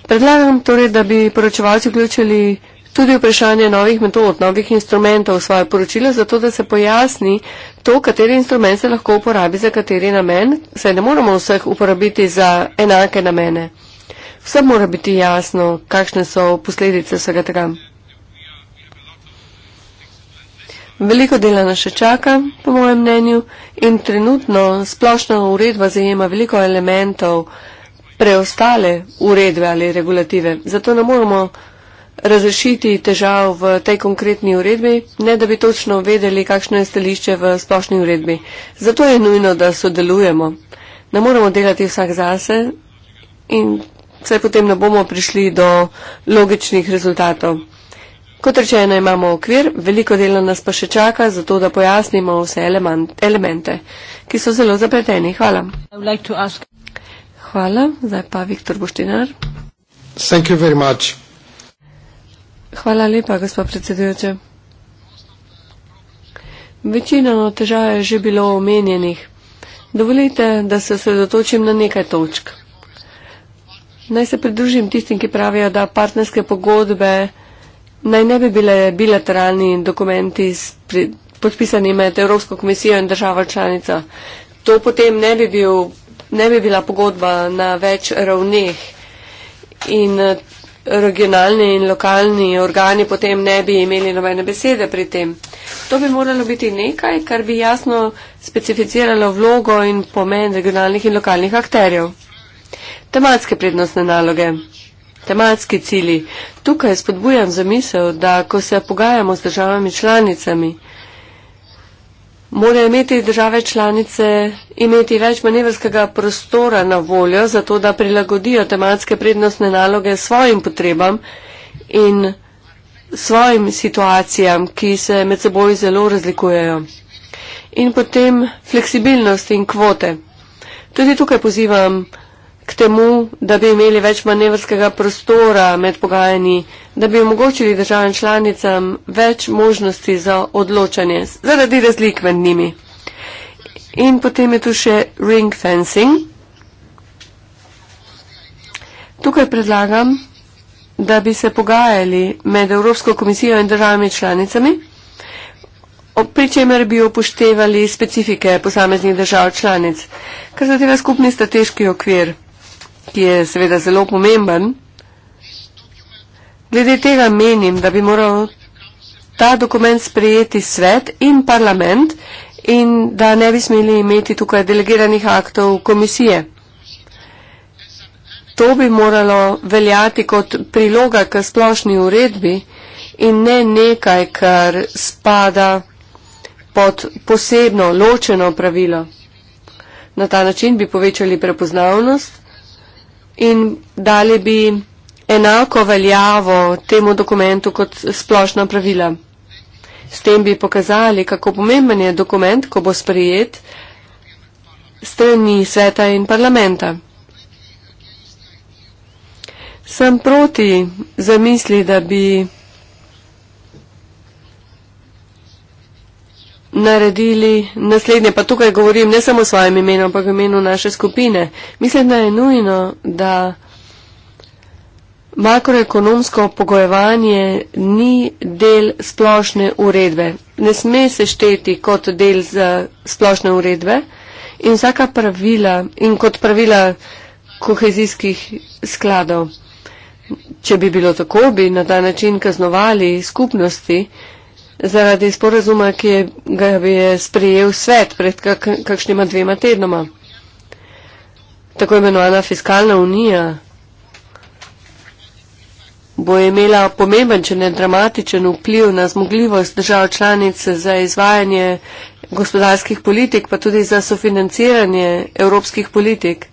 Predlagam torej, da bi poročevalci vključili tudi vprašanje novih metod, novih instrumentov v svoje poročilo, zato da se pojasni to, kateri instrument se lahko uporabi za kateri namen, saj ne moramo vseh uporabiti za enake namene. Vse mora biti jasno, kakšne so posledice vsega tega. Veliko dela nas še čaka, po mojem mnenju, in trenutno splošna uredba zajema veliko elementov preostale uredbe ali regulative. Zato ne moramo razrešiti težav v tej konkretni uredbi, ne da bi točno vedeli, kakšno je stališče v splošni uredbi. Zato je nujno, da sodelujemo. Ne moramo delati vsak zase in vse potem ne bomo prišli do logičnih rezultatov. Kot rečeno, imamo okvir, veliko dela nas pa še čaka, zato da pojasnimo vse elemente, ki so zelo zapleteni. Hvala. Like Hvala. Zdaj pa Viktor Boštinar. Hvala lepa, gospod predsedujoče. Večina težav je že bilo omenjenih. Dovolite, da se sredotočim na nekaj točk. Naj se pridružim tistim, ki pravijo, da partnerske pogodbe naj ne bi bile bilateralni dokumenti pri, podpisani med Evropsko komisijo in državo članico. To potem ne bi, bil, ne bi bila pogodba na več ravneh in eh, regionalni in lokalni organi potem ne bi imeli nobene besede pri tem. To bi moralo biti nekaj, kar bi jasno specificiralo vlogo in pomen regionalnih in lokalnih akterjev. Tematske prednostne naloge. Tematski cili. Tukaj spodbujam zamisel, da ko se pogajamo z državami članicami, morajo imeti države članice imeti več manevrskega prostora na voljo, zato da prilagodijo tematske prednostne naloge svojim potrebam in svojim situacijam, ki se med seboj zelo razlikujejo. In potem fleksibilnost in kvote. Tudi tukaj pozivam k temu, da bi imeli več manevrskega prostora med pogajanji, da bi omogočili državam članicam več možnosti za odločanje zaradi razlik med njimi. In potem je tu še ring fencing. Tukaj predlagam, da bi se pogajali med Evropsko komisijo in državami članicami, pri čemer bi upoštevali specifike posameznih držav članic, kar zadeva skupni strateški okvir ki je seveda zelo pomemben. Glede tega menim, da bi moral ta dokument sprejeti svet in parlament in da ne bi smeli imeti tukaj delegiranih aktov komisije. To bi moralo veljati kot priloga k splošni uredbi in ne nekaj, kar spada pod posebno ločeno pravilo. Na ta način bi povečali prepoznavnost in dali bi enako veljavo temu dokumentu kot splošna pravila. S tem bi pokazali, kako pomemben je dokument, ko bo sprejet strani sveta in parlamenta. Sem proti zamisli, da bi naredili naslednje, pa tukaj govorim ne samo o svojem imenu, ampak o imenu naše skupine. Mislim, da je nujno, da makroekonomsko pogojevanje ni del splošne uredbe. Ne sme se šteti kot del splošne uredbe in vsaka pravila in kot pravila kohezijskih skladov. Če bi bilo tako, bi na ta način kaznovali skupnosti, zaradi sporazuma, ki je, ga je sprejel svet pred kak, kakšnima dvema tednoma. Tako imenovana fiskalna unija bo imela pomemben, če ne dramatičen vpliv na zmogljivost držav članic za izvajanje gospodarskih politik, pa tudi za sofinanciranje evropskih politik.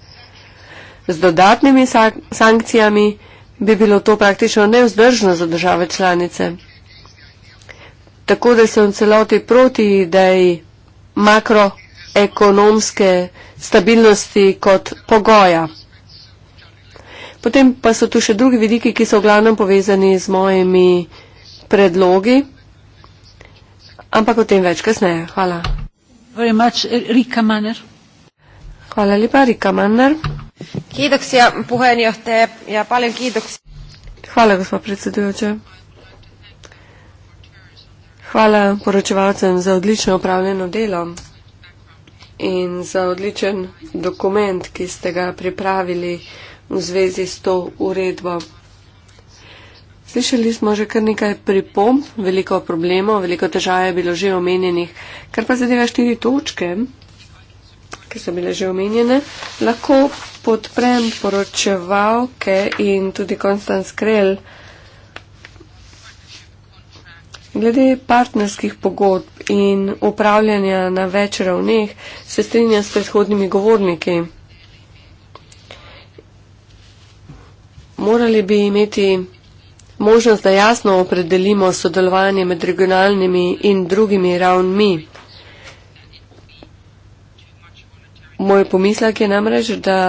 Z dodatnimi sankcijami bi bilo to praktično nevzdržno za države članice tako da se on celoti proti ideji makroekonomske stabilnosti kot pogoja. Potem pa so tu še drugi vidiki, ki so v glavnem povezani z mojimi predlogi, ampak o tem več kasneje. Hvala. Hvala lepa, Rika Manner. Ja Hvala, gospod predsedujoče. Hvala poročevalcem za odlično upravljeno delo in za odličen dokument, ki ste ga pripravili v zvezi s to uredbo. Slišali smo že kar nekaj pripomb, veliko problemov, veliko težav je bilo že omenjenih. Kar pa zadeva štiri točke, ki so bile že omenjene, lahko podprem poročevalke in tudi Konstantin Skrelj. Glede partnerskih pogodb in upravljanja na več ravneh se strinja s predhodnimi govorniki. Morali bi imeti možnost, da jasno opredelimo sodelovanje med regionalnimi in drugimi ravnmi. Moj pomislek je namreč, da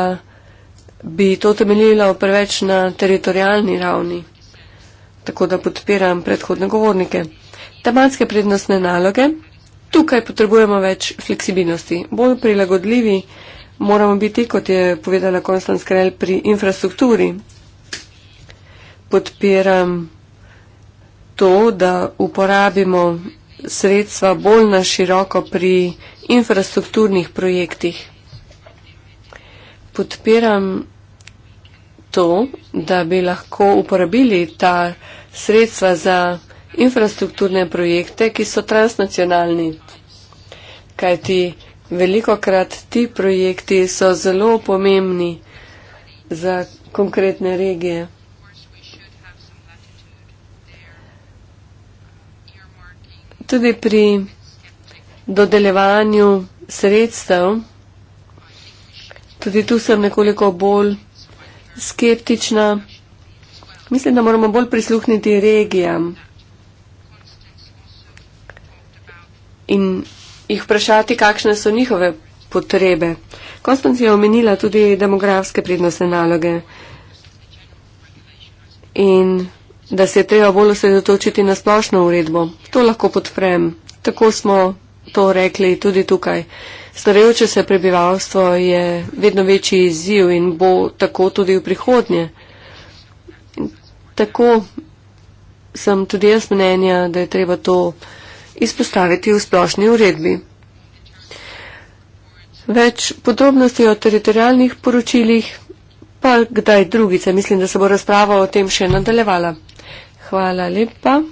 bi to temeljilo preveč na teritorijalni ravni tako da podpiram predhodne govornike. Tematske prednostne naloge. Tukaj potrebujemo več fleksibilnosti, bolj prilagodljivi moramo biti, kot je povedala Konstantin Skrel, pri infrastrukturi. Podpiram to, da uporabimo sredstva bolj na široko pri infrastrukturnih projektih. Podpiram to, da bi lahko uporabili ta sredstva za infrastrukturne projekte, ki so transnacionalni. Kajti veliko krat ti projekti so zelo pomembni za konkretne regije. Tudi pri dodeljevanju sredstev, tudi tu sem nekoliko bolj skeptična. Mislim, da moramo bolj prisluhniti regijam in jih vprašati, kakšne so njihove potrebe. Konstanc je omenila tudi demografske prednostne naloge in da se je treba bolj osredotočiti na splošno uredbo. To lahko podprem. Tako smo to rekli tudi tukaj. Starajoče se prebivalstvo je vedno večji izziv in bo tako tudi v prihodnje. Tako sem tudi jaz mnenja, da je treba to izpostaviti v splošni uredbi. Več podrobnosti o teritorijalnih poročilih pa kdaj drugice. Mislim, da se bo razprava o tem še nadaljevala. Hvala lepa.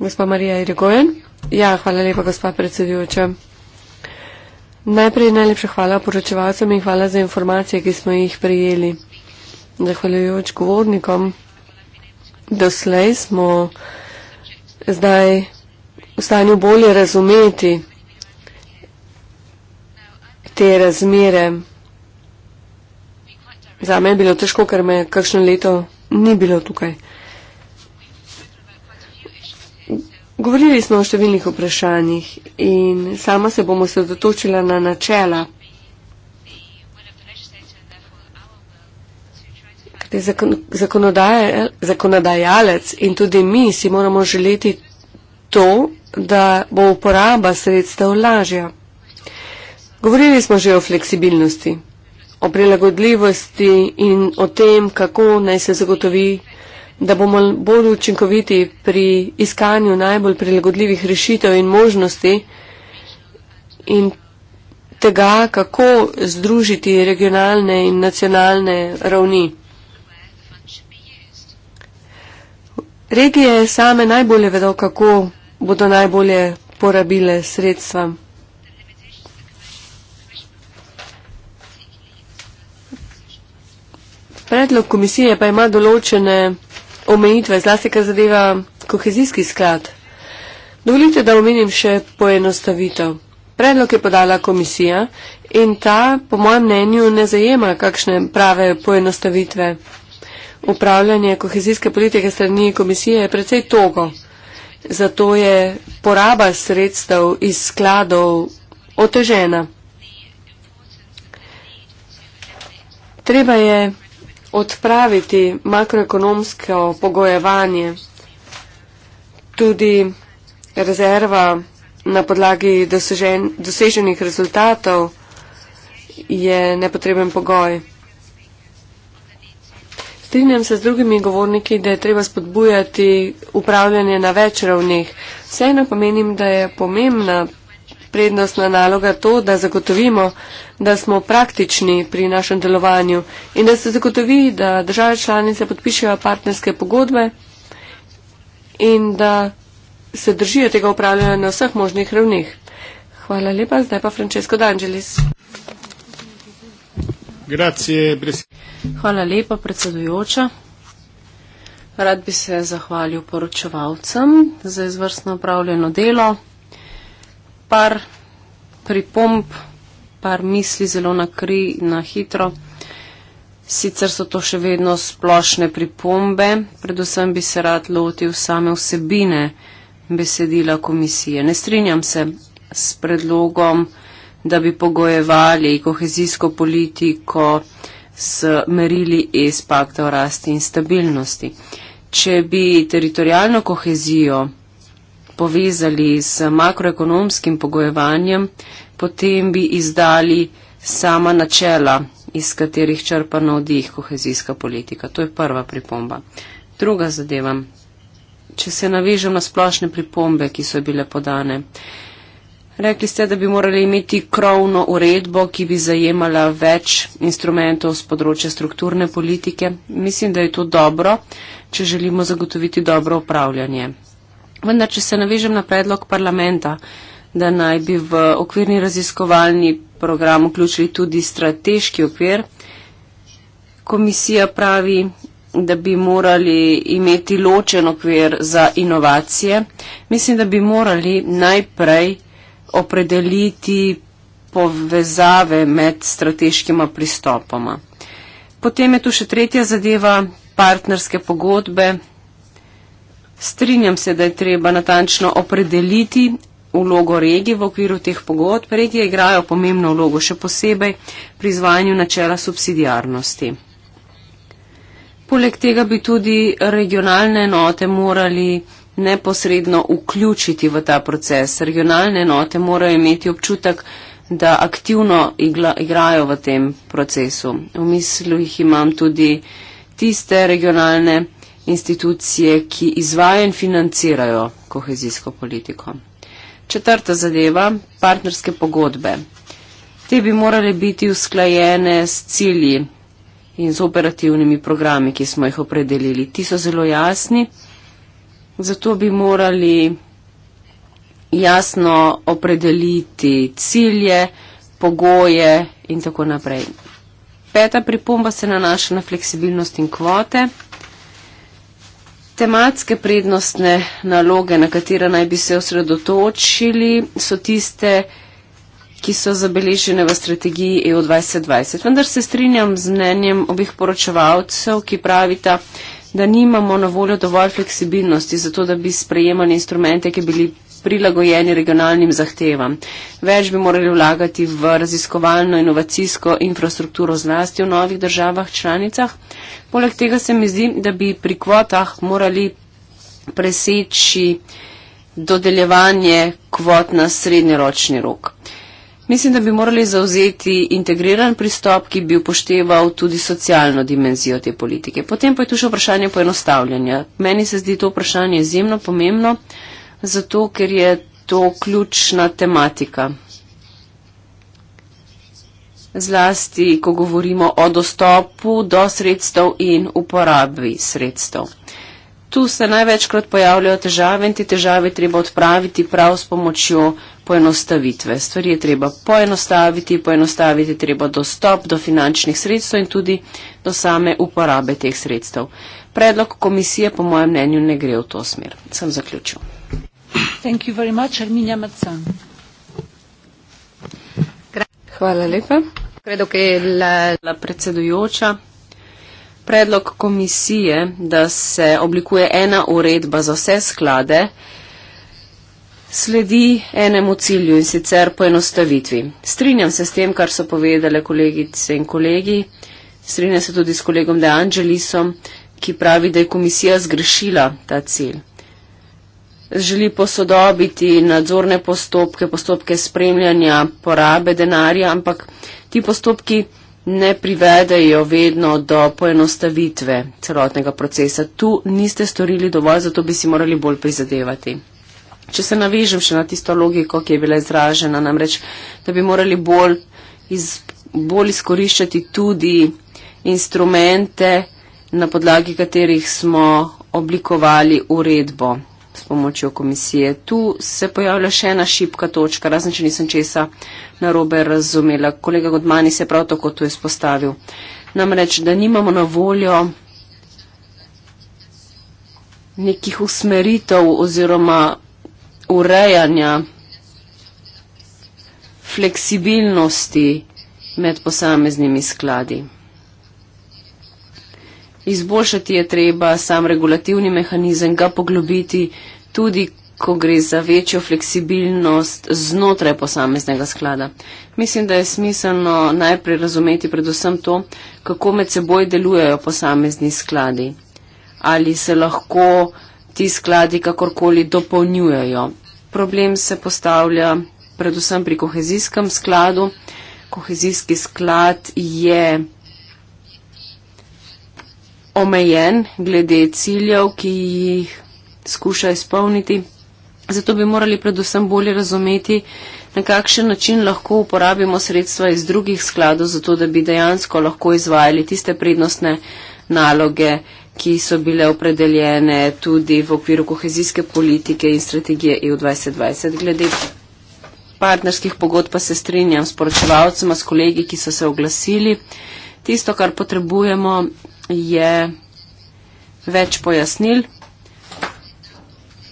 Gospa Marija Irigojen. Ja, hvala lepa, gospa predsedujoča. Najprej najlepša hvala poročevalcem in hvala za informacije, ki smo jih prijeli. Zahvaljujoč govornikom, doslej smo zdaj v stanju bolje razumeti te razmere. Zame je bilo težko, ker me kakšno leto ni bilo tukaj. Govorili smo o številnih vprašanjih in sama se bomo sodotočila na načela. Zakon, zakonodaje, zakonodajalec in tudi mi si moramo želeti to, da bo uporaba sredstev lažja. Govorili smo že o fleksibilnosti, o prilagodljivosti in o tem, kako naj se zagotovi da bomo bolj učinkoviti pri iskanju najbolj prilagodljivih rešitev in možnosti in tega, kako združiti regionalne in nacionalne ravni. Regije same najbolje vedo, kako bodo najbolje porabile sredstva. Predlog komisije pa ima določene omejitve, zlasti kar zadeva kohezijski sklad. Dovolite, da omenim še poenostavitev. Predlog je podala komisija in ta, po mojem mnenju, ne zajema kakšne prave poenostavitve. Upravljanje kohezijske politike strani komisije je precej togo. Zato je poraba sredstev iz skladov otežena. Treba je odpraviti makroekonomsko pogojevanje, tudi rezerva na podlagi dosežen, doseženih rezultatov je nepotreben pogoj. Strinjam se z drugimi govorniki, da je treba spodbujati upravljanje na več ravnih. Vseeno pomenim, da je pomembna prednostna naloga to, da zagotovimo, da smo praktični pri našem delovanju in da se zagotovi, da države članice podpišejo partnerske pogodbe in da se držijo tega upravljanja na vseh možnih ravnih. Hvala lepa, zdaj pa Francesco D'Angelis. Hvala lepa, predsedujoča. Rad bi se zahvalil poročevalcem za izvrstno upravljeno delo par pripomb, par misli zelo na kri, na hitro. Sicer so to še vedno splošne pripombe, predvsem bi se rad lotil same vsebine besedila komisije. Ne strinjam se s predlogom, da bi pogojevali kohezijsko politiko s merili iz pakta o rasti in stabilnosti. Če bi teritorijalno kohezijo povezali z makroekonomskim pogojevanjem, potem bi izdali sama načela, iz katerih črpa na odih kohezijska politika. To je prva pripomba. Druga zadeva. Če se navežem na splošne pripombe, ki so bile podane. Rekli ste, da bi morali imeti krovno uredbo, ki bi zajemala več instrumentov z področja strukturne politike. Mislim, da je to dobro, če želimo zagotoviti dobro upravljanje. Vendar, če se navežem na predlog parlamenta, da naj bi v okvirni raziskovalni program vključili tudi strateški okvir, komisija pravi, da bi morali imeti ločen okvir za inovacije. Mislim, da bi morali najprej opredeliti povezave med strateškima pristopoma. Potem je tu še tretja zadeva, partnerske pogodbe. Strinjam se, da je treba natančno opredeliti vlogo regije v okviru teh pogodb. Regije igrajo pomembno vlogo, še posebej pri izvajanju načela subsidijarnosti. Poleg tega bi tudi regionalne enote morali neposredno vključiti v ta proces. Regionalne enote morajo imeti občutek, da aktivno igrajo v tem procesu. V mislih imam tudi tiste regionalne enote, institucije, ki izvajo in financirajo kohezijsko politiko. Četrta zadeva, partnerske pogodbe. Te bi morale biti usklajene s cilji in z operativnimi programi, ki smo jih opredelili. Ti so zelo jasni, zato bi morali jasno opredeliti cilje, pogoje in tako naprej. Peta pripomba se nanaša na fleksibilnost in kvote tematske prednostne naloge, na katere naj bi se osredotočili, so tiste, ki so zabeležene v strategiji EU 2020. Vendar se strinjam z mnenjem obih poročevalcev, ki pravita, da nimamo na voljo dovolj fleksibilnosti za to, da bi sprejemali instrumente, ki bili prilagojeni regionalnim zahtevam. Več bi morali vlagati v raziskovalno inovacijsko infrastrukturo zlasti v novih državah članicah. Poleg tega se mi zdi, da bi pri kvotah morali preseči dodeljevanje kvot na srednjeročni rok. Mislim, da bi morali zauzeti integriran pristop, ki bi upošteval tudi socialno dimenzijo te politike. Potem pa je tu še vprašanje poenostavljanja. Meni se zdi to vprašanje izjemno pomembno, zato ker je to ključna tematika zlasti, ko govorimo o dostopu do sredstev in uporabi sredstev. Tu se največkrat pojavljajo težave in te težave treba odpraviti prav s pomočjo poenostavitve. Stvari je treba poenostaviti, poenostaviti treba dostop do finančnih sredstev in tudi do same uporabe teh sredstev. Predlog komisije po mojem mnenju ne gre v to smer. Sem zaključil. Thank you very much, Arminja Macan. Hvala lepa. Predlog je la predsedujoča. Predlog komisije, da se oblikuje ena uredba za vse sklade, sledi enemu cilju in sicer poenostavitvi. Strinjam se s tem, kar so povedali kolegice in kolegi. Strinjam se tudi s kolegom De Angelisom, ki pravi, da je komisija zgrešila ta cilj želi posodobiti nadzorne postopke, postopke spremljanja porabe denarja, ampak ti postopki ne privedejo vedno do poenostavitve celotnega procesa. Tu niste storili dovolj, zato bi si morali bolj prizadevati. Če se navežem še na tisto logiko, ki je bila izražena, namreč, da bi morali bolj, iz, bolj izkoriščati tudi instrumente, na podlagi katerih smo oblikovali uredbo s pomočjo komisije. Tu se pojavlja še ena šipka točka, razen če nisem česa narobe razumela. Kolega Godmani se je prav tako tu izpostavil. Namreč, da nimamo na voljo nekih usmeritev oziroma urejanja fleksibilnosti med posameznimi skladi izboljšati je treba sam regulativni mehanizem, ga poglobiti tudi, ko gre za večjo fleksibilnost znotraj posameznega sklada. Mislim, da je smiselno najprej razumeti predvsem to, kako med seboj delujejo posamezni skladi. Ali se lahko ti skladi kakorkoli dopolnjujejo. Problem se postavlja predvsem pri kohezijskem skladu. Kohezijski sklad je omejen glede ciljev, ki jih skuša izpolniti. Zato bi morali predvsem bolje razumeti, na kakšen način lahko uporabimo sredstva iz drugih skladov, zato da bi dejansko lahko izvajali tiste prednostne naloge, ki so bile opredeljene tudi v okviru kohezijske politike in strategije EU 2020. Glede partnerskih pogodb pa se strinjam s poročevalcema, s kolegi, ki so se oglasili. Tisto, kar potrebujemo, je več pojasnil.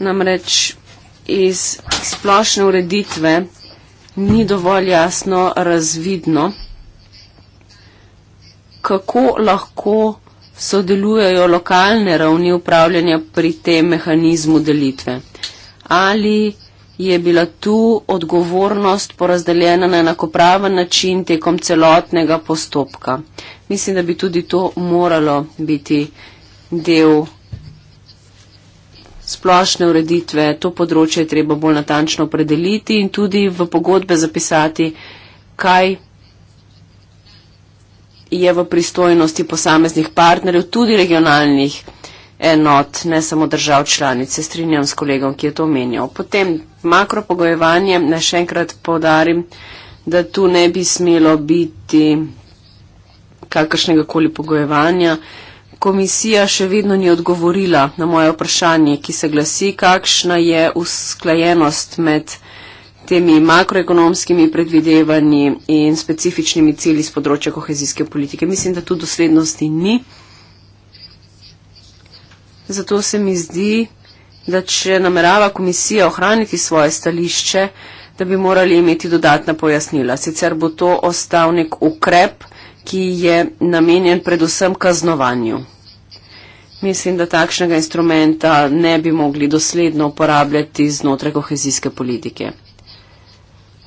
Namreč iz splošne ureditve ni dovolj jasno razvidno, kako lahko sodelujejo lokalne ravni upravljanja pri tem mehanizmu delitve. Ali je bila tu odgovornost porazdeljena na enakopraven način tekom celotnega postopka. Mislim, da bi tudi to moralo biti del splošne ureditve. To področje je treba bolj natančno opredeliti in tudi v pogodbe zapisati, kaj je v pristojnosti posameznih partnerjev, tudi regionalnih partnerjev enot, ne samo držav članice. Strinjam s kolegom, ki je to omenjal. Potem makropogojevanje, naj še enkrat podarim, da tu ne bi smelo biti kakršnega koli pogojevanja. Komisija še vedno ni odgovorila na moje vprašanje, ki se glasi, kakšna je usklajenost med temi makroekonomskimi predvidevanji in specifičnimi cilji z področja kohezijske politike. Mislim, da tu doslednosti ni. Zato se mi zdi, da če namerava komisija ohraniti svoje stališče, da bi morali imeti dodatna pojasnila. Sicer bo to ostal nek ukrep, ki je namenjen predvsem kaznovanju. Mislim, da takšnega instrumenta ne bi mogli dosledno uporabljati znotraj kohezijske politike.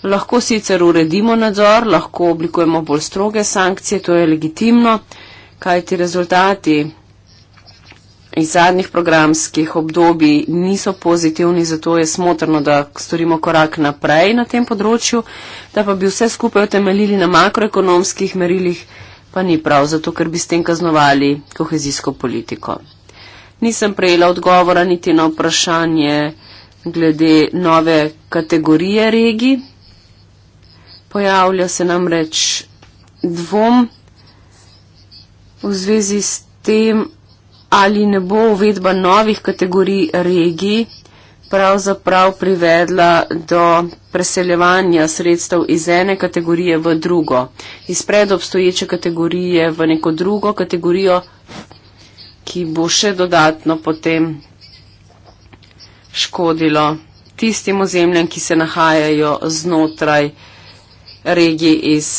Lahko sicer uredimo nadzor, lahko oblikujemo bolj stroge sankcije, to je legitimno, kajti rezultati iz zadnjih programskih obdobij niso pozitivni, zato je smotrno, da storimo korak naprej na tem področju, da pa bi vse skupaj otemeljili na makroekonomskih merilih, pa ni prav, zato ker bi s tem kaznovali kohezijsko politiko. Nisem prejela odgovora niti na vprašanje glede nove kategorije regij. Pojavlja se namreč dvom v zvezi s tem, ali ne bo uvedba novih kategorij regij pravzaprav privedla do preseljevanja sredstev iz ene kategorije v drugo, iz predobstoječe kategorije v neko drugo kategorijo, ki bo še dodatno potem škodilo tistim ozemljem, ki se nahajajo znotraj regije iz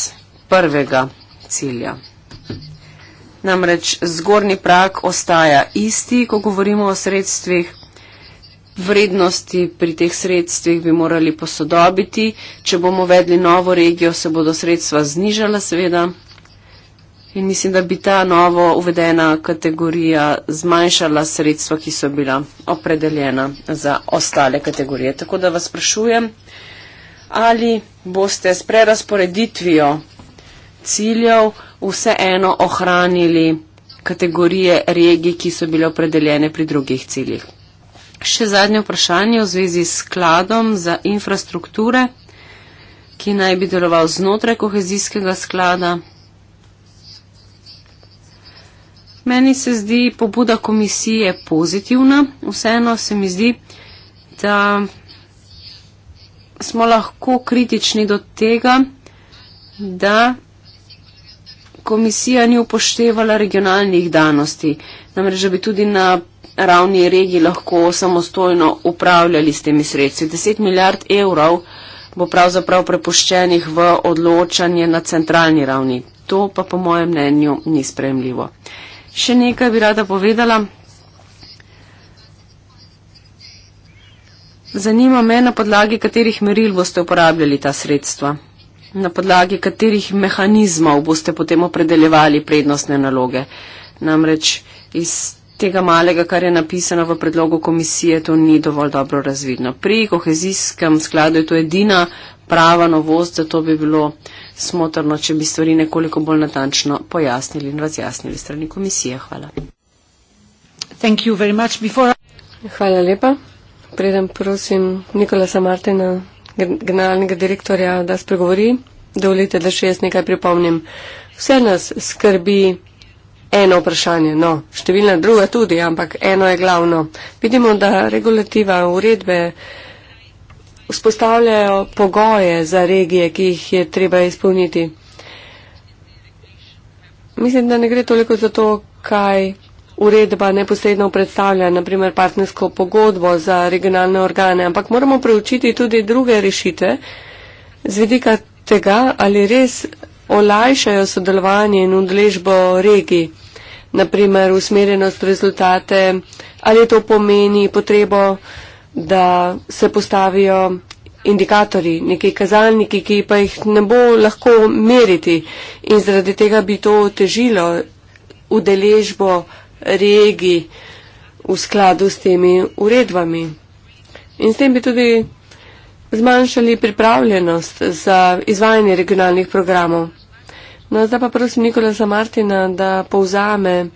prvega cilja. Namreč zgornji prak ostaja isti, ko govorimo o sredstvih. Vrednosti pri teh sredstvih bi morali posodobiti. Če bomo vedli novo regijo, se bodo sredstva znižala, seveda. In mislim, da bi ta novo uvedena kategorija zmanjšala sredstva, ki so bila opredeljena za ostale kategorije. Tako da vas sprašujem, ali boste s prerasporeditvijo ciljev vseeno ohranili kategorije regij, ki so bile opredeljene pri drugih ciljih. Še zadnje vprašanje v zvezi s skladom za infrastrukture, ki naj bi deloval znotraj kohezijskega sklada. Meni se zdi pobuda komisije pozitivna, vseeno se mi zdi, da smo lahko kritični do tega, da komisija ni upoštevala regionalnih danosti. Namreč, da bi tudi na ravni regij lahko samostojno upravljali s temi sredstvi. 10 milijard evrov bo pravzaprav prepuščenih v odločanje na centralni ravni. To pa po mojem mnenju ni spremljivo. Še nekaj bi rada povedala. Zanima me, na podlagi katerih meril boste uporabljali ta sredstva. Na podlagi katerih mehanizmov boste potem opredeljevali prednostne naloge? Namreč iz tega malega, kar je napisano v predlogu komisije, to ni dovolj dobro razvidno. Pri kohezijskem skladu je to edina prava novost, zato bi bilo smotrno, če bi stvari nekoliko bolj natančno pojasnili in razjasnili strani komisije. Hvala. Hvala lepa. Preden prosim Nikola Samartena generalnega direktorja, da spregovori. Dovolite, da še jaz nekaj pripomnim. Vse nas skrbi eno vprašanje, no, številna druga tudi, ampak eno je glavno. Vidimo, da regulativa uredbe vzpostavljajo pogoje za regije, ki jih je treba izpolniti. Mislim, da ne gre toliko za to, kaj uredba neposredno predstavlja, naprimer partnersko pogodbo za regionalne organe, ampak moramo preučiti tudi druge rešite z vidika tega, ali res olajšajo sodelovanje in udeležbo regij, naprimer usmerjenost v rezultate, ali to pomeni potrebo, da se postavijo indikatorji, neki kazalniki, ki pa jih ne bo lahko meriti in zaradi tega bi to težilo udeležbo regij v skladu s temi uredbami. In s tem bi tudi zmanjšali pripravljenost za izvajanje regionalnih programov. No, zdaj pa prosim Nikola za Martina, da povzame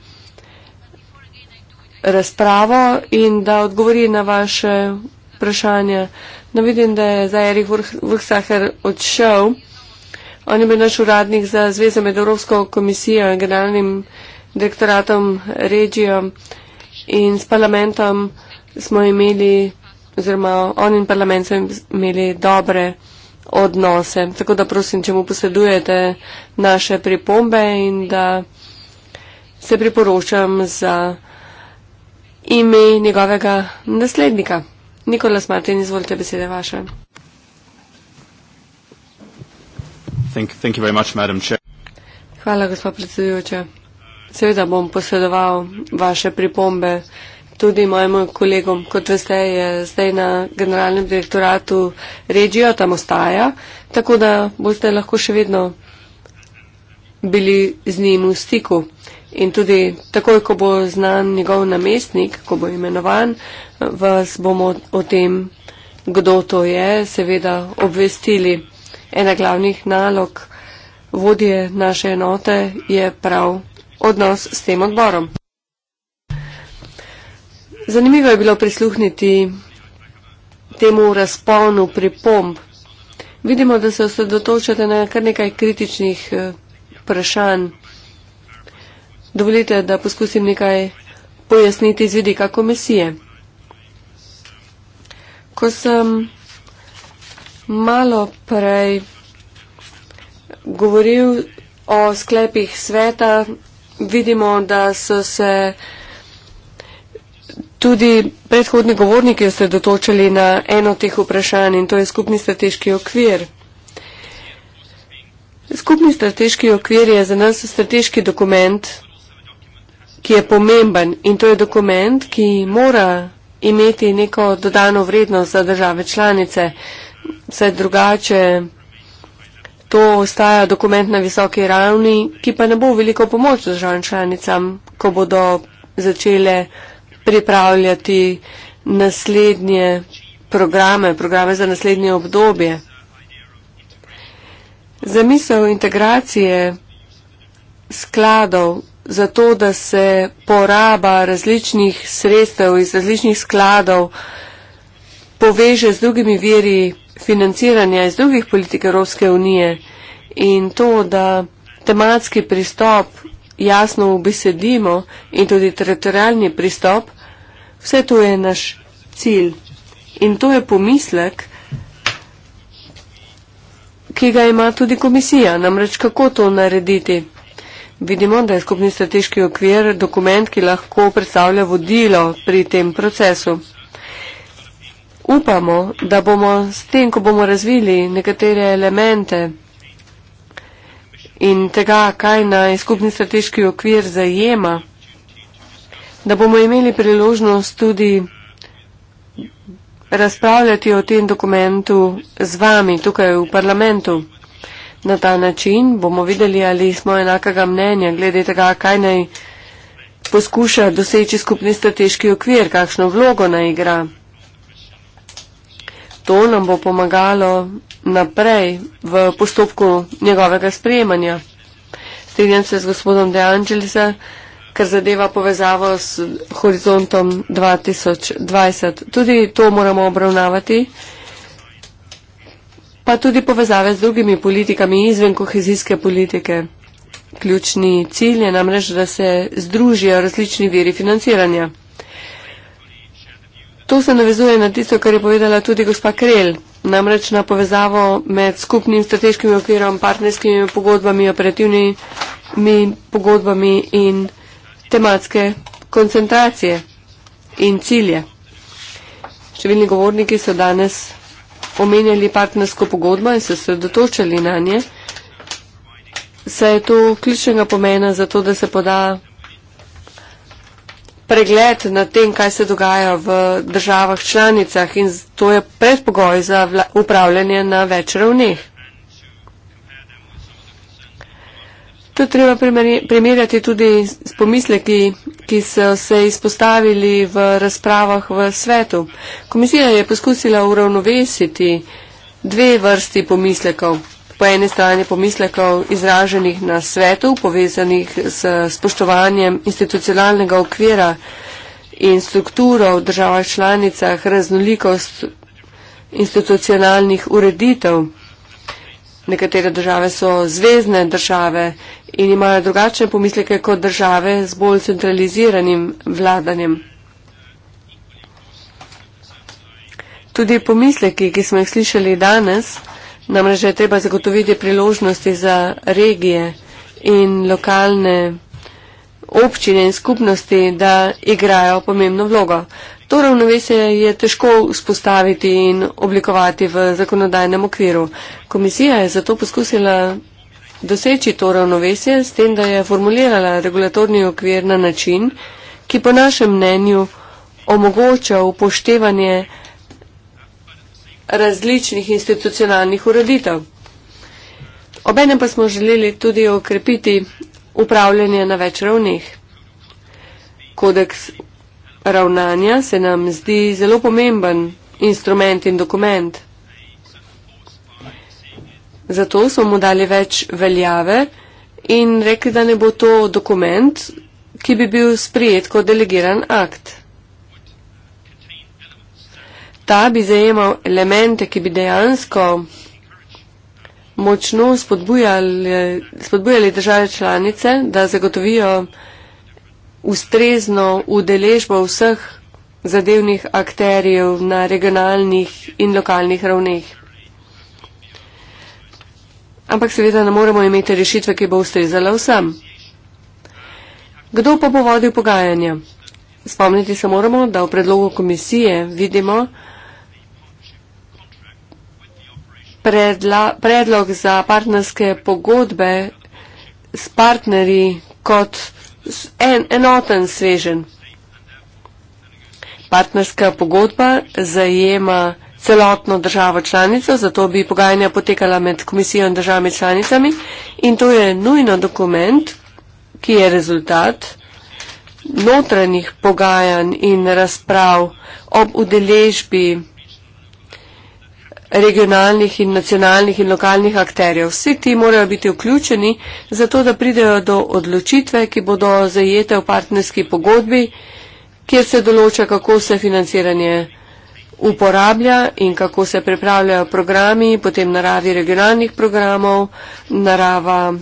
razpravo in da odgovori na vaše vprašanje. No, vidim, da je zdaj Erik Vrhsaher odšel. On je bil naš uradnik za Zvezo med Evropsko komisijo in generalnim direktoratom Regijo in s parlamentom smo imeli, oziroma on in parlament smo imeli dobre odnose. Tako da prosim, če mu posredujete naše pripombe in da se priporočam za ime njegovega naslednika. Nikola Smartin, izvolite besede vaše. Thank, thank you very much, Hvala, gospod predsedujoča. Seveda bom posredoval vaše pripombe tudi mojemu kolegom. Kot veste, je zdaj na generalnem direktoratu Regio, tam ostaja, tako da boste lahko še vedno bili z njim v stiku. In tudi takoj, ko bo znan njegov namestnik, ko bo imenovan, vas bomo o tem, kdo to je, seveda obvestili. Ena glavnih nalog vodje naše enote je prav odnos s tem odborom. Zanimivo je bilo prisluhniti temu razponu pripomb. Vidimo, da se osredotočate na kar nekaj kritičnih eh, vprašanj. Dovolite, da poskusim nekaj pojasniti z vidika komisije. Ko sem malo prej govoril o sklepih sveta vidimo, da so se tudi predhodni govorniki osredotočili na eno teh vprašanj in to je skupni strateški okvir. Skupni strateški okvir je za nas strateški dokument, ki je pomemben in to je dokument, ki mora imeti neko dodano vrednost za države članice, saj drugače To ostaja dokument na visoki ravni, ki pa ne bo veliko pomoč državam članicam, ko bodo začele pripravljati naslednje programe, programe za naslednje obdobje. Zamisel integracije skladov za to, da se poraba različnih sredstev iz različnih skladov poveže z drugimi veri financiranja iz drugih politik Evropske unije in to, da tematski pristop jasno ubesedimo in tudi teritorijalni pristop, vse to je naš cilj. In to je pomislek, ki ga ima tudi komisija, namreč kako to narediti. Vidimo, da je skupni strateški okvir dokument, ki lahko predstavlja vodilo pri tem procesu upamo, da bomo s tem, ko bomo razvili nekatere elemente in tega, kaj naj skupni strateški okvir zajema, da bomo imeli priložnost tudi razpravljati o tem dokumentu z vami tukaj v parlamentu. Na ta način bomo videli, ali smo enakega mnenja glede tega, kaj naj poskuša doseči skupni strateški okvir, kakšno vlogo naj igra. To nam bo pomagalo naprej v postopku njegovega sprejemanja. Strinjam se z gospodom De Angelisa, kar zadeva povezavo s horizontom 2020. Tudi to moramo obravnavati, pa tudi povezave z drugimi politikami izven kohezijske politike. Ključni cilj je namreč, da se združijo različni viri financiranja. To se navezuje na tisto, kar je povedala tudi gospa Krel, namreč na povezavo med skupnim strateškim okvirom, partnerskimi pogodbami, operativnimi pogodbami in tematske koncentracije in cilje. Številni govorniki so danes omenjali partnersko pogodbo in se sredotočali na nje. Se je to ključnega pomena za to, da se poda pregled na tem, kaj se dogaja v državah članicah in to je predpogoj za upravljanje na več ravneh. To treba primerjati tudi s pomisleki, ki so se izpostavili v razpravah v svetu. Komisija je poskusila uravnovesiti dve vrsti pomislekov po eni strani pomislekov izraženih na svetu, povezanih s spoštovanjem institucionalnega okvira in strukturo v državah članicah, raznolikost institucionalnih ureditev. Nekatere države so zvezdne države in imajo drugačne pomisleke kot države z bolj centraliziranim vladanjem. Tudi pomisleki, ki smo jih slišali danes, Namreč je treba zagotoviti priložnosti za regije in lokalne občine in skupnosti, da igrajo pomembno vlogo. To ravnovesje je težko vzpostaviti in oblikovati v zakonodajnem okviru. Komisija je zato poskusila doseči to ravnovesje s tem, da je formulirala regulatorni okvir na način, ki po našem mnenju omogoča upoštevanje različnih institucionalnih ureditev. Obenem pa smo želeli tudi okrepiti upravljanje na več ravnih. Kodeks ravnanja se nam zdi zelo pomemben instrument in dokument. Zato smo mu dali več veljave in rekli, da ne bo to dokument, ki bi bil sprijet kot delegiran akt ta bi zajemal elemente, ki bi dejansko močno spodbujali, spodbujali države članice, da zagotovijo ustrezno udeležbo vseh zadevnih akterjev na regionalnih in lokalnih ravneh. Ampak seveda ne moremo imeti rešitve, ki bo ustrezala vsem. Kdo pa bo vodil pogajanja? Spomniti se moramo, da v predlogu komisije vidimo, predla, predlog za partnerske pogodbe s partnerji kot en, enoten svežen. Partnerska pogodba zajema celotno državo članico, zato bi pogajanja potekala med komisijo in državami članicami in to je nujno dokument, ki je rezultat notranjih pogajanj in razprav ob udeležbi regionalnih in nacionalnih in lokalnih akterjev. Vsi ti morajo biti vključeni, zato da pridejo do odločitve, ki bodo zajete v partnerski pogodbi, kjer se določa, kako se financiranje uporablja in kako se pripravljajo programi, potem naravi regionalnih programov, narava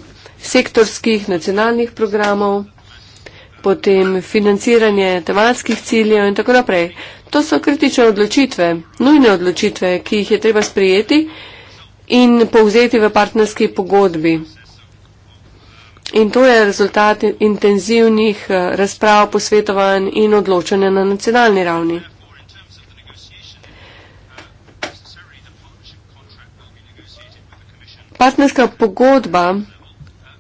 sektorskih, nacionalnih programov, potem financiranje tematskih ciljev in tako naprej to so kritične odločitve, nujne odločitve, ki jih je treba sprijeti in povzeti v partnerski pogodbi. In to je rezultat intenzivnih eh, razprav, posvetovanj in odločanja na nacionalni ravni. Partnerska pogodba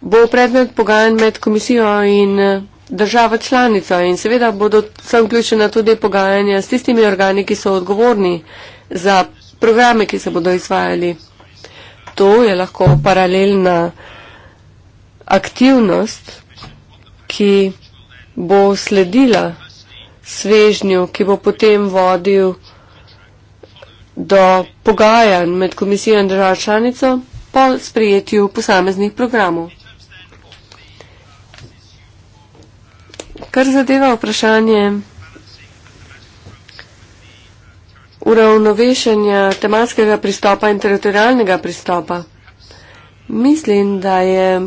bo predmet pogajanj med komisijo in eh, države članica in seveda bodo se vključena tudi pogajanja s tistimi organi, ki so odgovorni za programe, ki se bodo izvajali. To je lahko paralelna aktivnost, ki bo sledila svežnju, ki bo potem vodil do pogajanj med komisijo in državo članico po sprijetju posameznih programov. Kar zadeva vprašanje uravnovešenja tematskega pristopa in teritorijalnega pristopa, mislim, da je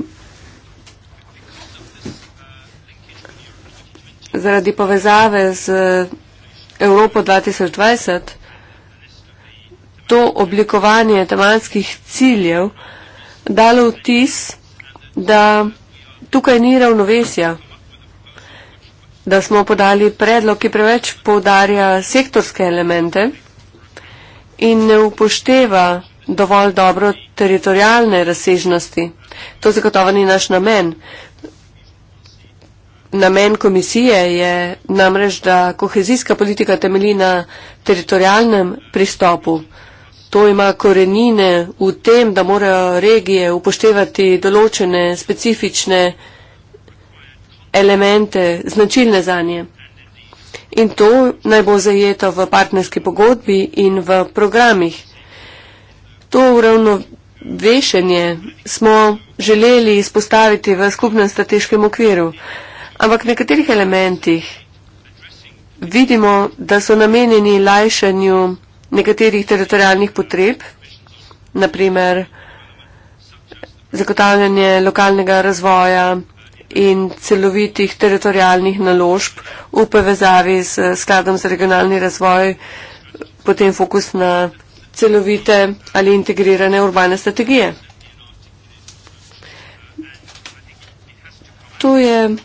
zaradi povezave z Evropo 2020 to oblikovanje tematskih ciljev dalo vtis, da tukaj ni ravnovesja da smo podali predlog, ki preveč poudarja sektorske elemente in ne upošteva dovolj dobro teritorijalne razsežnosti. To zagotovo ni naš namen. Namen komisije je namreč, da kohezijska politika temelji na teritorijalnem pristopu. To ima korenine v tem, da morajo regije upoštevati določene specifične elemente, značilne za nje. In to naj bo zajeto v partnerski pogodbi in v programih. To uravnovešenje smo želeli izpostaviti v skupnem strateškem okviru, ampak v nekaterih elementih vidimo, da so namenjeni lajšanju nekaterih teritorijalnih potreb, naprimer zagotavljanje lokalnega razvoja, in celovitih teritorijalnih naložb v povezavi s skladom za regionalni razvoj, potem fokus na celovite ali integrirane urbane strategije. To je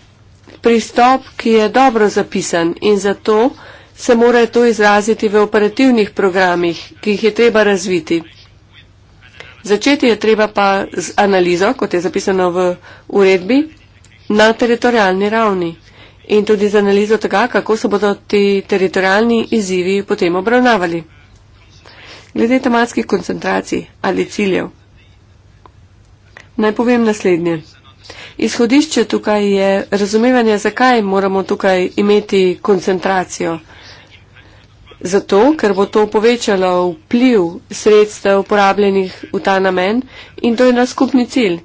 pristop, ki je dobro zapisan in zato se mora to izraziti v operativnih programih, ki jih je treba razviti. Začeti je treba pa z analizo, kot je zapisano v uredbi, na teritorijalni ravni in tudi z analizo tega, kako se bodo ti teritorijalni izzivi potem obravnavali. Glede tematskih koncentracij ali ciljev. Naj povem naslednje. Izhodišče tukaj je razumevanje, zakaj moramo tukaj imeti koncentracijo. Zato, ker bo to povečalo vpliv sredstev uporabljenih v ta namen in to je naš skupni cilj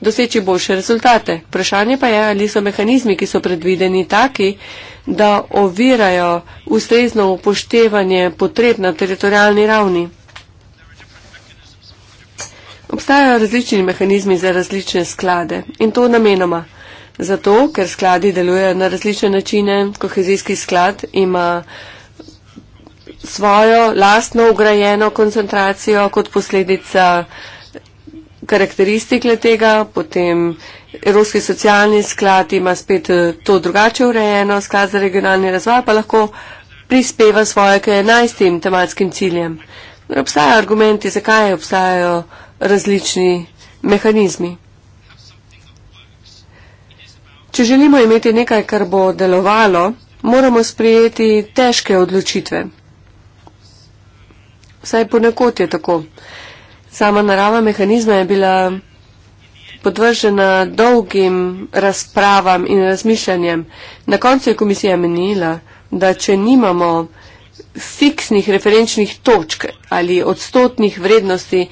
doseči boljše rezultate. Vprašanje pa je, ali so mehanizmi, ki so predvideni, taki, da ovirajo ustrezno upoštevanje potreb na teritorijalni ravni. Obstajajo različni mehanizmi za različne sklade in to namenoma. Zato, ker skladi delujejo na različne načine, kohezijski sklad ima svojo lastno ugrajeno koncentracijo kot posledica karakteristike tega, potem Evropski socialni sklad ima spet eh, to drugače urejeno, sklad za regionalni razvoj pa lahko prispeva svoje k enajstim tematskim ciljem. Obstajajo argumenti, zakaj obstajajo različni mehanizmi. Če želimo imeti nekaj, kar bo delovalo, moramo sprejeti težke odločitve. Vsaj ponekot je tako. Sama narava mehanizma je bila podvržena dolgim razpravam in razmišljanjem. Na koncu je komisija menila, da če nimamo fiksnih referenčnih točk ali odstotnih vrednosti,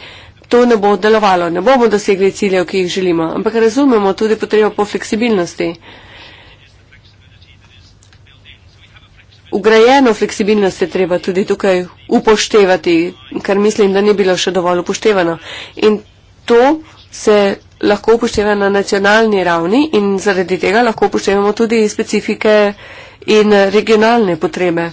to ne bo delovalo. Ne bomo dosegli ciljev, ki jih želimo, ampak razumemo tudi potrebo po fleksibilnosti. Ugrajeno fleksibilnost je treba tudi tukaj upoštevati, kar mislim, da ni bilo še dovolj upoštevano. In to se lahko upošteva na nacionalni ravni in zaradi tega lahko upoštevamo tudi specifike in regionalne potrebe.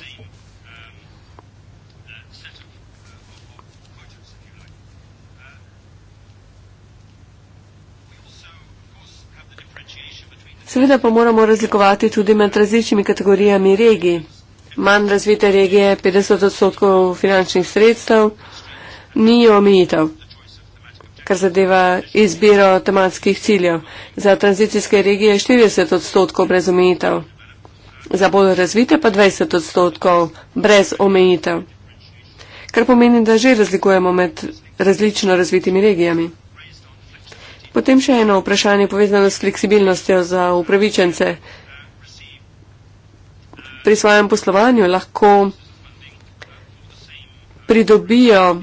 Seveda pa moramo razlikovati tudi med različnimi kategorijami regij manj razvite regije 50 odstotkov finančnih sredstev, ni omejitev, kar zadeva izbiro tematskih ciljev. Za tranzicijske regije 40 odstotkov brez omejitev, za bolj razvite pa 20 odstotkov brez omejitev, kar pomeni, da že razlikujemo med različno razvitimi regijami. Potem še eno vprašanje povezano s fleksibilnostjo za upravičence pri svojem poslovanju lahko pridobijo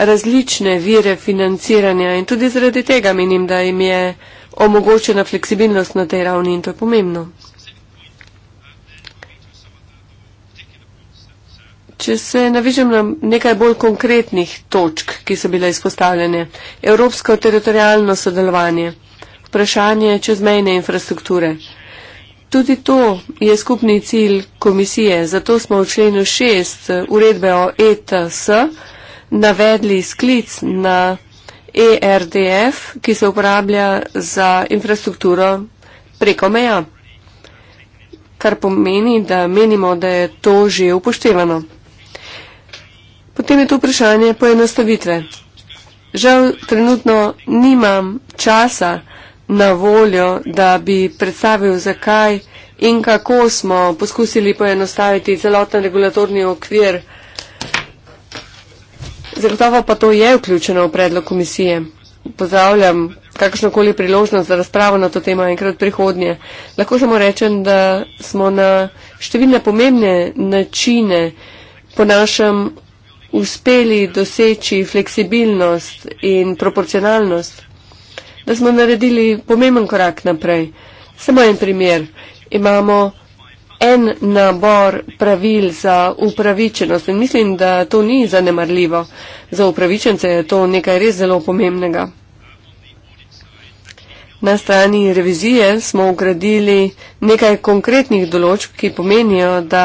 različne vire financiranja in tudi zaradi tega menim, da jim je omogočena fleksibilnost na tej ravni in to je pomembno. Če se navižem na nekaj bolj konkretnih točk, ki so bile izpostavljene, evropsko teritorijalno sodelovanje, vprašanje čezmejne infrastrukture. Tudi to je skupni cilj komisije, zato smo v členu 6 eh, uredbe o ETS navedli sklic na ERDF, ki se uporablja za infrastrukturo preko meja, kar pomeni, da menimo, da je to že upoštevano. Potem je to vprašanje poenostavitve. Žal trenutno nimam časa, na voljo, da bi predstavil, zakaj in kako smo poskusili poenostaviti celoten regulatorni okvir. Zagotovo pa to je vključeno v predlog komisije. Pozdravljam kakršnokoli priložnost za razpravo na to temo enkrat prihodnje. Lahko samo rečem, da smo na številne pomembne načine po našem uspeli doseči fleksibilnost in proporcionalnost da smo naredili pomemben korak naprej. Samo en primer. Imamo en nabor pravil za upravičenost in mislim, da to ni zanemarljivo. Za upravičence je to nekaj res zelo pomembnega. Na strani revizije smo ugradili nekaj konkretnih določb, ki pomenijo, da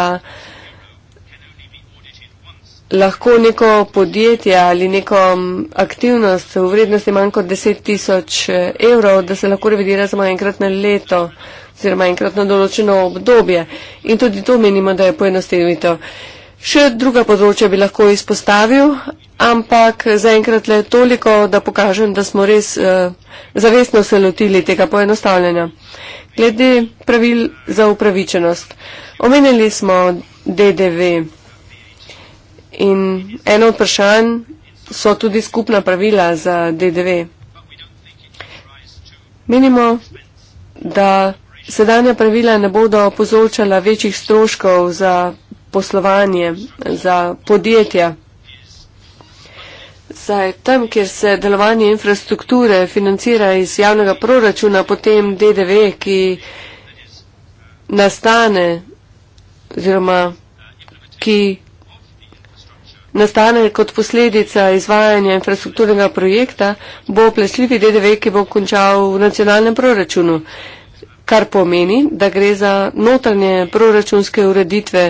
lahko neko podjetje ali neko aktivnost v vrednosti manj kot 10 tisoč eh, evrov, da se lahko revidira samo enkrat na leto oziroma enkrat na določeno obdobje. In tudi to menimo, da je poenostavitev. Še druga področja bi lahko izpostavil, ampak zaenkrat le toliko, da pokažem, da smo res eh, zavestno se lotili tega poenostavljanja. Glede pravil za upravičenost. Omenili smo DDV. In eno od vprašanj so tudi skupna pravila za DDV. Menimo, da sedanja pravila ne bodo pozročala večjih stroškov za poslovanje, za podjetja. Zdaj, tam, kjer se delovanje infrastrukture financira iz javnega proračuna, potem DDV, ki nastane oziroma ki nastane kot posledica izvajanja infrastrukturnega projekta, bo plesljivi DDV, ki bo končal v nacionalnem proračunu, kar pomeni, da gre za notranje proračunske ureditve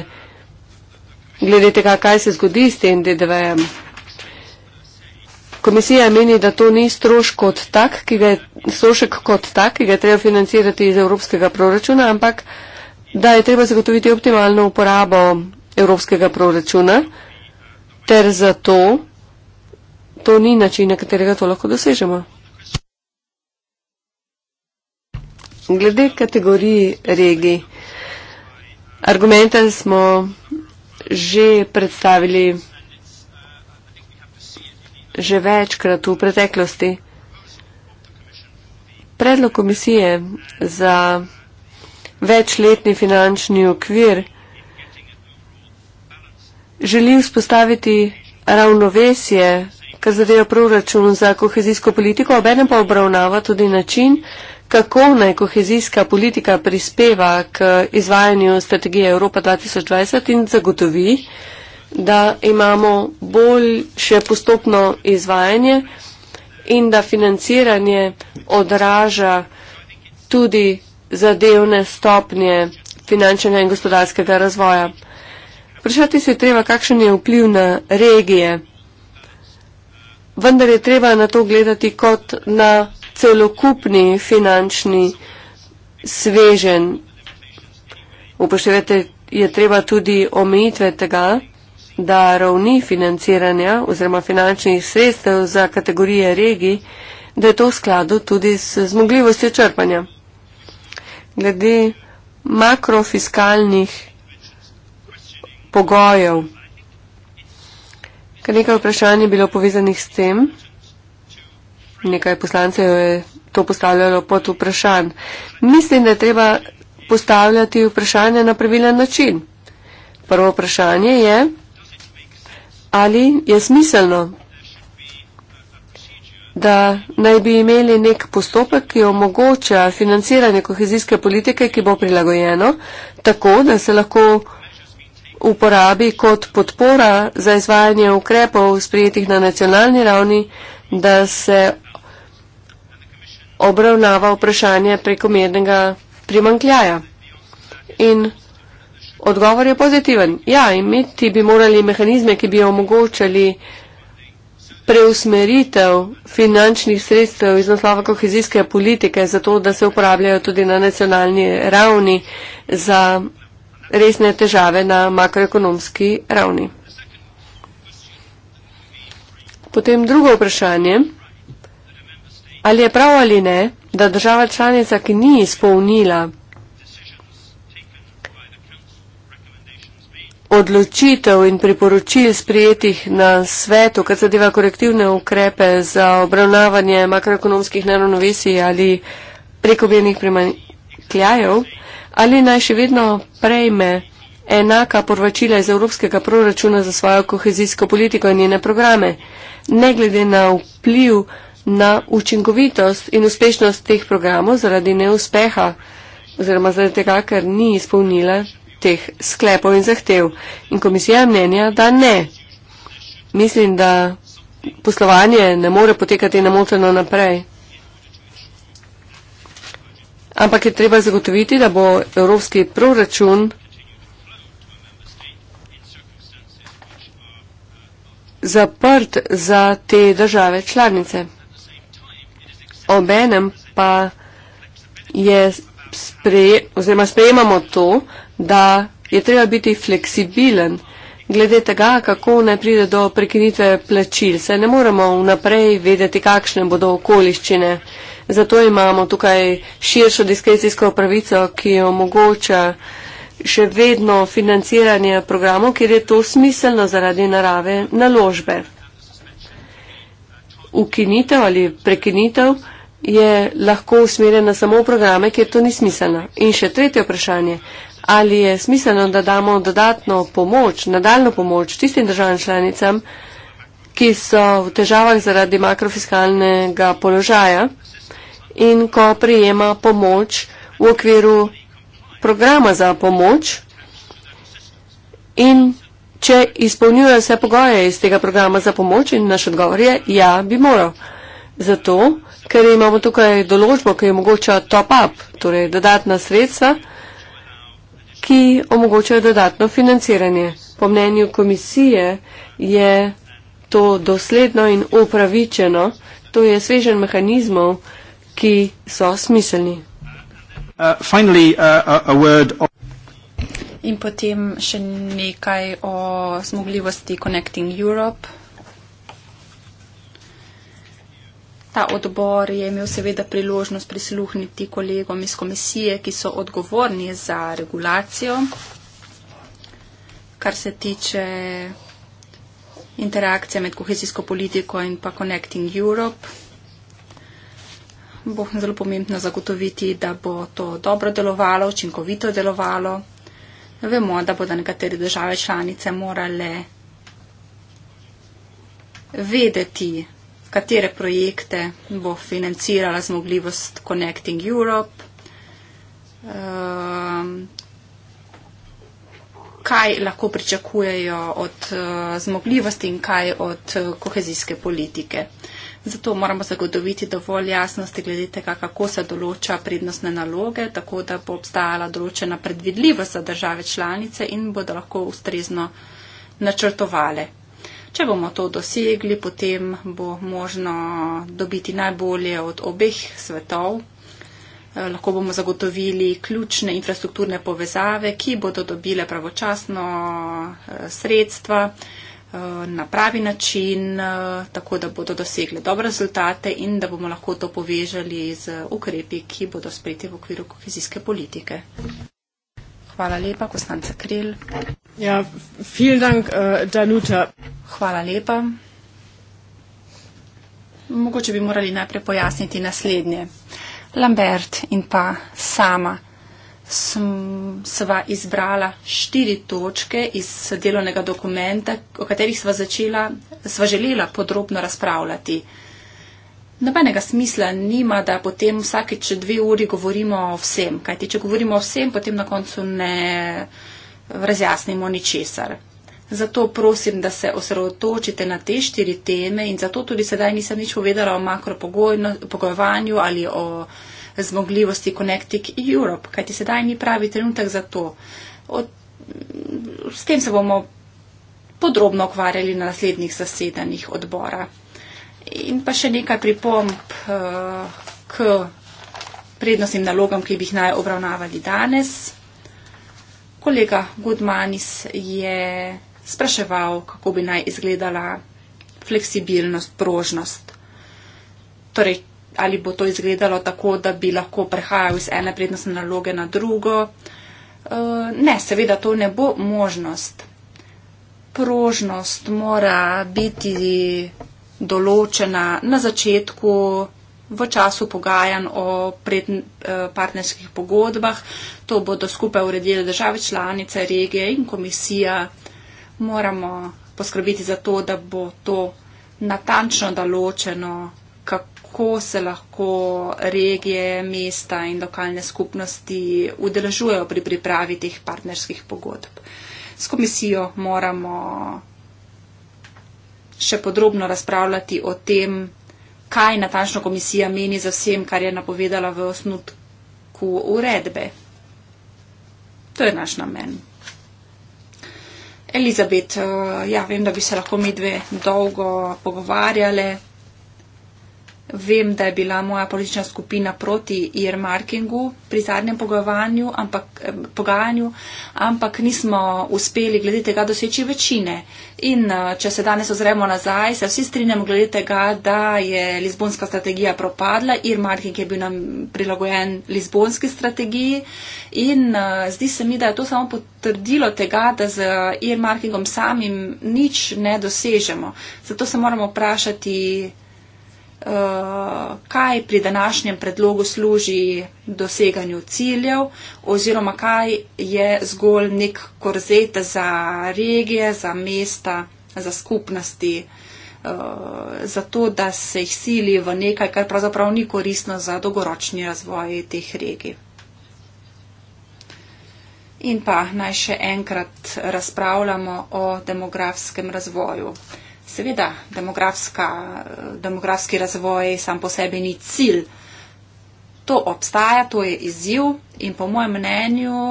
glede tega, kaj se zgodi s tem DDV-jem. Komisija meni, da to ni kot tak, ki je, strošek kot tak, ki ga je treba financirati iz evropskega proračuna, ampak da je treba zagotoviti optimalno uporabo evropskega proračuna ter zato to ni način, na katerega to lahko dosežemo. Glede kategoriji regij, argumente smo že predstavili že večkrat v preteklosti. Predlog komisije za večletni finančni okvir želim spostaviti ravnovesje, kar zadeva proračun za kohezijsko politiko, a benem pa obravnava tudi način, kako naj kohezijska politika prispeva k izvajanju strategije Evropa 2020 in zagotovi, da imamo boljše postopno izvajanje in da financiranje odraža tudi zadevne stopnje finančnega in gospodarskega razvoja. Vprašati se je treba, kakšen je vpliv na regije. Vendar je treba na to gledati kot na celokupni finančni svežen. Upoštevate, je treba tudi omejitve tega, da ravni financiranja oziroma finančnih sredstev za kategorije regij, da je to v skladu tudi s zmogljivostjo črpanja. Glede makrofiskalnih pogojev. Kar nekaj vprašanj je bilo povezanih s tem, nekaj poslancev je to postavljalo pod vprašanj. Mislim, da je treba postavljati vprašanje na pravilen način. Prvo vprašanje je, ali je smiselno, da naj bi imeli nek postopek, ki omogoča financiranje kohezijske politike, ki bo prilagojeno tako, da se lahko uporabi kot podpora za izvajanje ukrepov sprejetih na nacionalni ravni, da se obravnava vprašanje prekomernega primankljaja. In odgovor je pozitiven. Ja, imeti bi morali mehanizme, ki bi omogočali preusmeritev finančnih sredstev iz naslova kohezijske politike, zato da se uporabljajo tudi na nacionalni ravni za resne težave na makroekonomski ravni. Potem drugo vprašanje, ali je prav ali ne, da država članica, ki ni izpolnila odločitev in priporočil sprijetih na svetu, kar zadeva korektivne ukrepe za obravnavanje makroekonomskih neravnovesij ali prekobjenih primankljajev, ali naj še vedno prejme enaka porvačila iz evropskega proračuna za svojo kohezijsko politiko in njene programe, ne glede na vpliv na učinkovitost in uspešnost teh programov zaradi neuspeha oziroma zaradi tega, ker ni izpolnila teh sklepov in zahtev. In komisija mnenja, da ne. Mislim, da poslovanje ne more potekati namoteno naprej ampak je treba zagotoviti, da bo evropski proračun zaprt za te države članice. Obenem pa je spre, sprejemamo to, da je treba biti fleksibilen glede tega, kako ne pride do prekinitve plačil. Se ne moremo vnaprej vedeti, kakšne bodo okoliščine. Zato imamo tukaj širšo diskrecijsko pravico, ki omogoča še vedno financiranje programov, ker je to smiselno zaradi narave naložbe. Ukinitev ali prekinitev je lahko usmerjena samo v programe, kjer to ni smiselno. In še tretje vprašanje. Ali je smiselno, da damo dodatno pomoč, nadaljno pomoč tistim državam članicam, ki so v težavah zaradi makrofiskalnega položaja? in ko prijema pomoč v okviru programa za pomoč in če izpolnjuje vse pogoje iz tega programa za pomoč in naš odgovor je, ja, bi moral. Zato, ker imamo tukaj določbo, ki omogoča top-up, torej dodatna sredstva, ki omogočajo dodatno financiranje. Po mnenju komisije je to dosledno in upravičeno, to je svežen mehanizmov, ki so smiselni. Uh, finally, uh, a, a word of... In potem še nekaj o zmogljivosti Connecting Europe. Ta odbor je imel seveda priložnost prisluhniti kolegom iz komisije, ki so odgovorni za regulacijo, kar se tiče interakcije med kohezijsko politiko in pa Connecting Europe bo zelo pomembno zagotoviti, da bo to dobro delovalo, učinkovito delovalo. Vemo, da bodo nekatere države članice morale vedeti, katere projekte bo financirala zmogljivost Connecting Europe, ehm, kaj lahko pričakujejo od eh, zmogljivosti in kaj od eh, kohezijske politike. Zato moramo zagotoviti dovolj jasnosti glede tega, kako se določa prednostne naloge, tako da bo obstajala določena predvidljivost za države članice in bodo lahko ustrezno načrtovale. Če bomo to dosegli, potem bo možno dobiti najbolje od obeh svetov. Eh, lahko bomo zagotovili ključne infrastrukturne povezave, ki bodo dobile pravočasno eh, sredstva. Eh, na pravi način, eh, tako da bodo dosegle dobre rezultate in da bomo lahko to povežali z ukrepi, ki bodo spreti v okviru kohezijske politike. Hvala lepa, Kostanca Kril. Ja, vielen Dank, uh, Danuta. Hvala lepa. Mogoče bi morali najprej pojasniti naslednje. Lambert in pa sama sem sva izbrala štiri točke iz delovnega dokumenta, o katerih sva, začela, sva želela podrobno razpravljati. Nobenega smisla nima, da potem vsakeč dve uri govorimo o vsem, kajti če govorimo o vsem, potem na koncu ne razjasnimo ničesar. Zato prosim, da se osredotočite na te štiri teme in zato tudi sedaj nisem nič povedala o makropogojevanju ali o zmogljivosti Connecting Europe, kajti sedaj ni pravi trenutek za to. Od, s tem se bomo podrobno ukvarjali na naslednjih zasedanjih odbora. In pa še nekaj pripomp eh, k prednostnim nalogam, ki bi jih naj obravnavali danes. Kolega Goodmanis je spraševal, kako bi naj izgledala fleksibilnost, prožnost. Torej, ali bo to izgledalo tako, da bi lahko prehajal iz ene prednostne naloge na drugo. Eh, ne, seveda to ne bo možnost. Prožnost mora biti določena na začetku, v času pogajan o eh, partnerskih pogodbah. To bodo skupaj uredili države članice, regije in komisija. Moramo poskrbiti za to, da bo to natančno določeno kako se lahko regije, mesta in lokalne skupnosti udeležujejo pri pripravi teh partnerskih pogodb. S komisijo moramo še podrobno razpravljati o tem, kaj natančno komisija meni za vsem, kar je napovedala v osnutku uredbe. To je naš namen. Elizabet, eh, ja, vem, da bi se lahko medve dolgo pogovarjale. Vem, da je bila moja politična skupina proti earmarkingu pri zadnjem ampak, eh, pogajanju, ampak nismo uspeli glede tega doseči večine. In eh, če se danes ozremo nazaj, se vsi strinjamo glede tega, da je Lizbonska strategija propadla, earmarking je bil nam prilagojen Lizbonski strategiji in eh, zdi se mi, da je to samo potrdilo tega, da z earmarkingom samim nič ne dosežemo. Zato se moramo vprašati, Eh, kaj pri današnjem predlogu služi doseganju ciljev oziroma kaj je zgolj nek korzet za regije, za mesta, za skupnosti, eh, zato da se jih sili v nekaj, kar pravzaprav ni koristno za dolgoročni razvoj teh regij. In pa naj še enkrat razpravljamo o demografskem razvoju. Seveda, demografski razvoj sam po sebi ni cilj. To obstaja, to je izziv in po mojem mnenju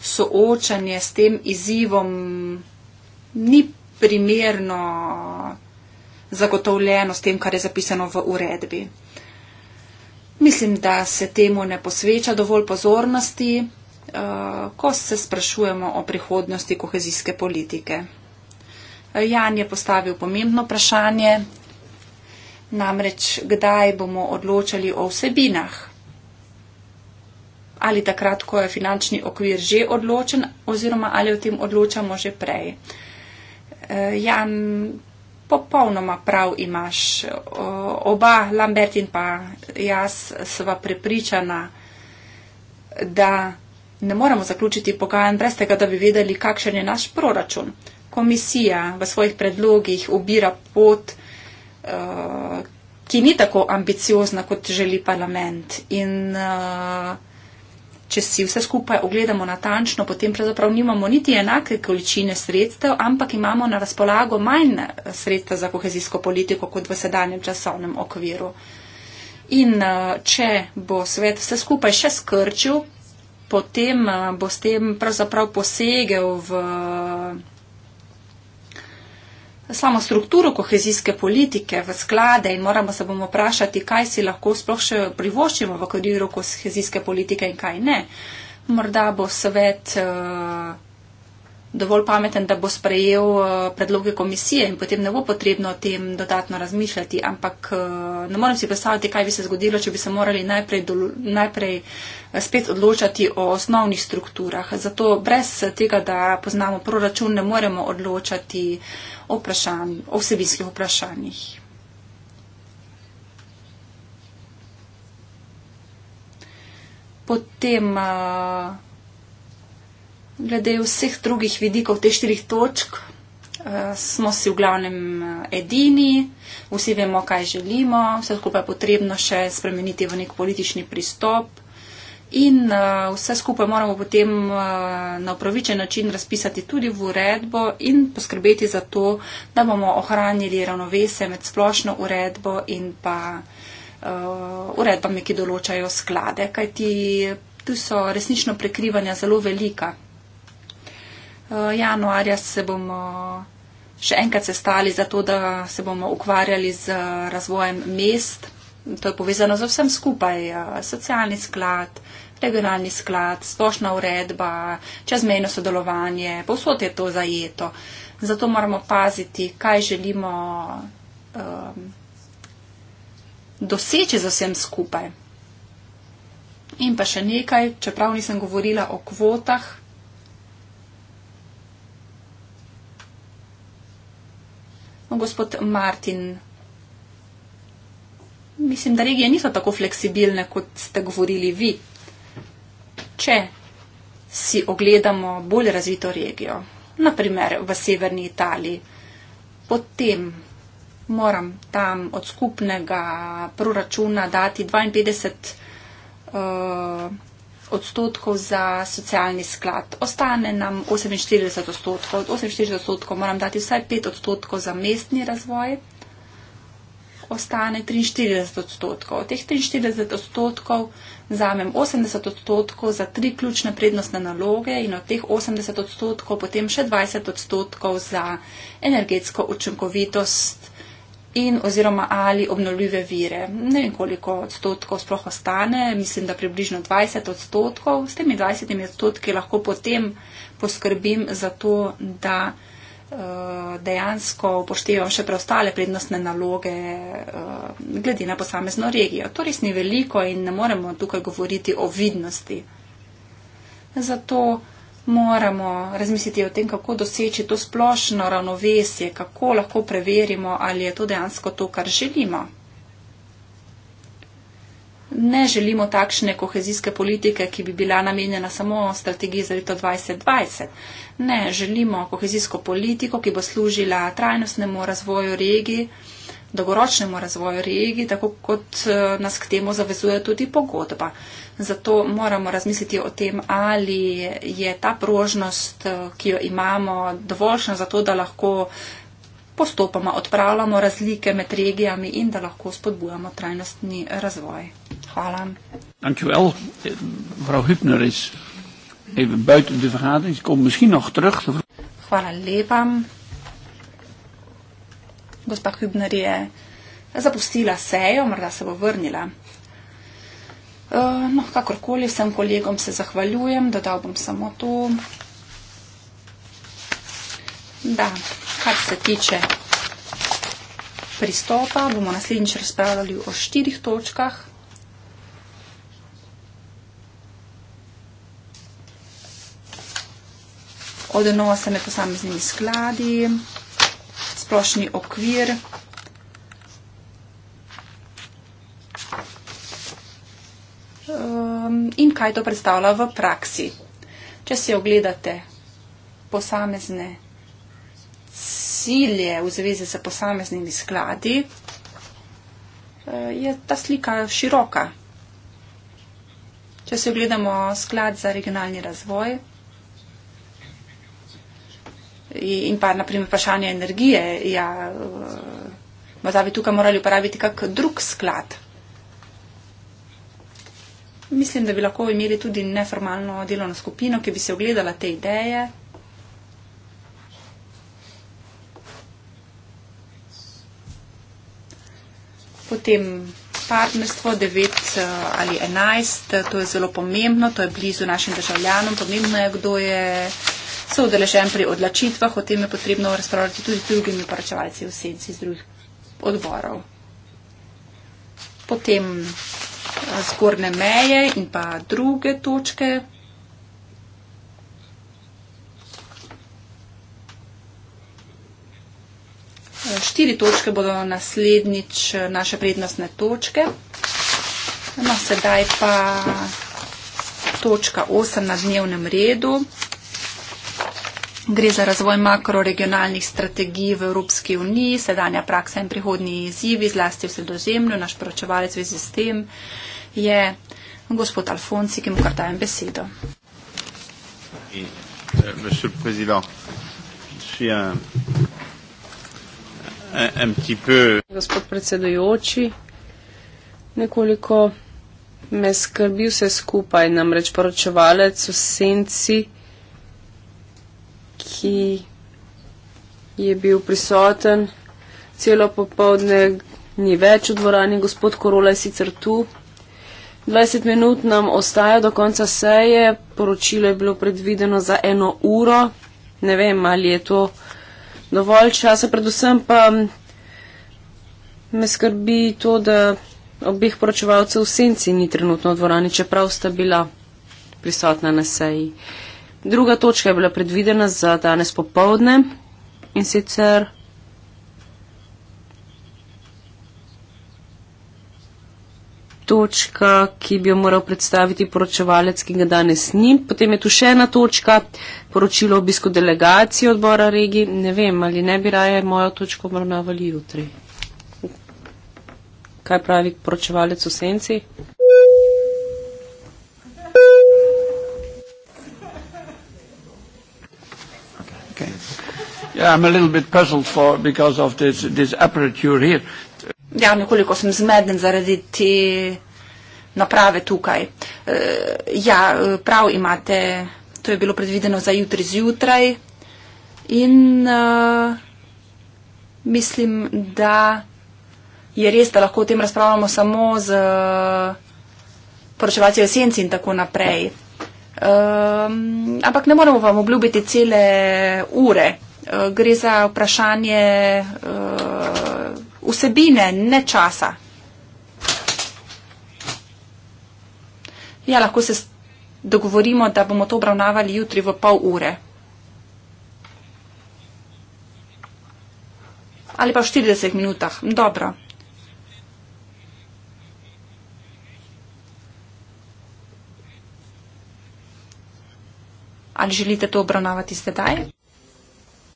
soočanje s tem izzivom ni primerno zagotovljeno s tem, kar je zapisano v uredbi. Mislim, da se temu ne posveča dovolj pozornosti. Eh, ko se sprašujemo o prihodnosti kohezijske politike. Eh, Jan je postavil pomembno vprašanje, namreč kdaj bomo odločali o vsebinah. Ali takrat, ko je finančni okvir že odločen, oziroma ali o tem odločamo že prej. Eh, Jan, popolnoma prav imaš. Oba, Lambert in pa jaz, sva prepričana, da ne moremo zaključiti pogajanj brez tega, da bi vedeli, kakšen je naš proračun. Komisija v svojih predlogih ubira pot, eh, ki ni tako ambiciozna, kot želi parlament. In eh, če si vse skupaj ogledamo natančno, potem pravzaprav nimamo niti enake količine sredstev, ampak imamo na razpolago manj sredstev za kohezijsko politiko, kot v sedanjem časovnem okviru. In eh, če bo svet vse skupaj še skrčil, potem eh, bo s tem pravzaprav posegel v eh, samo strukturo kohezijske politike, v sklade in moramo se bomo vprašati, kaj si lahko sploh še privoščimo v okviru kohezijske politike in kaj ne. Morda bo svet. Uh, dovolj pameten, da bo sprejel eh, predloge komisije in potem ne bo potrebno o tem dodatno razmišljati. Ampak eh, ne morem si predstavljati, kaj bi se zgodilo, če bi se morali najprej, dolo, najprej eh, spet odločati o osnovnih strukturah. Zato brez tega, da poznamo proračun, ne moremo odločati o, o vsebinskih vprašanjih. Potem uh, glede vseh drugih vidikov teh štirih točk, eh, smo si v glavnem eh, edini, vsi vemo, kaj želimo, vse skupaj je potrebno še spremeniti v nek politični pristop. In uh, vse skupaj moramo potem uh, na upravičen način razpisati tudi v uredbo in poskrbeti za to, da bomo ohranili ravnovese med splošno uredbo in pa uh, uredbami, ki določajo sklade, kajti tu so resnično prekrivanja zelo velika. Eh, januarja se bomo še enkrat sestali za to, da se bomo ukvarjali z eh, razvojem mest. To je povezano z vsem skupaj. Eh, socialni sklad, regionalni sklad, splošna uredba, čezmejno sodelovanje, povsod je to zajeto. Zato moramo paziti, kaj želimo um, doseči z vsem skupaj. In pa še nekaj, čeprav nisem govorila o kvotah. No, gospod Martin. Mislim, da regije niso tako fleksibilne, kot ste govorili vi. Če si ogledamo bolj razvito regijo, naprimer v severni Italiji, potem moram tam od skupnega proračuna dati 52 uh, eh, odstotkov za socialni sklad. Ostane nam 48 odstotkov. Od 48 odstotkov moram dati vsaj 5 odstotkov za mestni razvoj. Ostane 43 odstotkov. Od teh 43 odstotkov vzamem 80 odstotkov za tri ključne prednostne naloge in od teh 80 odstotkov potem še 20 odstotkov za energetsko učinkovitost in oziroma ali obnovljive vire. Ne vem, koliko odstotkov sploh ostane, mislim, da približno 20 odstotkov. S temi 20 odstotki lahko potem poskrbim za to, da eh, dejansko upoštevam še preostale prednostne naloge eh, glede na posamezno regijo. To res ni veliko in ne moremo tukaj govoriti o vidnosti. Zato moramo razmisliti o tem, kako doseči to splošno ravnovesje, kako lahko preverimo, ali je to dejansko to, kar želimo. Ne želimo takšne kohezijske politike, ki bi bila namenjena samo strategiji za leto 2020. Ne želimo kohezijsko politiko, ki bo služila trajnostnemu razvoju regij, dolgoročnemu razvoju regij, tako kot eh, nas k temu zavezuje tudi pogodba. Zato moramo razmisliti o tem, ali je ta prožnost, eh, ki jo imamo, dovoljšna za to, da lahko postopoma odpravljamo razlike med regijami in da lahko spodbujamo trajnostni razvoj. Hvala. Eh, Hvala lepa. Gospa Hübner je zapustila sejo, morda se bo vrnila. Eh, no, kakorkoli vsem kolegom se zahvaljujem, dodal bom samo to. Da, kar se tiče pristopa, bomo naslednjič razpravljali o štirih točkah. Odnose med posameznimi skladi, splošni okvir. um, in kaj to predstavlja v praksi. Če si ogledate posamezne cilje v zvezi s posameznimi skladi, eh, je ta slika široka. Če si ogledamo sklad za regionalni razvoj in pa naprimer vprašanje energije, ja, eh, morda bi tukaj morali uporabiti kak drug sklad mislim, da bi lahko imeli tudi neformalno delovno skupino, ki bi se ogledala te ideje. Potem partnerstvo 9 eh, ali 11, eh, to je zelo pomembno, to je blizu našim državljanom, pomembno je, kdo je soodeležen pri odločitvah, o tem je potrebno razpravljati tudi z drugimi poročevalci v senci z drugih odborov. Potem zgornje meje in pa druge točke. Štiri točke bodo naslednjič naše prednostne točke. No, sedaj pa točka 8 na dnevnem redu. Gre za razvoj makroregionalnih strategij v Evropski uniji, sedanja praksa in prihodnji izzivi, zlasti v sredozemlju, naš poročevalec v zvezi s tem. Uh, je gospod Alfonsi, ki mu kar dajem besedo. Euh, monsieur le Président, je suis un, un, un petit peu. Gospod predsedujoči, nekoliko me skrbi vse skupaj, namreč poročevalec v senci, ki je bil prisoten celo popovdne, ni več v dvorani, gospod Korola je sicer tu. 20 minut nam ostaja do konca seje, poročilo je bilo predvideno za eno uro. Ne vem, ali je to dovolj časa, predvsem pa me skrbi to, da obeh poročevalcev v senci ni trenutno v dvorani, čeprav sta bila prisotna na seji. Druga točka je bila predvidena za danes popovdne in sicer. točka, ki bi jo moral predstaviti poročevalec, ki ga danes ni. Potem je tu še ena točka, poročilo obisko delegacije odbora regi. Ne vem, ali ne bi raje mojo točko obravnavali jutri. Kaj pravi poročevalec v senci? Ja, I'm a little bit puzzled for, because of this, this aperture here ja, nekoliko sem zmeden zaradi te naprave tukaj. E, ja, prav imate, to je bilo predvideno za jutri zjutraj in uh, mislim, da je res, da lahko o tem razpravljamo samo z poročevacijo esenci in tako naprej. Um, ampak ne moremo vam obljubiti cele ure. Uh, gre za vprašanje uh, vsebine, ne časa. Ja, lahko se dogovorimo, da bomo to obravnavali jutri v pol ure. Ali pa v 40 minutah. Dobro. Ali želite to obravnavati sedaj?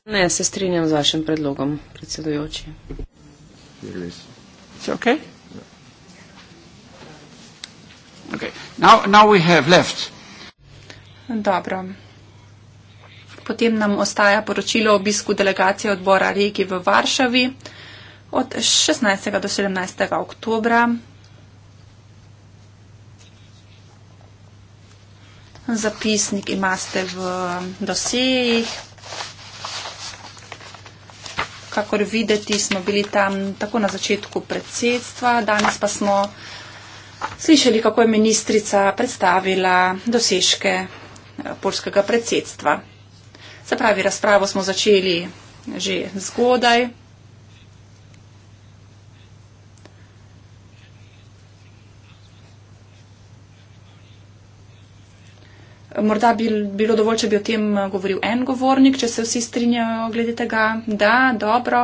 Ne, se strinjam z vašim predlogom, predsedujoči je res. It's okay? Okay. Now, now we have left. Dobro. Potem nam ostaja poročilo o obisku delegacije odbora regi v Varšavi od 16. do 17. oktobra. Zapisnik imate v dosejih kakor videti, smo bili tam tako na začetku predsedstva, danes pa smo slišali, kako je ministrica predstavila dosežke eh, polskega predsedstva. Se pravi, razpravo smo začeli že zgodaj, Morda bi bilo dovolj, če bi o tem eh, govoril en govornik, če se vsi strinjajo glede tega. Da, dobro.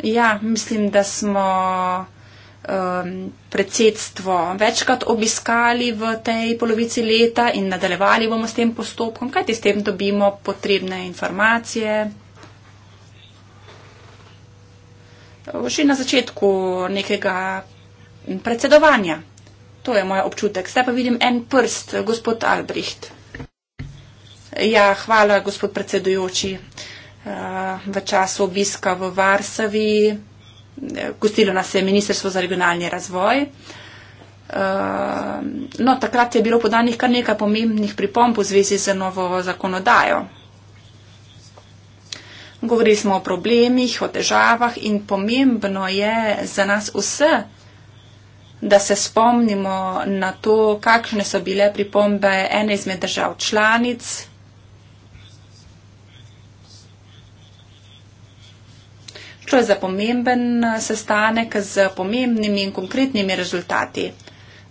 Ja, mislim, da smo um, predsedstvo večkrat obiskali v tej polovici leta in nadaljevali bomo s tem postopkom, kajti s tem dobimo potrebne informacije. že na začetku nekega predsedovanja. To je moj občutek. Zdaj pa vidim en prst, gospod Albrecht. Ja, hvala, gospod predsedujoči. Eh, v času obiska v Varsavi eh, gostilo nas je Ministrstvo za regionalni razvoj. Eh, no, takrat je bilo podanih kar nekaj pomembnih pripomp v zvezi z novo zakonodajo. Govorili smo o problemih, o težavah in pomembno je za nas vse, da se spomnimo na to, kakšne so bile pripombe ene izmed držav članic. Šlo je za pomemben sestanek z pomembnimi in konkretnimi rezultati.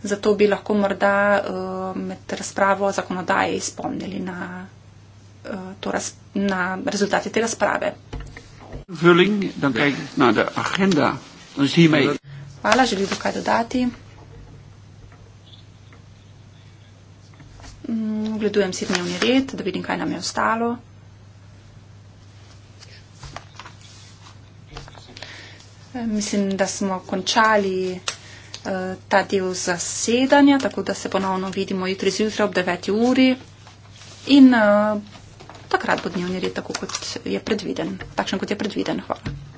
Zato bi lahko morda eh, med razpravo o zakonodaji spomnili na Eh, to raz, na rezultate te razprave. Vulling, dan kijk ik naar de agenda. Dan is hiermee. Hvala, želim do kaj dodati. Mm, ogledujem si dnevni red, da vidim, kaj nam je ostalo. Eh, mislim, da smo končali eh, ta del zasedanja, tako da se ponovno vidimo jutri zjutraj ob 9. uri. In, uh, takrat bo dnevni red tako, kot je predviden. Takšen, kot je predviden. Hvala.